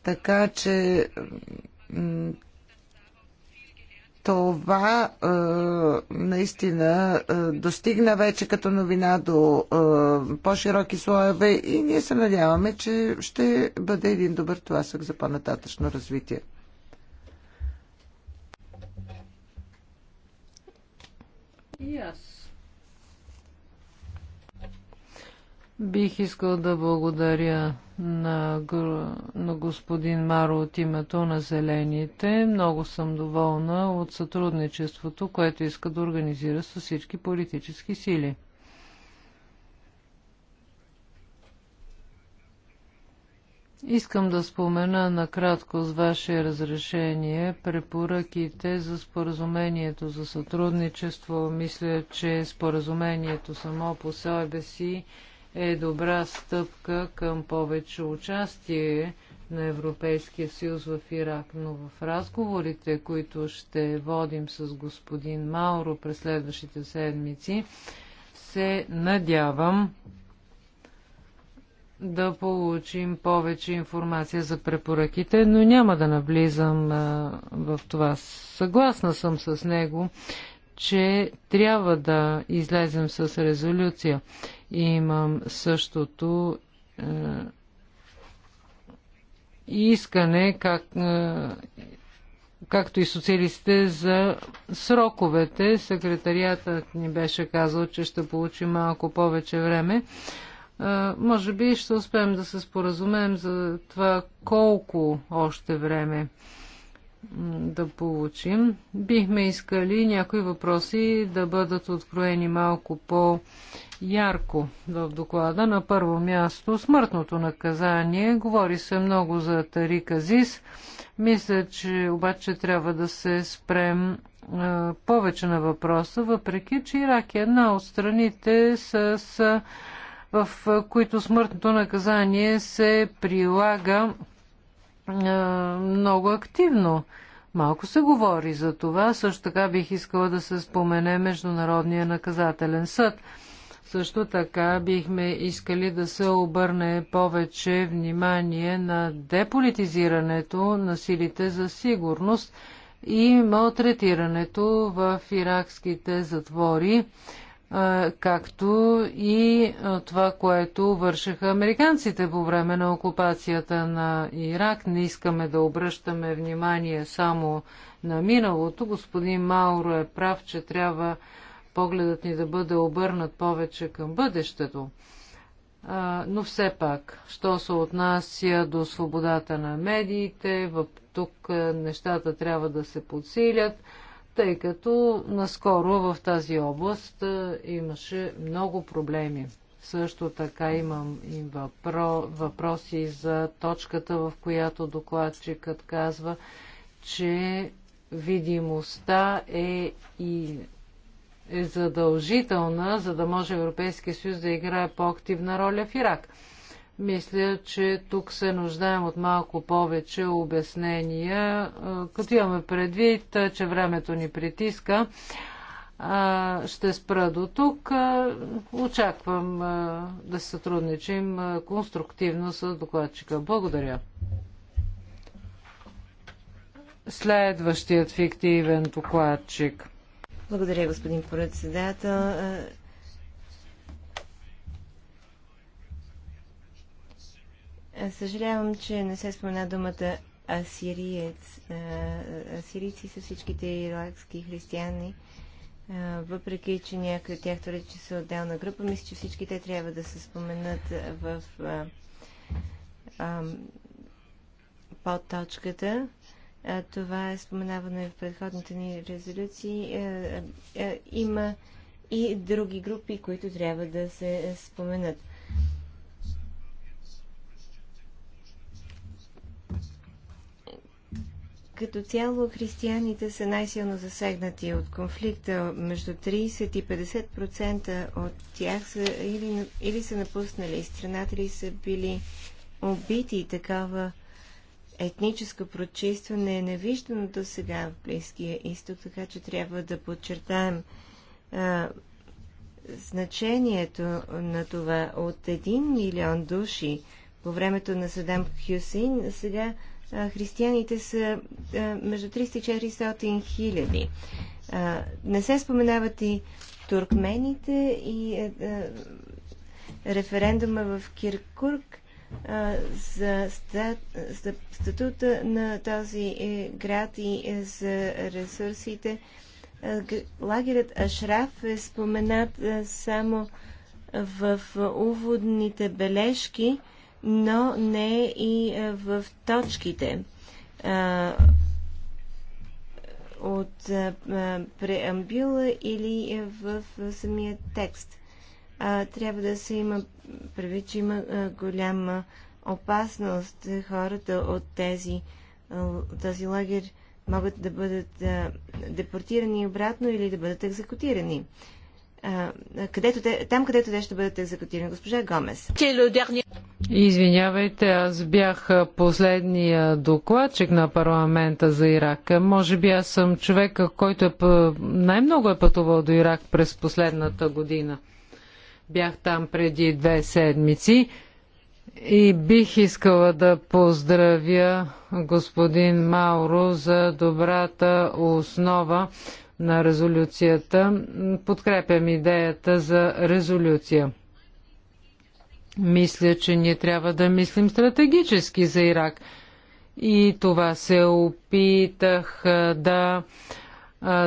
Така че това е, наистина е, достигна вече като новина до е, по-широки слоеве и ние се надяваме, че ще бъде един добър тласък за по-нататъчно развитие. И аз. Бих искал да благодаря на, на господин Маро от името на Зелените. Много съм доволна от сътрудничеството, което иска да организира с всички политически сили. Искам да спомена накратко с ваше разрешение препоръките за споразумението за сътрудничество. Мисля, че споразумението само по себе си е добра стъпка към повече участие на Европейския съюз в Ирак, но в разговорите, които ще водим с господин Мауро през следващите седмици, се надявам да получим повече информация за препоръките, но няма да навлизам в това. Съгласна съм с него, че трябва да излезем с резолюция. имам същото е, искане, как, е, както и социалистите, за сроковете. Секретариатът ни беше казал, че ще получи малко повече време. Е, може би ще успеем да се споразумеем за това колко още време да получим. Бихме искали някои въпроси да бъдат откроени малко по-ярко в доклада. На първо място смъртното наказание. Говори се много за Тарик Азис. Мисля, че обаче трябва да се спрем а, повече на въпроса, въпреки че Ирак е една от страните с, с в които смъртното наказание се прилага е, много активно. Малко се говори за това. Също така бих искала да се спомене Международния наказателен съд. Също така бихме искали да се обърне повече внимание на деполитизирането на силите за сигурност и малтретирането в иракските затвори както и това, което вършаха американците по време на окупацията на Ирак. Не искаме да обръщаме внимание само на миналото. Господин Мауро е прав, че трябва погледът ни да бъде обърнат повече към бъдещето. Но все пак, що се отнася до свободата на медиите, тук нещата трябва да се подсилят тъй като наскоро в тази област имаше много проблеми. Също така имам и въпро... въпроси за точката, в която докладчикът казва, че видимостта е и е задължителна, за да може Европейския съюз да играе по-активна роля в Ирак. Мисля, че тук се нуждаем от малко повече обяснения, като имаме предвид, че времето ни притиска. Ще спра до тук. Очаквам да се сътрудничим конструктивно с докладчика. Благодаря. Следващият фиктивен докладчик. Благодаря, господин председател. Е, съжалявам, че не се спомена думата асириец. Е, Асирийци са всичките иракски християни. Е, въпреки, че някои от тях твърдят, че са отделна група, мисля, че всички те трябва да се споменат в а, а, подточката. А, това е споменаване в предходните ни резолюции. Има и други групи, които трябва да се споменат. Като цяло християните са най-силно засегнати от конфликта. Между 30 и 50% от тях са или, или са напуснали страната, или са били убити. такава етническо прочистване е невиждано до сега в Близкия изток, така че трябва да подчертаем а, значението на това от 1 милион души по времето на Садам Хюсин, сега християните са между 300 и 400 хиляди. Не се споменават и туркмените и референдума в Киркурк за, статута на този е, град и е, за ресурсите. Лагерът Ашраф е споменат само в уводните бележки но не и е, в точките от е, е, преамбюла или в самия текст. Трябва да се има предвид, че има голяма опасност хората от тези, от този лагер могат да бъдат депортирани обратно или да бъдат екзекутирани където те, там, където те ще бъдат екзекутирани. Госпожа Гомес. Извинявайте, аз бях последния докладчик на парламента за Ирак. Може би аз съм човека, който е, най-много е пътувал до Ирак през последната година. Бях там преди две седмици и бих искала да поздравя господин Мауро за добрата основа, на резолюцията. Подкрепям идеята за резолюция. Мисля, че ние трябва да мислим стратегически за Ирак. И това се опитах да,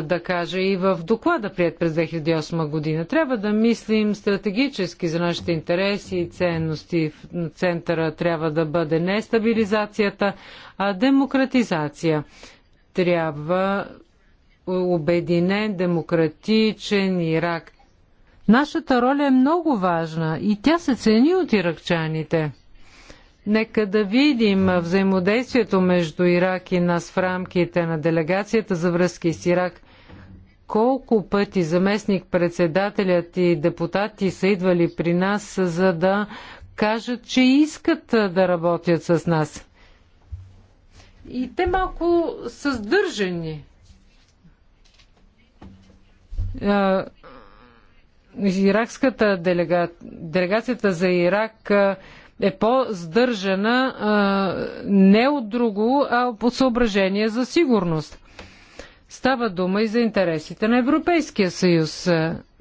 да кажа и в доклада, прият през 2008 година. Трябва да мислим стратегически за нашите интереси и ценности. в Центъра трябва да бъде не стабилизацията, а демократизация. Трябва обединен, демократичен Ирак. Нашата роля е много важна и тя се цени от иракчаните. Нека да видим взаимодействието между Ирак и нас в рамките на делегацията за връзки с Ирак. Колко пъти заместник председателят и депутати са идвали при нас, за да кажат, че искат да работят с нас. И те малко са сдържани. Иракската делега... делегацията за Ирак е по-здържана не от друго, а по съображение за сигурност. Става дума и за интересите на Европейския съюз.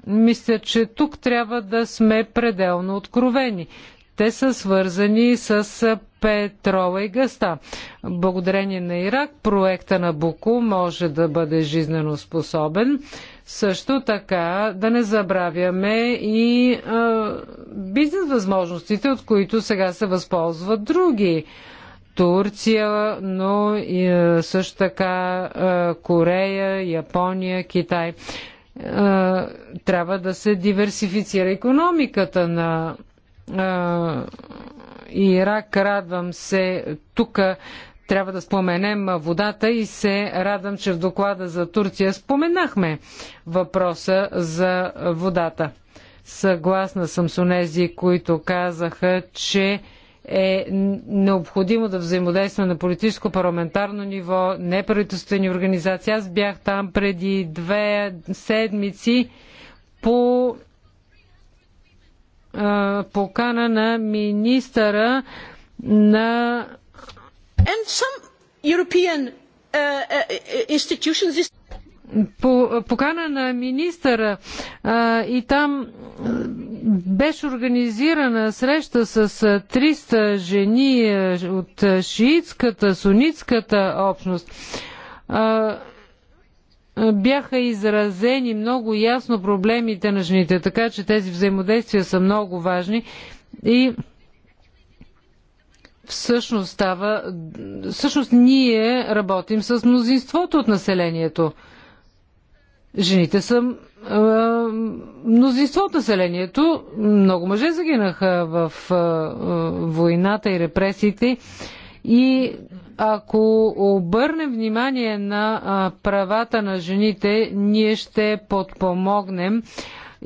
Мисля, че тук трябва да сме пределно откровени. Те са свързани с петрола и гъста. Благодарение на Ирак проекта на Буко може да бъде жизнено способен. Също така да не забравяме и а, бизнес възможностите, от които сега се възползват други. Турция, но и, също така а, Корея, Япония, Китай. А, трябва да се диверсифицира економиката на а, Ирак. Радвам се тук трябва да споменем водата и се радвам, че в доклада за Турция споменахме въпроса за водата. Съгласна съм с онези, които казаха, че е необходимо да взаимодейства на политическо парламентарно ниво, неправителствени организации. Аз бях там преди две седмици по покана на министъра на And some European uh, uh, institutions по покана на министъра а, и там беше организирана среща с 300 жени от шиитската, сунитската общност. А, бяха изразени много ясно проблемите на жените, така че тези взаимодействия са много важни и всъщност става... Всъщност ние работим с мнозинството от населението. Жените са мнозинство от населението. Много мъже загинаха в войната и репресиите. И ако обърнем внимание на правата на жените, ние ще подпомогнем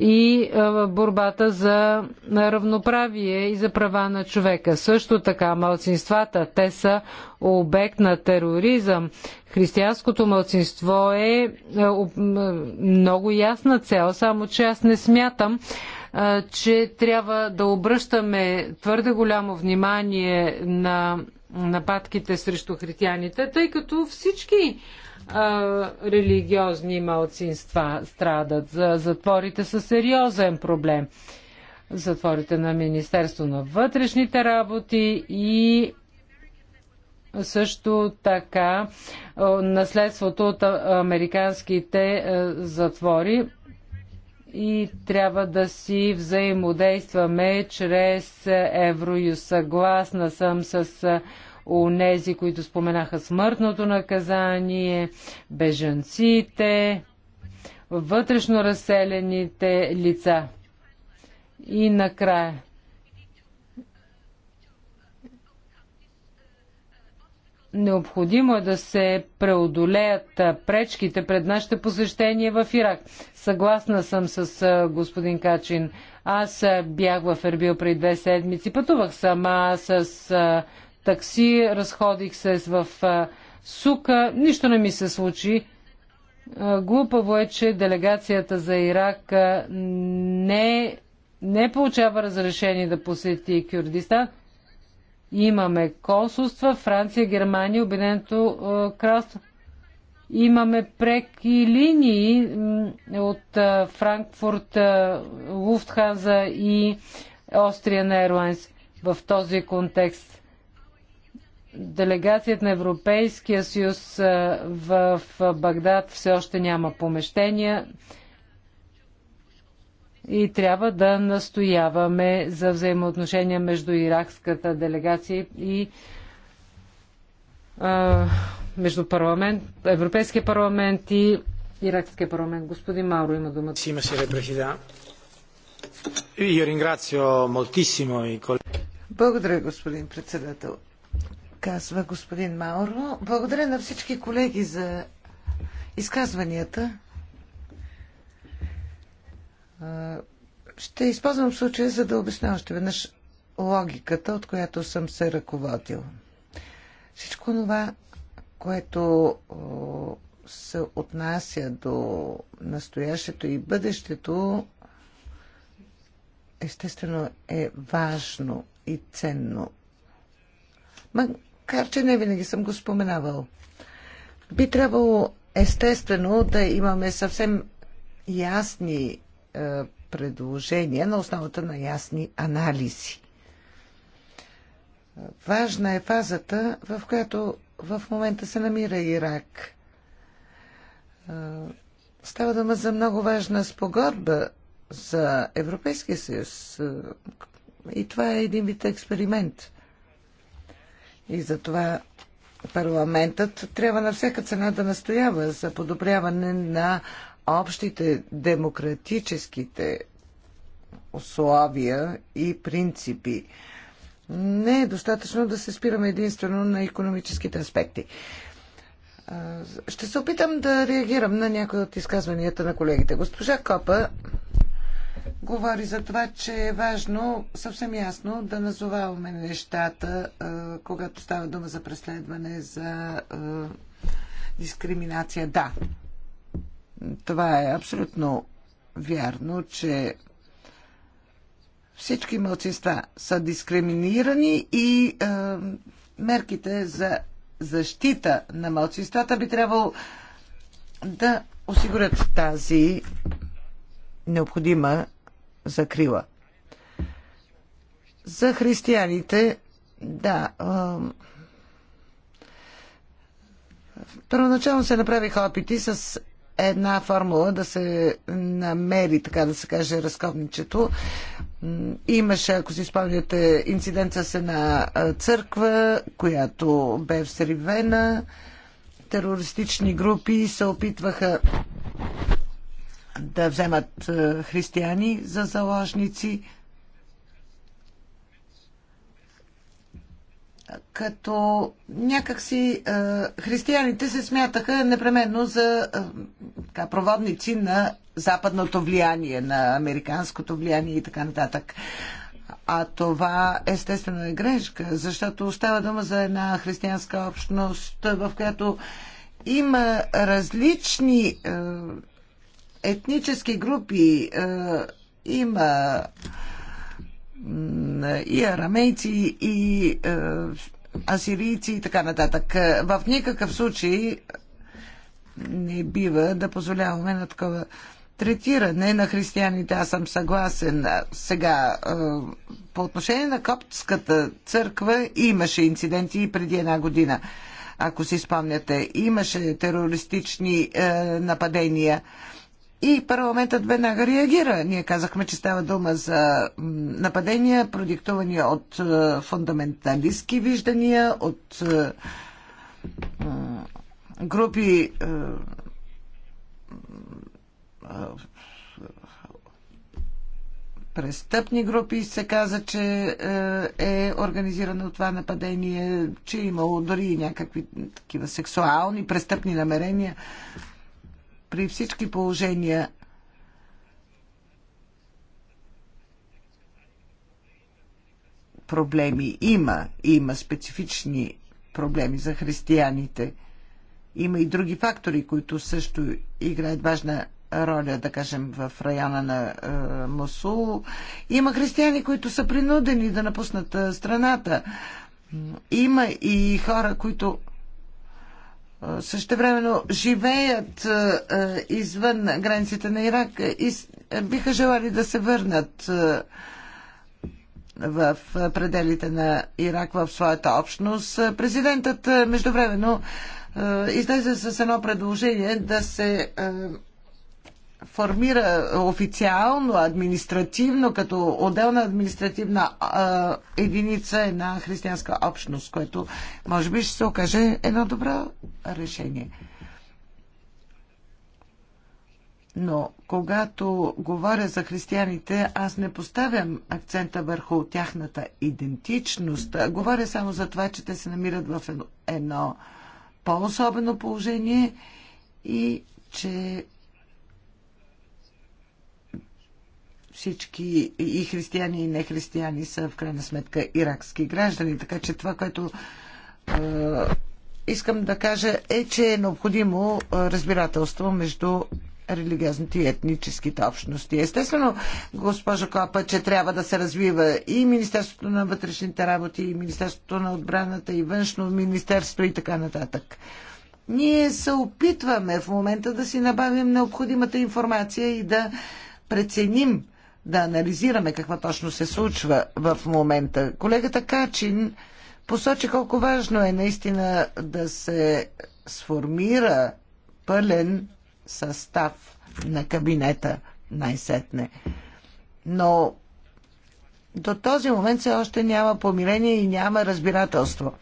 и борбата за равноправие и за права на човека. Също така малцинствата, те са обект на тероризъм. Християнското малцинство е, е много ясна цел, само че аз не смятам, че трябва да обръщаме твърде голямо внимание на нападките срещу християните, тъй като всички религиозни малцинства страдат. Затворите са сериозен проблем. Затворите на Министерство на вътрешните работи и също така наследството от американските затвори и трябва да си взаимодействаме чрез Евроюз. Съгласна съм с Онези, които споменаха смъртното наказание, бежанците, вътрешно разселените лица. И накрая. Необходимо е да се преодолеят пречките пред нашите посещения в Ирак. Съгласна съм с господин Качин. Аз бях в Ербил преди две седмици, пътувах сама с такси, разходих се в Сука, нищо не ми се случи. Глупаво е, че делегацията за Ирак не, не получава разрешение да посети Кюрдистан. Имаме консулства, Франция, Германия, Обединеното кралство. Имаме преки линии от Франкфурт, Луфтханза и Austrian Airlines в този контекст. Делегацията на Европейския съюз в Багдад все още няма помещения и трябва да настояваме за взаимоотношения между иракската делегация и а, между парламент, Европейския парламент и Иракския парламент. Господин Мауро има думата. Си, Благодаря, господин председател казва господин Мауро. Благодаря на всички колеги за изказванията. Ще използвам случая, за да обясня още веднъж логиката, от която съм се ръководил. Всичко това, което се отнася до настоящето и бъдещето, естествено е важно и ценно макар че не винаги съм го споменавал. Би трябвало естествено да имаме съвсем ясни е, предложения на основата на ясни анализи. Важна е фазата, в която в момента се намира Ирак. Е, става дума за много важна спогодба за Европейския съюз. Е, и това е един вид експеримент. И затова парламентът трябва на всяка цена да настоява за подобряване на общите демократическите условия и принципи. Не е достатъчно да се спираме единствено на економическите аспекти. Ще се опитам да реагирам на някои от изказванията на колегите. Госпожа Копа говори за това, че е важно съвсем ясно да назоваваме нещата, е, когато става дума за преследване, за е, дискриминация. Да, това е абсолютно вярно, че всички мълцинства са дискриминирани и е, мерките за защита на младсинствата би трябвало да осигурят тази необходима закрила. За християните, да. Първоначално се направиха опити с една формула да се намери, така да се каже, разковничето. Имаше, ако си спомняте, инцидент с една църква, която бе взривена. Терористични групи се опитваха да вземат е, християни за заложници, като някакси е, християните се смятаха непременно за е, така, проводници на западното влияние, на американското влияние и така нататък. А това естествено е грешка, защото става дума за една християнска общност, в която има различни е, етнически групи има и арамейци, и асирийци и така нататък. В никакъв случай не бива да позволяваме на такова третиране на християните. Аз съм съгласен. Сега, по отношение на Коптската църква имаше инциденти и преди една година. Ако си спомняте, имаше терористични нападения. И парламентът веднага реагира. Ние казахме, че става дума за нападения, продиктовани от е, фундаменталистски виждания, от е, групи е, престъпни групи се каза, че е организирано това нападение, че е имало дори и някакви такива сексуални престъпни намерения при всички положения проблеми има. Има специфични проблеми за християните. Има и други фактори, които също играят важна роля, да кажем, в района на е, Мусул. Има християни, които са принудени да напуснат е, страната. Има и хора, които времено живеят извън границите на Ирак и биха желали да се върнат в пределите на Ирак в своята общност. Президентът междувременно излезе с едно предложение да се формира официално, административно, като отделна административна а, единица една християнска общност, което може би ще се окаже едно добро решение. Но когато говоря за християните, аз не поставям акцента върху тяхната идентичност. Говоря само за това, че те се намират в едно по-особено положение и че всички и християни, и нехристияни са в крайна сметка иракски граждани. Така че това, което е, искам да кажа е, че е необходимо разбирателство между религиозните и етническите общности. Естествено, госпожа Копа, че трябва да се развива и Министерството на вътрешните работи, и Министерството на отбраната, и външно министерство и така нататък. Ние се опитваме в момента да си набавим необходимата информация и да преценим да анализираме какво точно се случва в момента. Колегата Качин посочи колко важно е наистина да се сформира пълен състав на кабинета най-сетне. Но до този момент все още няма помирение и няма разбирателство.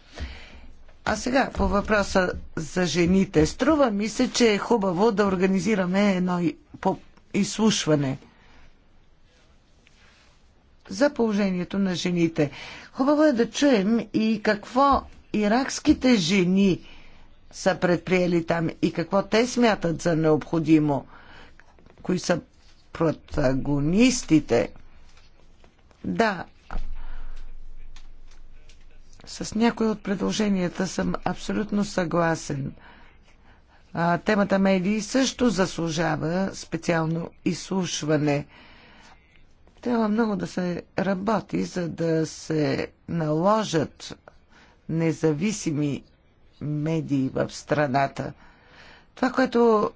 А сега по въпроса за жените. Струва ми се, че е хубаво да организираме едно изслушване – за положението на жените. Хубаво е да чуем и какво иракските жени са предприели там и какво те смятат за необходимо. Кои са протагонистите? Да, с някои от предложенията съм абсолютно съгласен. А, темата медии също заслужава специално изслушване – трябва много да се работи, за да се наложат независими медии в страната. Това, което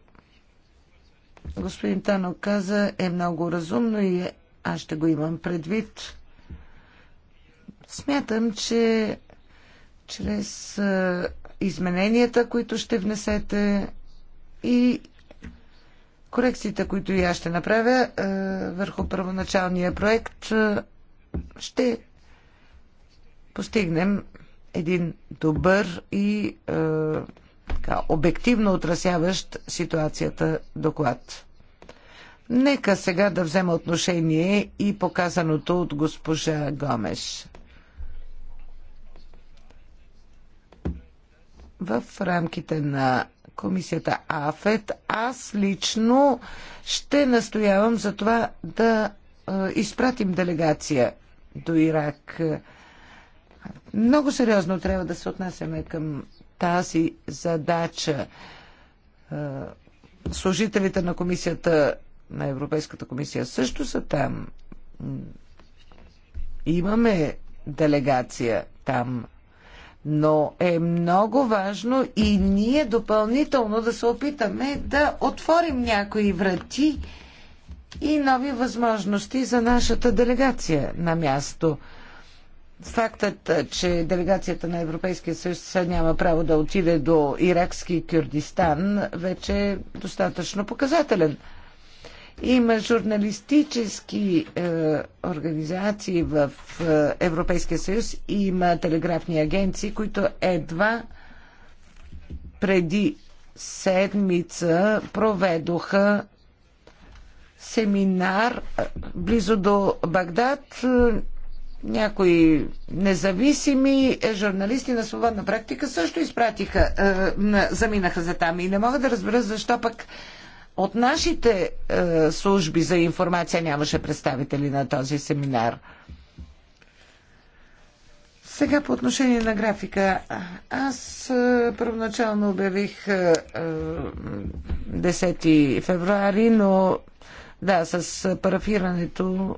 господин Тано каза, е много разумно и аз ще го имам предвид. Смятам, че чрез измененията, които ще внесете и Корекциите, които и аз ще направя е, върху първоначалния проект, е, ще постигнем един добър и е, така, обективно отразяващ ситуацията доклад. Нека сега да взема отношение и показаното от госпожа Гомеш. В рамките на комисията АФЕТ, аз лично ще настоявам за това да е, изпратим делегация до Ирак. Много сериозно трябва да се отнасяме към тази задача. Е, служителите на комисията, на Европейската комисия също са там. Имаме делегация там но е много важно и ние допълнително да се опитаме да отворим някои врати и нови възможности за нашата делегация на място. Фактът, че делегацията на Европейския съюз няма право да отиде до иракски Кюрдистан, вече е достатъчно показателен. Има журналистически е, организации в е, Европейския съюз и има телеграфни агенции, които едва преди седмица проведоха семинар е, близо до Багдад. Е, някои независими е, журналисти на свободна практика също изпратиха, е, заминаха за там и не мога да разбера защо пък от нашите е, служби за информация нямаше представители на този семинар. Сега по отношение на графика. Аз е, първоначално обявих е, 10 е, февруари, но да, с парафирането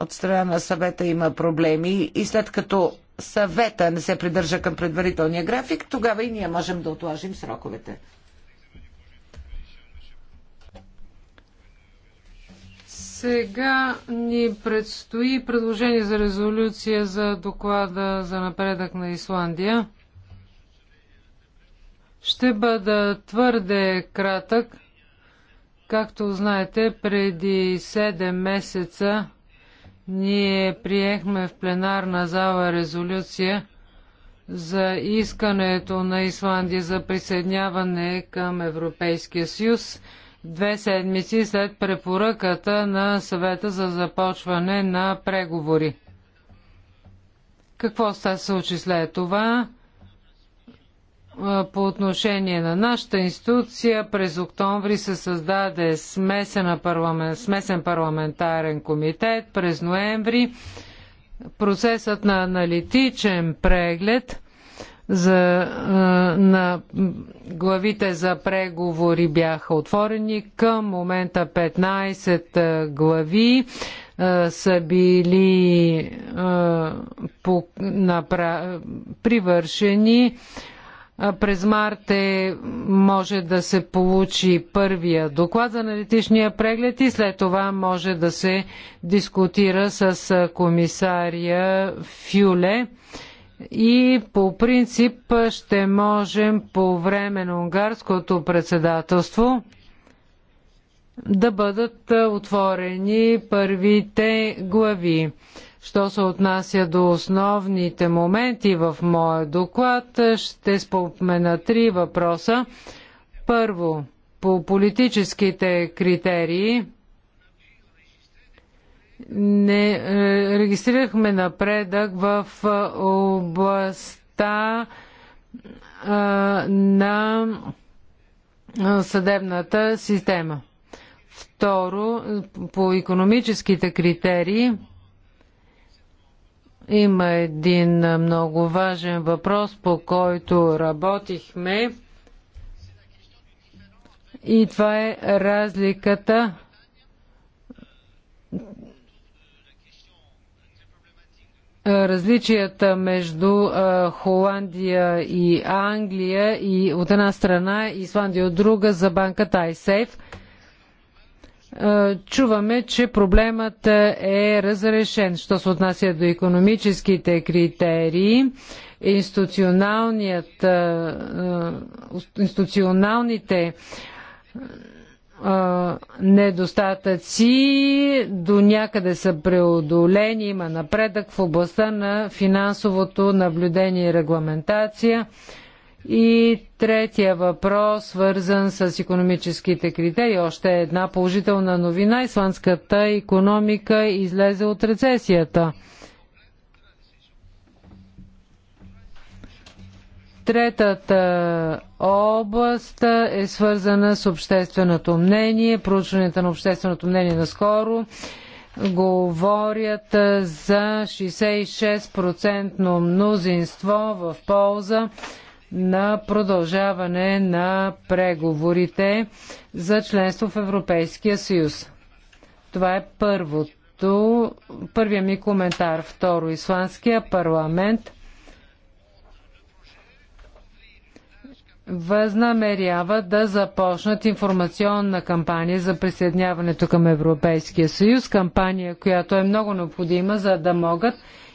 от страна на съвета има проблеми и след като съвета не се придържа към предварителния график, тогава и ние можем да отложим сроковете. Сега ни предстои предложение за резолюция за доклада за напредък на Исландия. Ще бъда твърде кратък. Както знаете, преди 7 месеца ние приехме в пленарна зала резолюция за искането на Исландия за присъединяване към Европейския съюз две седмици след препоръката на съвета за започване на преговори. Какво се случи след това? По отношение на нашата институция, през октомври се създаде парламент, смесен парламентарен комитет, през ноември процесът на аналитичен преглед – за, на главите за преговори бяха отворени. Към момента 15 глави са били по, напра... привършени. през март е, може да се получи първия доклад за аналитичния преглед и след това може да се дискутира с комисария Фюле и по принцип ще можем по време на унгарското председателство да бъдат е, отворени първите глави. Що се отнася до основните моменти в моя доклад, ще спомена три въпроса. Първо, по политическите критерии – не е, регистрирахме напредък в е, областта е, на съдебната система. Второ, по економическите критерии има един много важен въпрос, по който работихме. И това е разликата различията между Холандия и Англия и от една страна и Исландия от друга за банката iSafe. Чуваме, че проблемът е разрешен. Що се отнася до економическите критерии, институционалният, институционалните недостатъци до някъде са преодолени, има напредък в областта на финансовото наблюдение и регламентация. И третия въпрос, свързан с економическите критерии. Още една положителна новина. Исландската економика излезе от рецесията. Третата област е свързана с общественото мнение. Проучванията на общественото мнение наскоро говорят за 66% мнозинство в полза на продължаване на преговорите за членство в Европейския съюз. Това е първото, първия ми коментар. Второ, Исландския парламент – възнамерява да започнат информационна кампания за присъединяването към Европейския съюз, кампания, която е много необходима, за да могат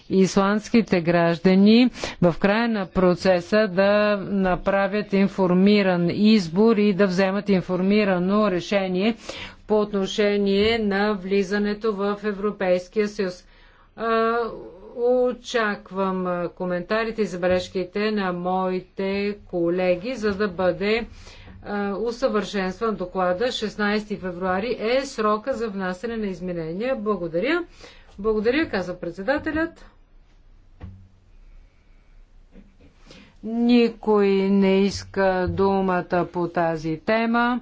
исландските граждани в края на процеса да направят информиран избор и да вземат информирано решение по отношение на влизането в Европейския съюз Очаквам коментарите и забележките на моите колеги, за да бъде усъвършенстван доклада. 16 февруари е срока за внасяне на изменения. Благодаря. Благодаря, каза председателят. Никой не иска думата по тази тема.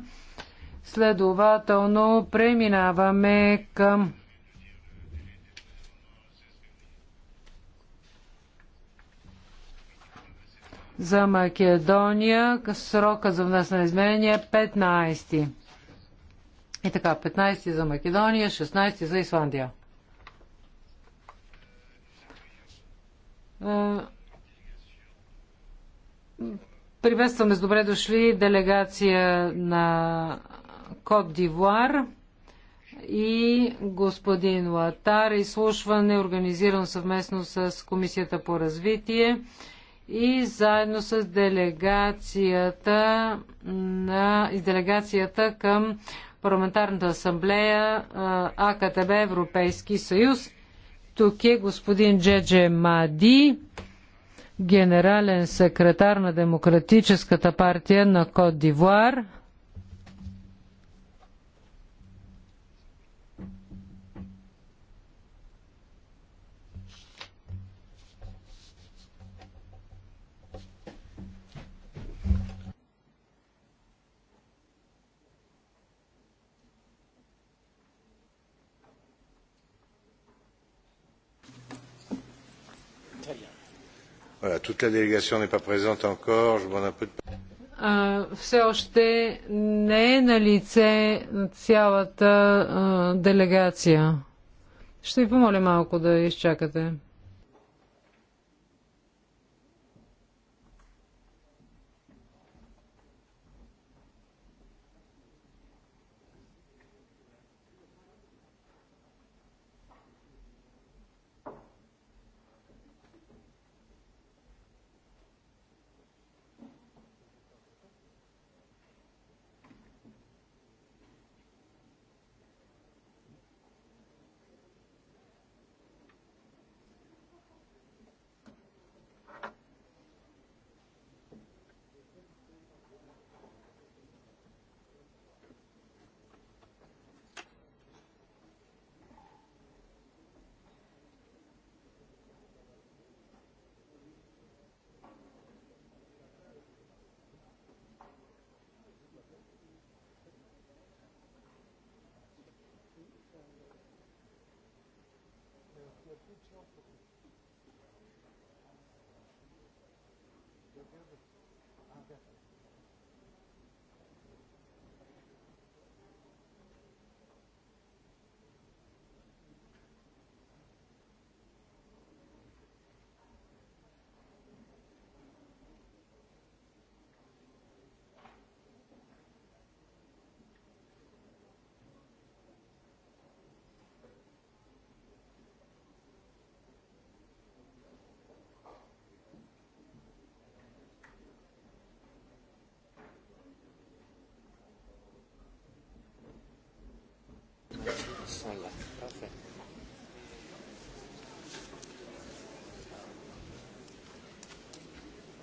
Следователно преминаваме към За Македония срока за внасяне на изменения е 15. И така, 15 за Македония, 16 за Исландия. Е, приветстваме с добре дошли делегация на Кот Дивуар и господин Латар. Изслушване, организирано съвместно с Комисията по развитие и заедно с делегацията, на, и делегацията към Парламентарната асамблея АКТБ Европейски съюз. Тук е господин Джедже Мади, генерален секретар на Демократическата партия на Кот Дивуар. toute la délégation n'est pas présente encore. Je un peu de... Все още не е на лице цялата делегация. Ще ви помоля малко да изчакате.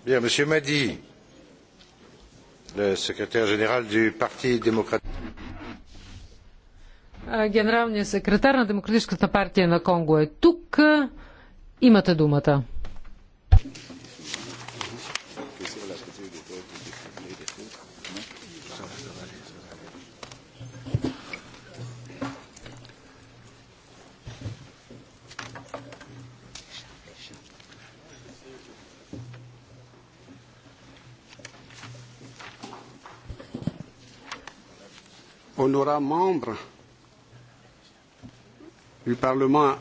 Bien, Monsieur Mahdi, le secrétaire général du Parti démocratique. Генералният секретар на Демократическата партия на Конго е тук. Имате думата. sera membre du Parlement.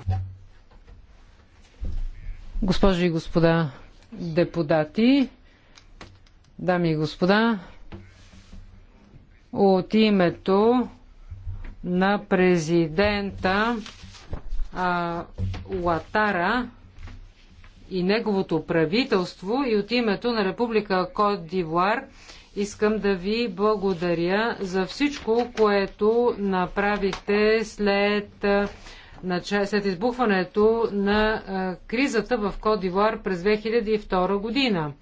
Госпожи и господа депутати, дами и господа, от името на президента а, Уатара и неговото правителство и от името на Република Кот Дивуар Искам да ви благодаря за всичко, което направихте след, след избухването на кризата в Кодивуар през 2002 година.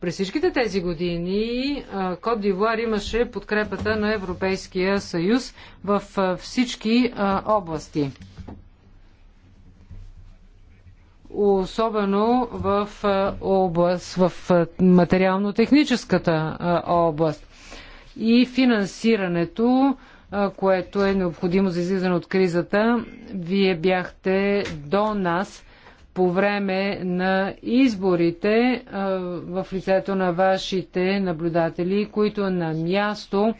През всичките тези години код Дивуар имаше подкрепата на Европейския съюз в всички области особено в област, в материално-техническата област и финансирането, което е необходимо за излизане от кризата. Вие бяхте до нас по време на изборите в лицето на вашите наблюдатели, които на място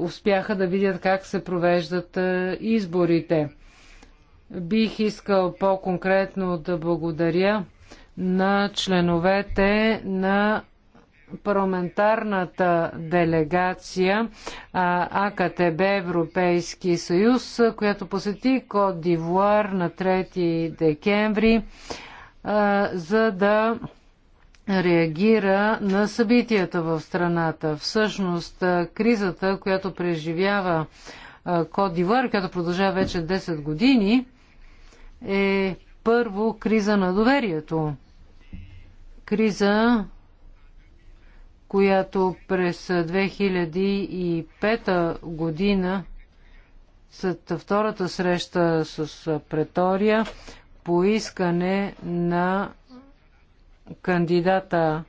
успяха да видят как се провеждат изборите. Бих искал по-конкретно да благодаря на членовете на парламентарната делегация АКТБ Европейски съюз, която посети Код Дивуар на 3 декември, за да реагира на събитията в страната. Всъщност, кризата, която преживява код Дивуар, която продължава вече 10 години, е първо криза на доверието. Криза, която през 2005 година след втората среща с Претория по искане на кандидата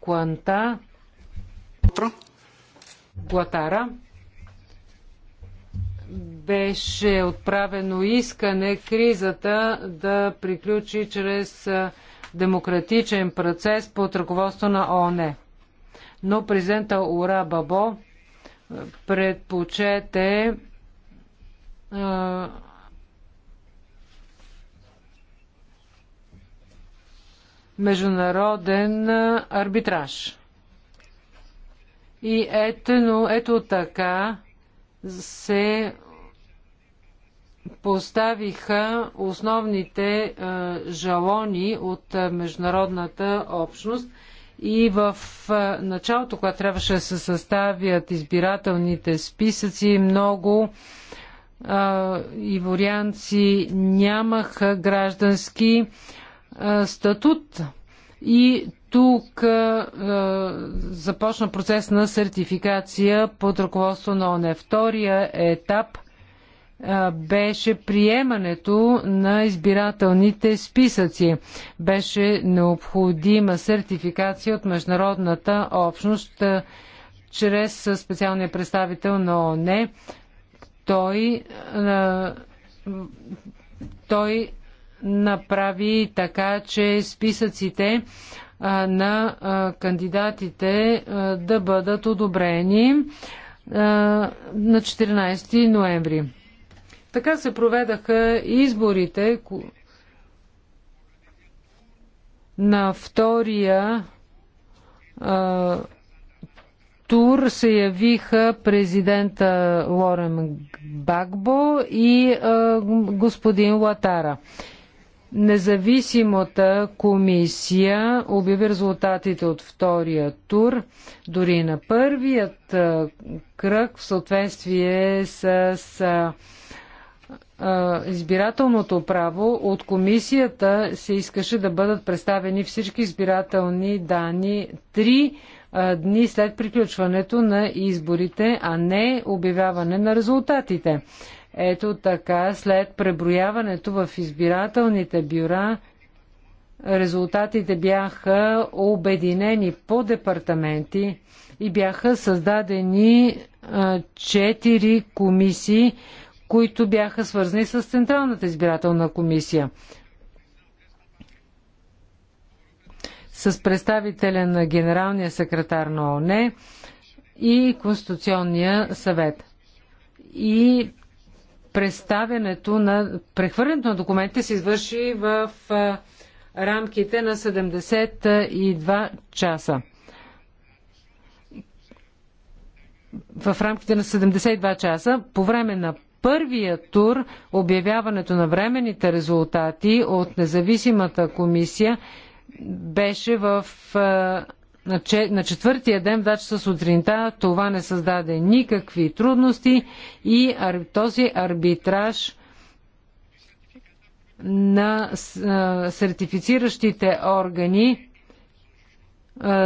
Куанта Гуатара беше отправено искане кризата да приключи чрез демократичен процес под ръководство на ООН. Но президента Ура Бабо предпочете а, международен арбитраж. И ето, но ето така се поставиха основните е, жалони от е, международната общност и в е, началото, когато трябваше да се съставят избирателните списъци, много иворианци нямаха граждански статут и тук а, започна процес на сертификация под ръководство на ОНЕ. Втория етап а, беше приемането на избирателните списъци. Беше необходима сертификация от международната общност а, чрез специалния представител на ОНЕ. Той, той направи така, че списъците на кандидатите да бъдат одобрени на 14 ноември. Така се проведаха изборите на втория тур се явиха президента Лорен Багбо и господин Латара. Независимата комисия обяви резултатите от втория тур, дори на първият кръг в съответствие с избирателното право от комисията се искаше да бъдат представени всички избирателни данни три дни след приключването на изборите, а не обявяване на резултатите. Ето така, след преброяването в избирателните бюра, резултатите бяха обединени по департаменти и бяха създадени четири комисии, които бяха свързани с Централната избирателна комисия. С представителя на генералния секретар на ОНЕ и Конституционния съвет. И представянето на прехвърлянето на документите се извърши в рамките на 72 часа. В рамките на 72 часа, по време на първия тур, обявяването на временните резултати от независимата комисия беше в на четвъртия ден в 2 часа сутринта това не създаде никакви трудности и този арбитраж на сертифициращите органи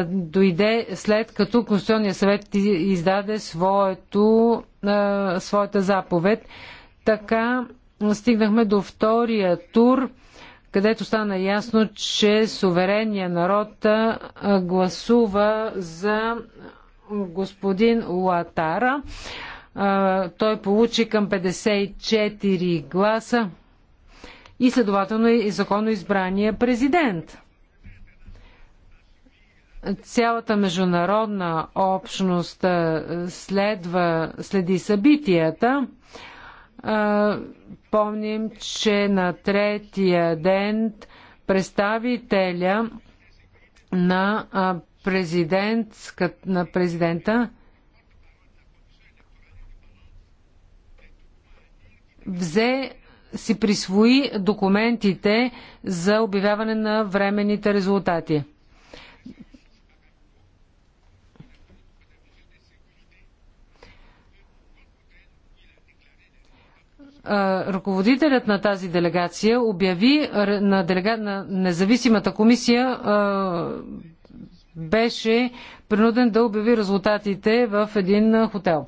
дойде след като Конституционният съвет издаде своето, своята заповед. Така стигнахме до втория тур където стана ясно, че суверения народ гласува за господин Латара. Той получи към 54 гласа и следователно и законно избрания президент. Цялата международна общност следва, следи събитията. Помним, че на третия ден представителя на, президент, на президента взе си присвои документите за обявяване на временните резултати. ръководителят на тази делегация обяви на, делега... на независимата комисия беше принуден да обяви резултатите в един хотел.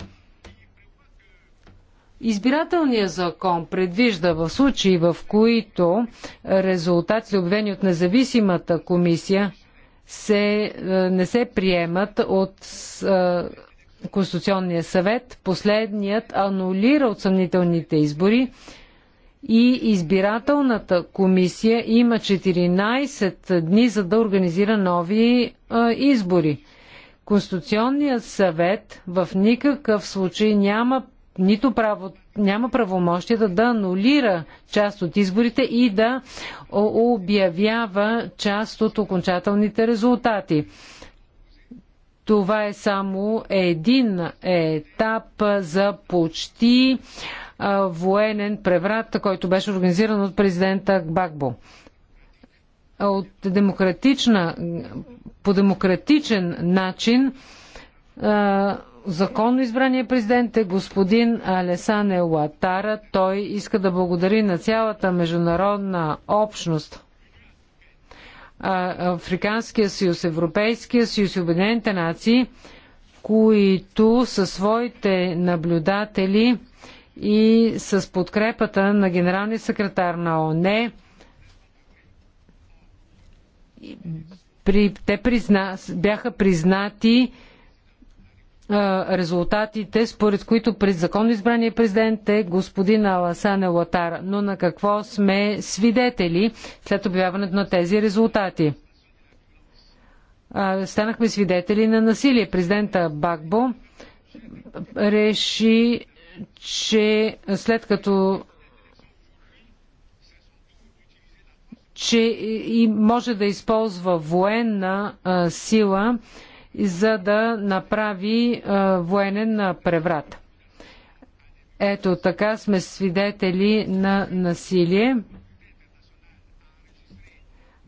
Избирателният закон предвижда в случаи, в които резултатите, обявени от независимата комисия, се, не се приемат от Конституционния съвет. Последният анулира от съмнителните избори и избирателната комисия има 14 дни за да организира нови а, избори. Конституционният съвет в никакъв случай няма нито право, няма правомощията да анулира част от изборите и да обявява част от окончателните резултати. Това е само един етап за почти военен преврат, който беше организиран от президента Гбагбо. От демократична, по демократичен начин законно избрания президент е господин Алесан Латара. Той иска да благодари на цялата международна общност Африканския съюз, Европейския съюз и Обединените нации, които със своите наблюдатели и с подкрепата на генералния секретар на ОНЕ при, те призна, бяха признати резултатите, според които през законно избрания президент е господин Аласан Елатар. Но на какво сме свидетели след обявяването на тези резултати? Станахме свидетели на насилие. Президента Багбо реши, че след като че и може да използва военна сила, за да направи военен преврат. Ето така сме свидетели на насилие.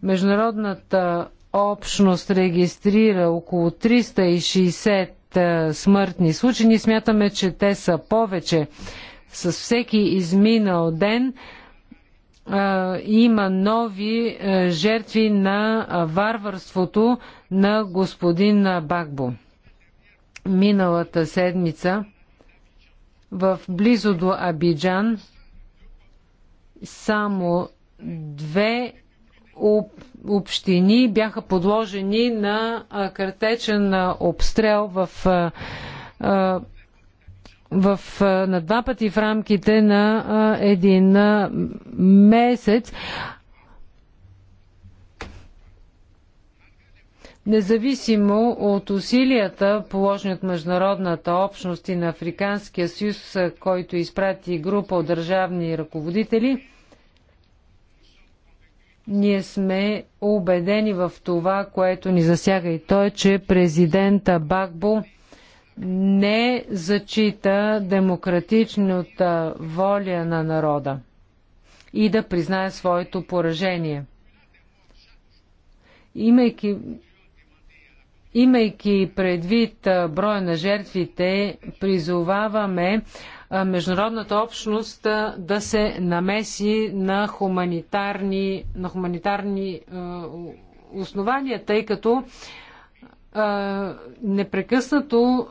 Международната общност регистрира около 360 смъртни случаи. Ние смятаме, че те са повече. С всеки изминал ден има нови е, жертви на варварството на господин Багбо. Миналата седмица в близо до Абиджан само две общини бяха подложени на картечен обстрел в в, на два пъти в рамките на а, един а, месец. Независимо от усилията, положени от международната общност и на Африканския съюз, който изпрати група от държавни ръководители, ние сме убедени в това, което ни засяга и той, е, че президента Багбо не зачита демократичната воля на народа и да признае своето поражение. Имайки, имайки предвид броя на жертвите, призоваваме международната общност да се намеси на хуманитарни, на хуманитарни основания, тъй като непрекъснато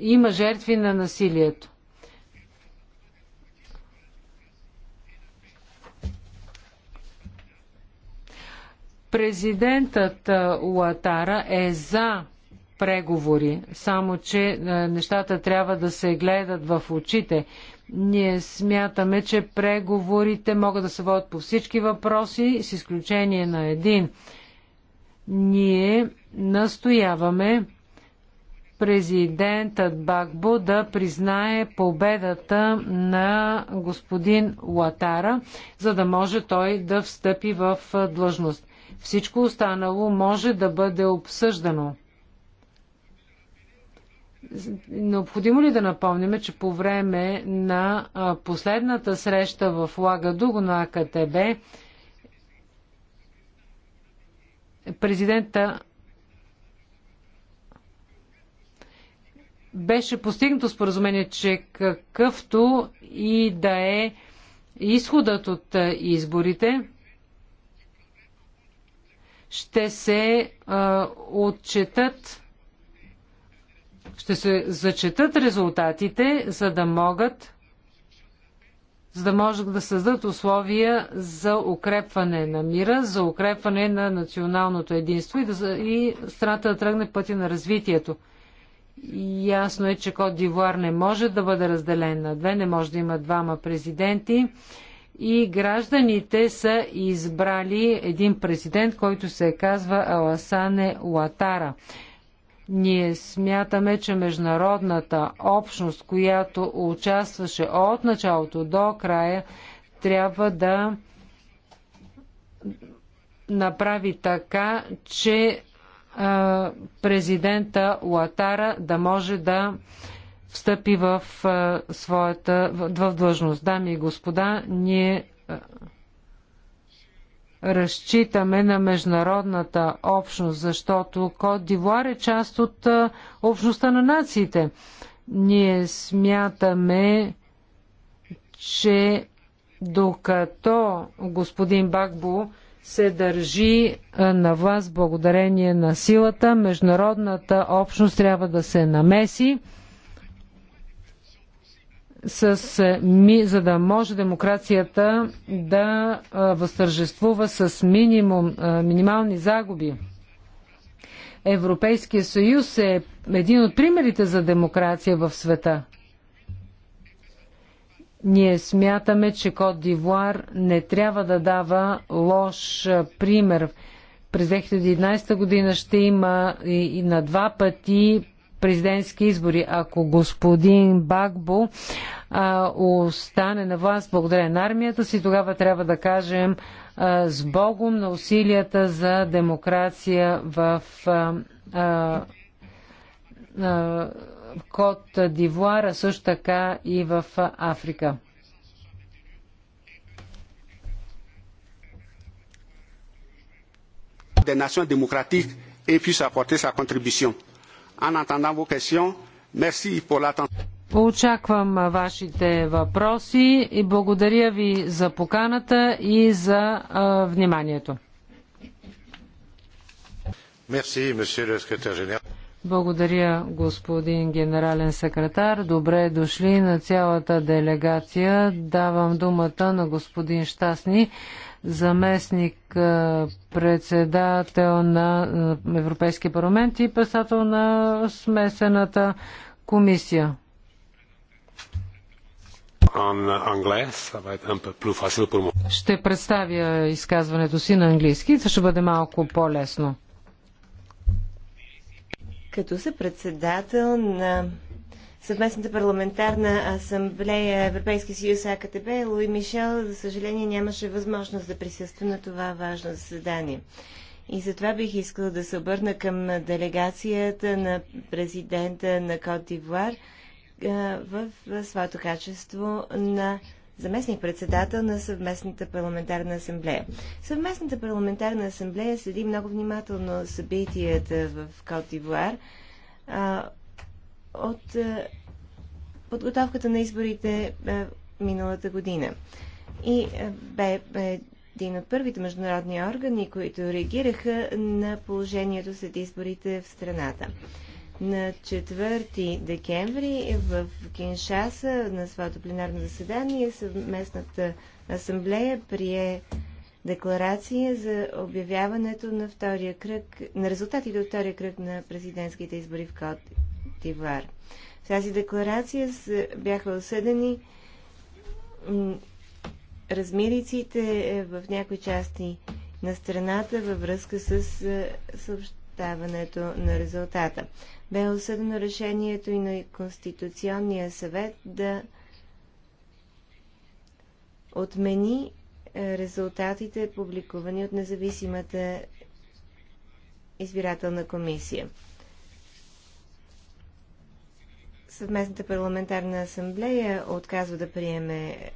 има жертви на насилието. Президентът Уатара е за преговори, само че нещата трябва да се гледат в очите. Ние смятаме, че преговорите могат да се водят по всички въпроси, с изключение на един – ние настояваме президентът Багбо да признае победата на господин Латара, за да може той да встъпи в длъжност. Всичко останало може да бъде обсъждано. Необходимо ли да напомним, че по време на последната среща в Лагадуго на АКТБ президента беше постигнато споразумение, че какъвто и да е изходът от изборите, ще се а, отчетат, ще се зачетат резултатите, за да могат за да може да създадат условия за укрепване на мира, за укрепване на националното единство и, да, и страната да тръгне пътя на развитието. Ясно е, че Кот Дивуар не може да бъде разделен на две, не може да има двама президенти. И гражданите са избрали един президент, който се казва Аласане Латара. Ние смятаме, че международната общност, която участваше от началото до края, трябва да направи така, че президента Латара да може да встъпи в своята в длъжност. Дами и господа, ние разчитаме на международната общност, защото Кот Дивуар е част от общността на нациите. Ние смятаме, че докато господин Бакбо се държи на вас благодарение на силата, международната общност трябва да се намеси с, е, за да може демокрацията да е, възтържествува с минимум, е, минимални загуби. Европейския съюз е един от примерите за демокрация в света. Ние смятаме, че Кот Дивуар не трябва да дава лош пример. През 2011 година ще има и, и на два пъти президентски избори. Ако господин Багбо а, остане на власт благодарение на армията си, тогава трябва да кажем а, с Богом на усилията за демокрация в а, а, а, Кот Дивуара, също така и в Африка. des nations démocratiques et puisse apporter sa contribution. En attendant vos questions, merci pour Очаквам вашите въпроси и благодаря ви за поканата и за а, вниманието. Merci, благодаря, господин генерален секретар. Добре дошли на цялата делегация. Давам думата на господин Щастни заместник председател на Европейския парламент и председател на смесената комисия. Ще представя изказването си на английски, за ще бъде малко по-лесно. Като председател на съвместната парламентарна асамблея Европейски съюз АКТБ, Луи Мишел, за съжаление, нямаше възможност да присъства на това важно заседание. И затова бих искала да се обърна към делегацията на президента на Кот Дивуар в своето качество на заместник-председател на съвместната парламентарна асамблея. Съвместната парламентарна асамблея следи много внимателно събитията в Кот Дивуар от е, подготовката на изборите е, миналата година. И е, бе един от първите международни органи, които реагираха на положението след изборите в страната. На 4 декември в Киншаса на своето пленарно заседание съвместната асамблея прие декларация за обявяването на, втория кръг, на резултатите от втория кръг на президентските избори в Кот Тивар. В тази декларация бяха осъдени размириците е, в някои части на страната във връзка с е, съобщаването на резултата. Бе осъдено решението и на Конституционния съвет да отмени е, резултатите, публикувани от независимата избирателна комисия съвместната парламентарна асамблея отказва да приеме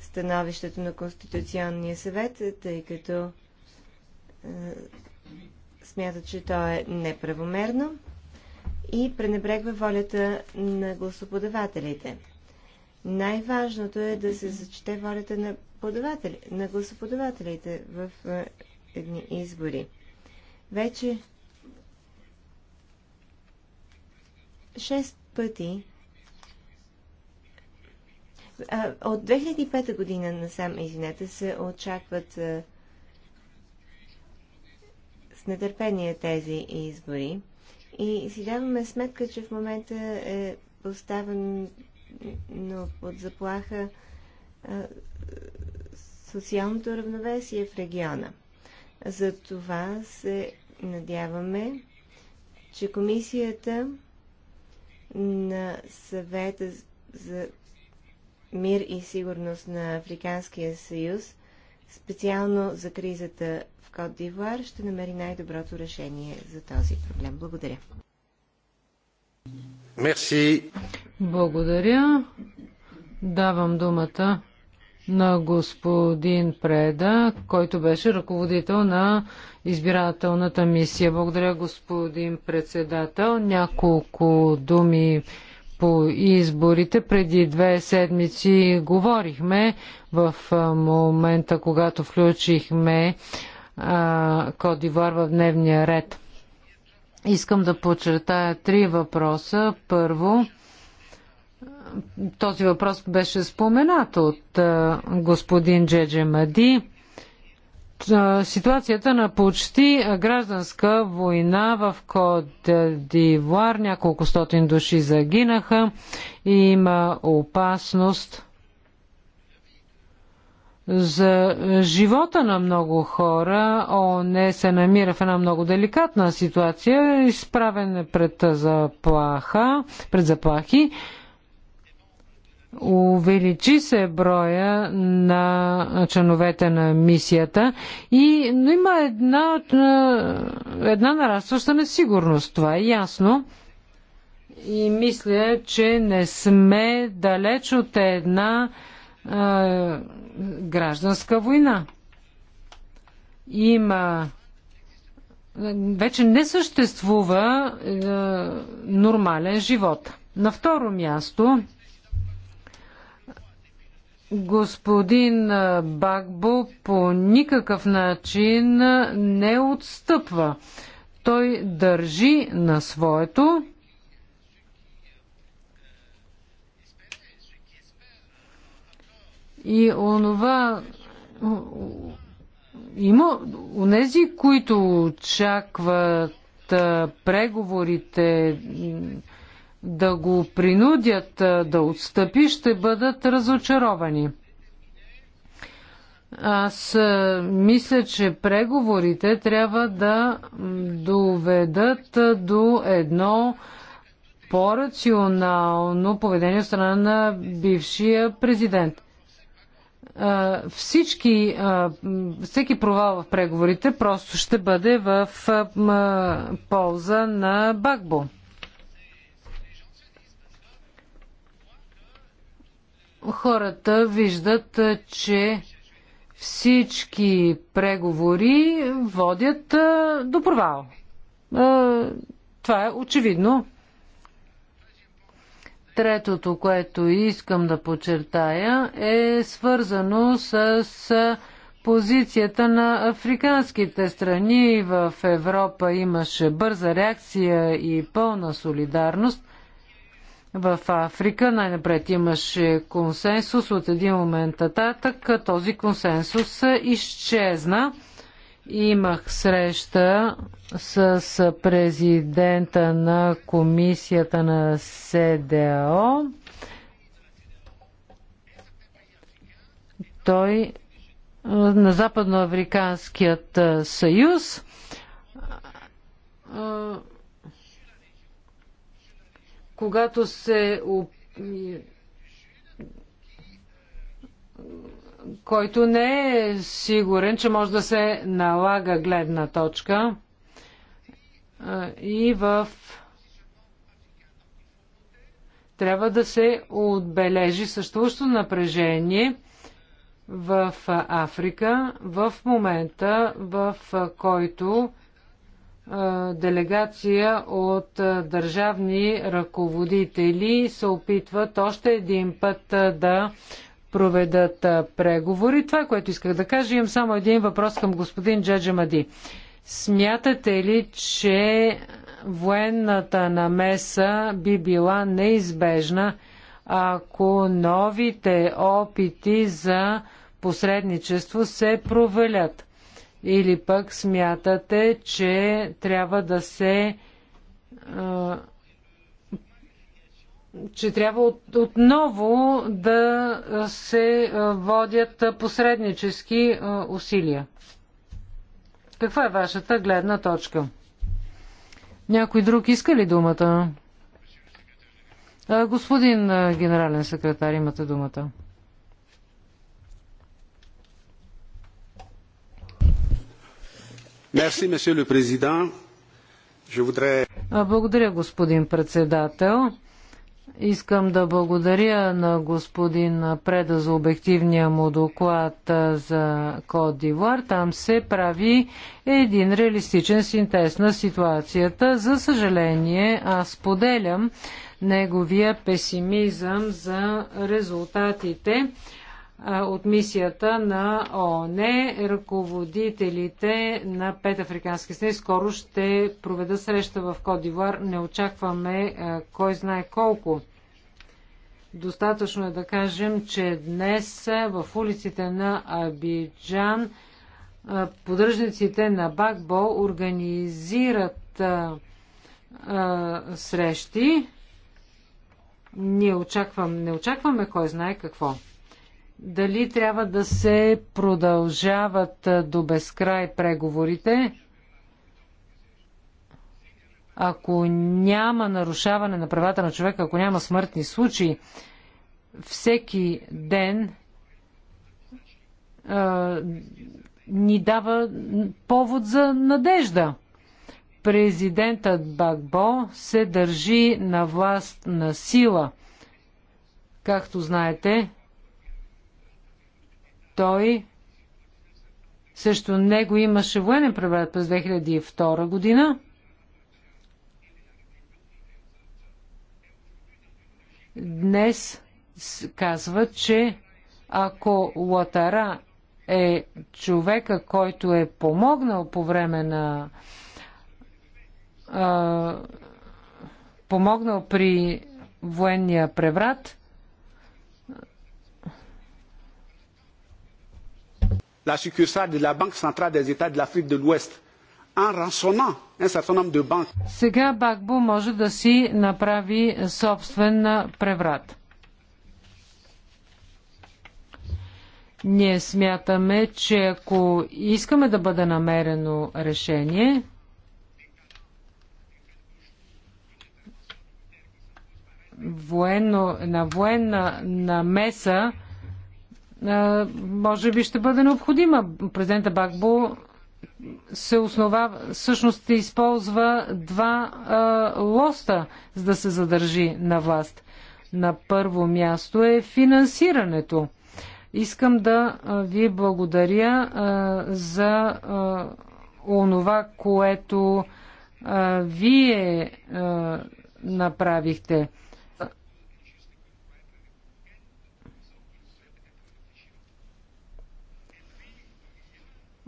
становището на Конституционния съвет, тъй като е, смята, че то е неправомерно и пренебрегва волята на гласоподавателите. Най-важното е да се зачете волята на, подаватели, на гласоподавателите в е, едни избори. Вече шест пъти от 2005 година насам, извинете, се очакват с нетърпение тези избори. И си даваме сметка, че в момента е поставено под заплаха социалното равновесие в региона. За това се надяваме, че комисията на съвета за мир и сигурност на Африканския съюз, специално за кризата в Кот Дивуар, ще намери най-доброто решение за този проблем. Благодаря. Мерси. Благодаря. Давам думата на господин Преда, който беше ръководител на избирателната мисия. Благодаря, господин председател. Няколко думи по изборите. Преди две седмици говорихме в момента, когато включихме Кодивар в дневния ред. Искам да подчертая три въпроса. Първо, този въпрос беше споменат от господин Джедже Мади. Ситуацията на почти гражданска война в Код Дивуар. Няколко стотин души загинаха и има опасност за живота на много хора. ООН се намира в една много деликатна ситуация, изправен е пред заплаха, пред заплахи. Увеличи се броя на членовете на мисията, и, но има една, една нарастваща несигурност. Това е ясно. И мисля, че не сме далеч от една а, гражданска война. Има вече не съществува е, нормален живот. На второ място, господин Багбо по никакъв начин не отстъпва. Той държи на своето. И онова има онези, които очакват преговорите да го принудят да отстъпи, ще бъдат разочаровани. Аз мисля, че преговорите трябва да доведат до едно по-рационално поведение от страна на бившия президент. Всички, всеки провал в преговорите просто ще бъде в полза на Багбо. хората виждат, че всички преговори водят до провал. Това е очевидно. Третото, което искам да подчертая, е свързано с позицията на африканските страни. В Европа имаше бърза реакция и пълна солидарност. В Африка най-напред имаше консенсус от един момент нататък. Този консенсус изчезна. Имах среща с президента на комисията на СДО. Той на Западноафриканският съюз когато се който не е сигурен, че може да се налага гледна точка и в трябва да се отбележи съществуващо напрежение в Африка в момента, в който делегация от държавни ръководители се опитват още един път да проведат преговори. Това, което исках да кажа, имам само един въпрос към господин Джаджа Мади. Смятате ли, че военната намеса би била неизбежна, ако новите опити за посредничество се провалят? Или пък смятате, че трябва да се че трябва от, отново да се водят посреднически усилия. Каква е вашата гледна точка? Някой друг иска ли думата? Господин генерален секретар, имате думата. Благодаря, господин председател. Искам да благодаря на господин Преда за обективния му доклад за Код Дивуар. Там се прави един реалистичен синтез на ситуацията. За съжаление, аз поделям неговия песимизъм за резултатите от мисията на ООН. Ръководителите на пет африкански страни скоро ще проведат среща в Кодивар. Не очакваме кой знае колко. Достатъчно е да кажем, че днес в улиците на Абиджан поддръжниците на Бакбо организират срещи. Ние очаквам, не очакваме кой знае какво дали трябва да се продължават до безкрай преговорите, ако няма нарушаване на правата на човека, ако няма смъртни случаи, всеки ден а, е, ни дава повод за надежда. Президентът Багбо се държи на власт на сила. Както знаете, той също него имаше военен преврат през 2002 година. Днес казва, че ако Латара е човека, който е помогнал по време на а, помогнал при военния преврат, la succursale de la Banque centrale des États de l'Afrique de l'Ouest en rançonnant un certain nombre de banques. Сега Багбо може да си направи собствен преврат. Ние смятаме, че ако искаме да бъде намерено решение, военно, на военна намеса, може би ще бъде необходима. Президента Багбо се основа, всъщност използва два а, лоста, за да се задържи на власт. На първо място е финансирането. Искам да ви благодаря а, за а, онова, което а, вие а, направихте.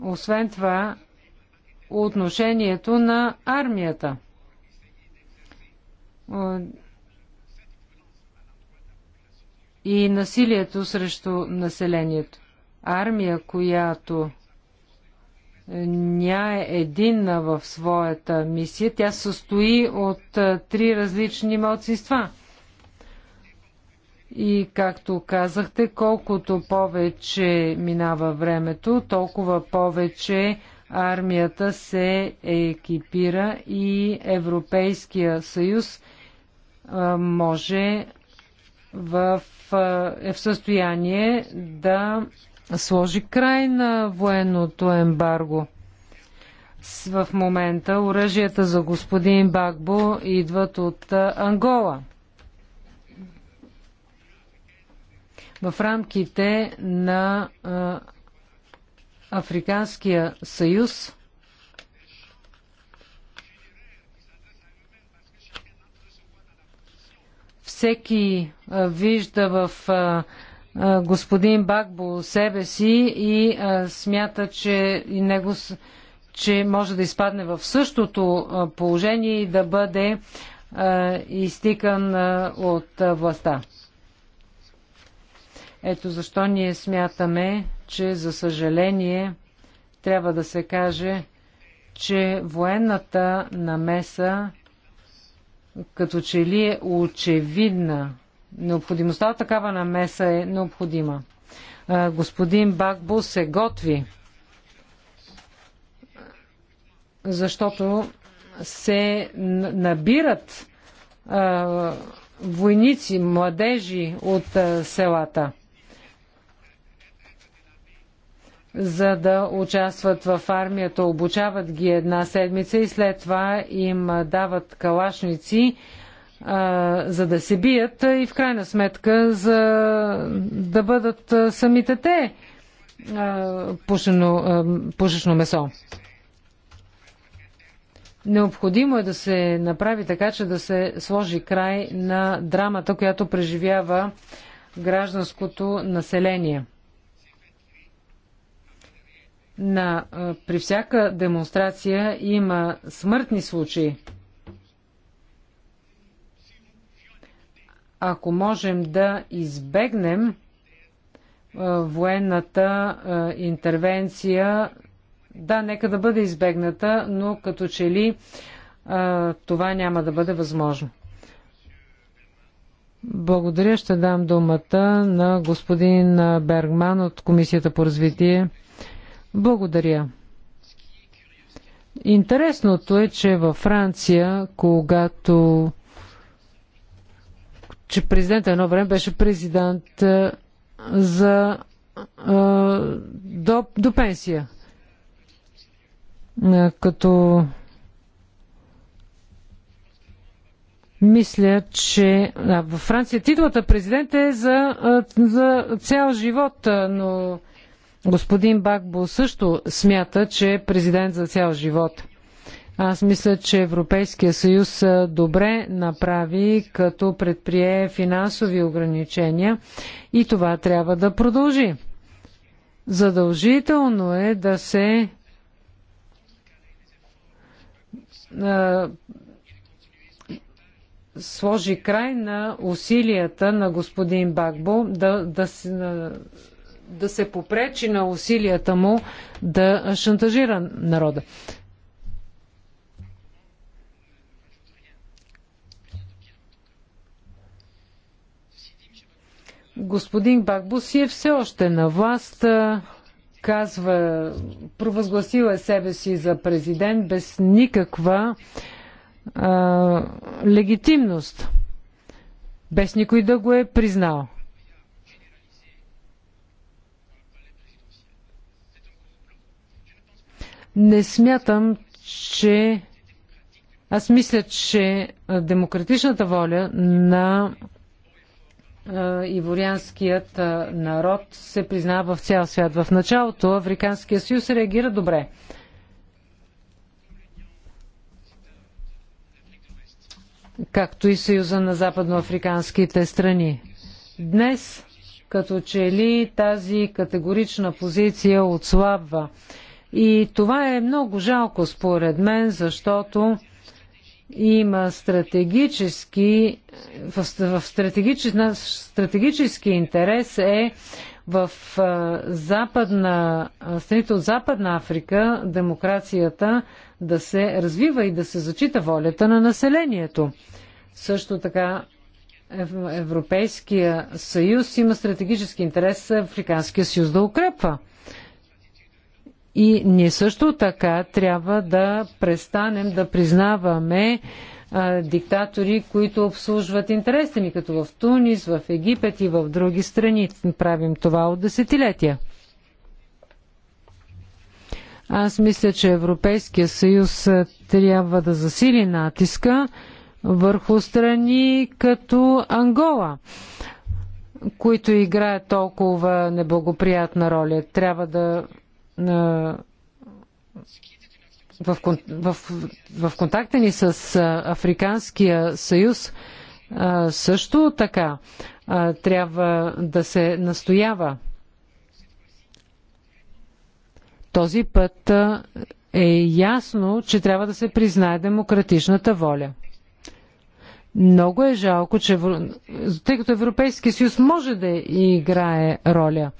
Освен това, отношението на армията. И насилието срещу населението. Армия, която ня е единна в своята мисия. Тя състои от три различни младсинства. И както казахте, колкото повече минава времето, толкова повече армията се екипира и Европейския съюз може в, е в състояние да сложи край на военното ембарго. В момента оръжията за господин Багбо идват от Ангола. в рамките на Африканския съюз. Всеки вижда в господин Багбо себе си и смята, че, и него, че може да изпадне в същото положение и да бъде изтикан от властта. Ето защо ние смятаме, че за съжаление трябва да се каже, че военната намеса като че ли е очевидна. Необходимостта от такава намеса е необходима. Господин Бакбо се готви, защото се набират войници, младежи от селата. за да участват в армията. Обучават ги една седмица и след това им дават калашници, а, за да се бият и в крайна сметка за да бъдат самите те а, пушено, а, пушечно месо. Необходимо е да се направи така, че да се сложи край на драмата, която преживява гражданското население на, при всяка демонстрация има смъртни случаи. Ако можем да избегнем военната интервенция, да, нека да бъде избегната, но като че ли това няма да бъде възможно. Благодаря, ще дам думата на господин Бергман от Комисията по развитие. Благодаря. Интересното е, че във Франция, когато че президент едно време беше президент за до, до пенсия. Като мисля, че а, във Франция титлата президент е за, за цял живот, но Господин Бакбо също смята, че е президент за цял живот. Аз мисля, че Европейския съюз добре направи, като предприе финансови ограничения и това трябва да продължи. Задължително е да се сложи край на усилията на господин Багбо да, да, да се попречи на усилията му да шантажира народа. господин Бакбус е все още на власт, казва, провъзгласил е себе си за президент без никаква а, легитимност, без никой да го е признал. Не смятам, че. Аз мисля, че демократичната воля на иворианският народ се признава в цял свят. В началото Африканския съюз реагира добре. както и Съюза на западноафриканските страни. Днес, като че ли тази категорична позиция отслабва и това е много жалко според мен, защото има стратегически, в, в стратегически, стратегически интерес е в западна, страните от Западна Африка демокрацията да се развива и да се зачита волята на населението. Също така Европейския съюз има стратегически интерес Африканския съюз да укрепва. И ние също така трябва да престанем да признаваме а, диктатори, които обслужват интересите ни, като в Тунис, в Египет и в други страни. Правим това от десетилетия. Аз мисля, че Европейския съюз трябва да засили натиска върху страни като Ангола, които играят толкова неблагоприятна роля. Трябва да в, в, в контакта ни с Африканския съюз също така трябва да се настоява. Този път е ясно, че трябва да се признае демократичната воля. Много е жалко, че тъй като Европейския съюз може да играе роля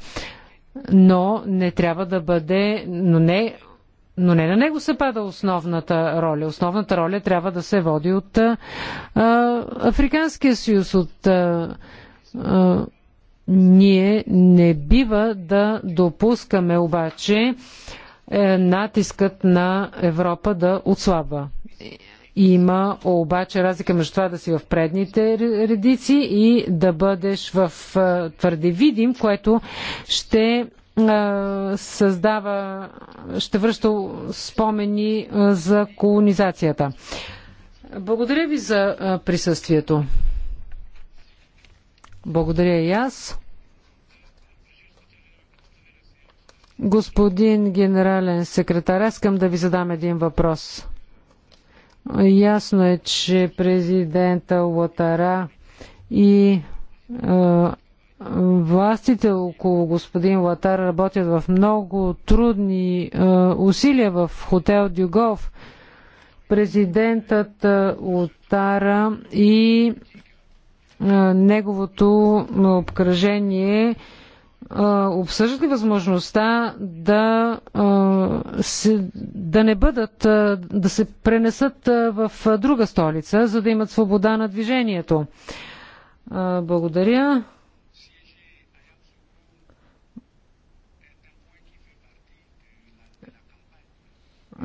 но не трябва да бъде, но не, но не на него се пада основната роля. Основната роля трябва да се води от а, Африканския съюз, от а, а, ние не бива да допускаме обаче е, натискът на Европа да отслабва. Има обаче разлика между това да си в предните редици и да бъдеш в твърде видим, което ще създава, ще връща спомени за колонизацията. Благодаря ви за присъствието. Благодаря и аз. Господин генерален секретар, искам да ви задам един въпрос. Ясно е, че президента Латара и властите около господин Уатар работят в много трудни усилия в хотел Дюгов. Президентът Латара и неговото обкръжение обсъждат ли възможността да, се, да не бъдат, да се пренесат в друга столица, за да имат свобода на движението? Благодаря.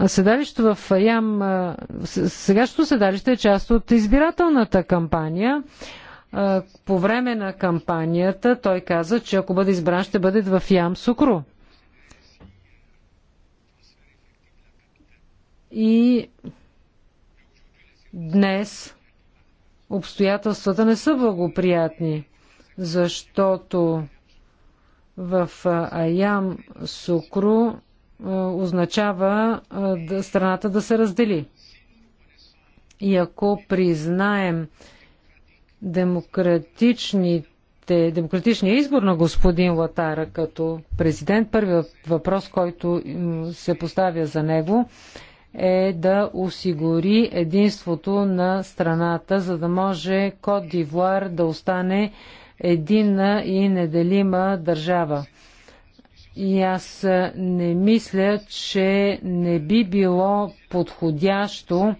седалището в Ям, сегашното седалище е част от избирателната кампания по време на кампанията той каза, че ако бъде избран, ще бъде в Ям Сукру. И днес обстоятелствата не са благоприятни, защото в Аям Сукру означава страната да се раздели. И ако признаем, демократичните, демократичния избор на господин Латара като президент, първият въпрос, който се поставя за него, е да осигури единството на страната, за да може Кот Дивуар да остане единна и неделима държава. И аз не мисля, че не би било подходящо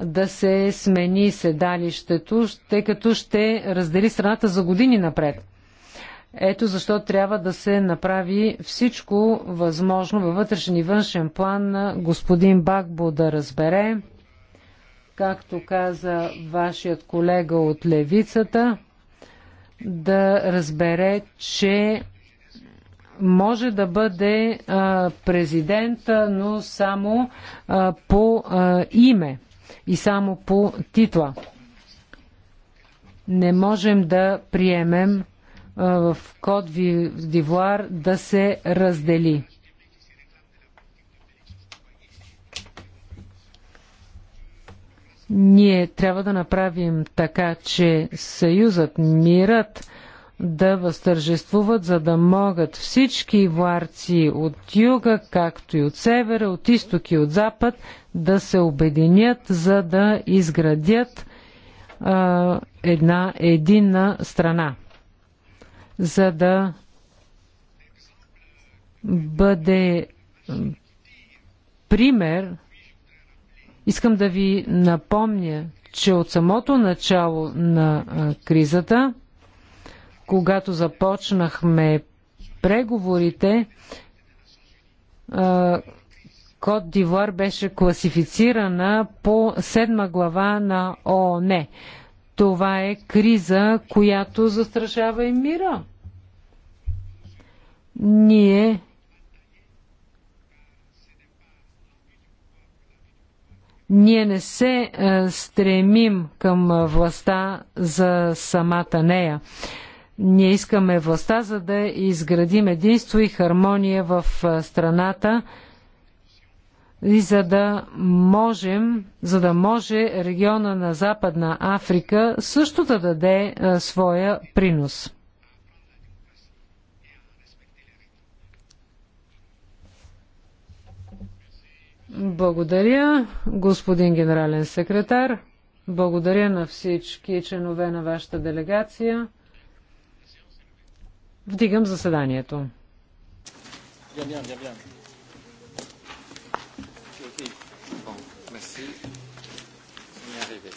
да се смени седалището, тъй като ще раздели страната за години напред. Ето защо трябва да се направи всичко възможно във вътрешен и външен план господин Бакбо да разбере, както каза вашият колега от левицата, да разбере, че може да бъде президент, но само по име и само по титла. Не можем да приемем в Код Дивуар да се раздели. Ние трябва да направим така, че съюзът, мирът да възтържествуват, за да могат всички варци от юга, както и от севера, от изток и от запад да се обединят, за да изградят а, една единна страна, за да бъде пример. Искам да ви напомня, че от самото начало на а, кризата, когато започнахме преговорите, а, Кот Дивуар беше класифицирана по седма глава на ООН. Това е криза, която застрашава и мира. Ние ние не се е, стремим към властта за самата нея. Ние искаме властта, за да изградим единство и хармония в е, страната и за да можем, за да може региона на Западна Африка също да даде а, своя принос. Благодаря, господин генерален секретар. Благодаря на всички членове на вашата делегация. Вдигам заседанието. Yeah, yeah, yeah, yeah.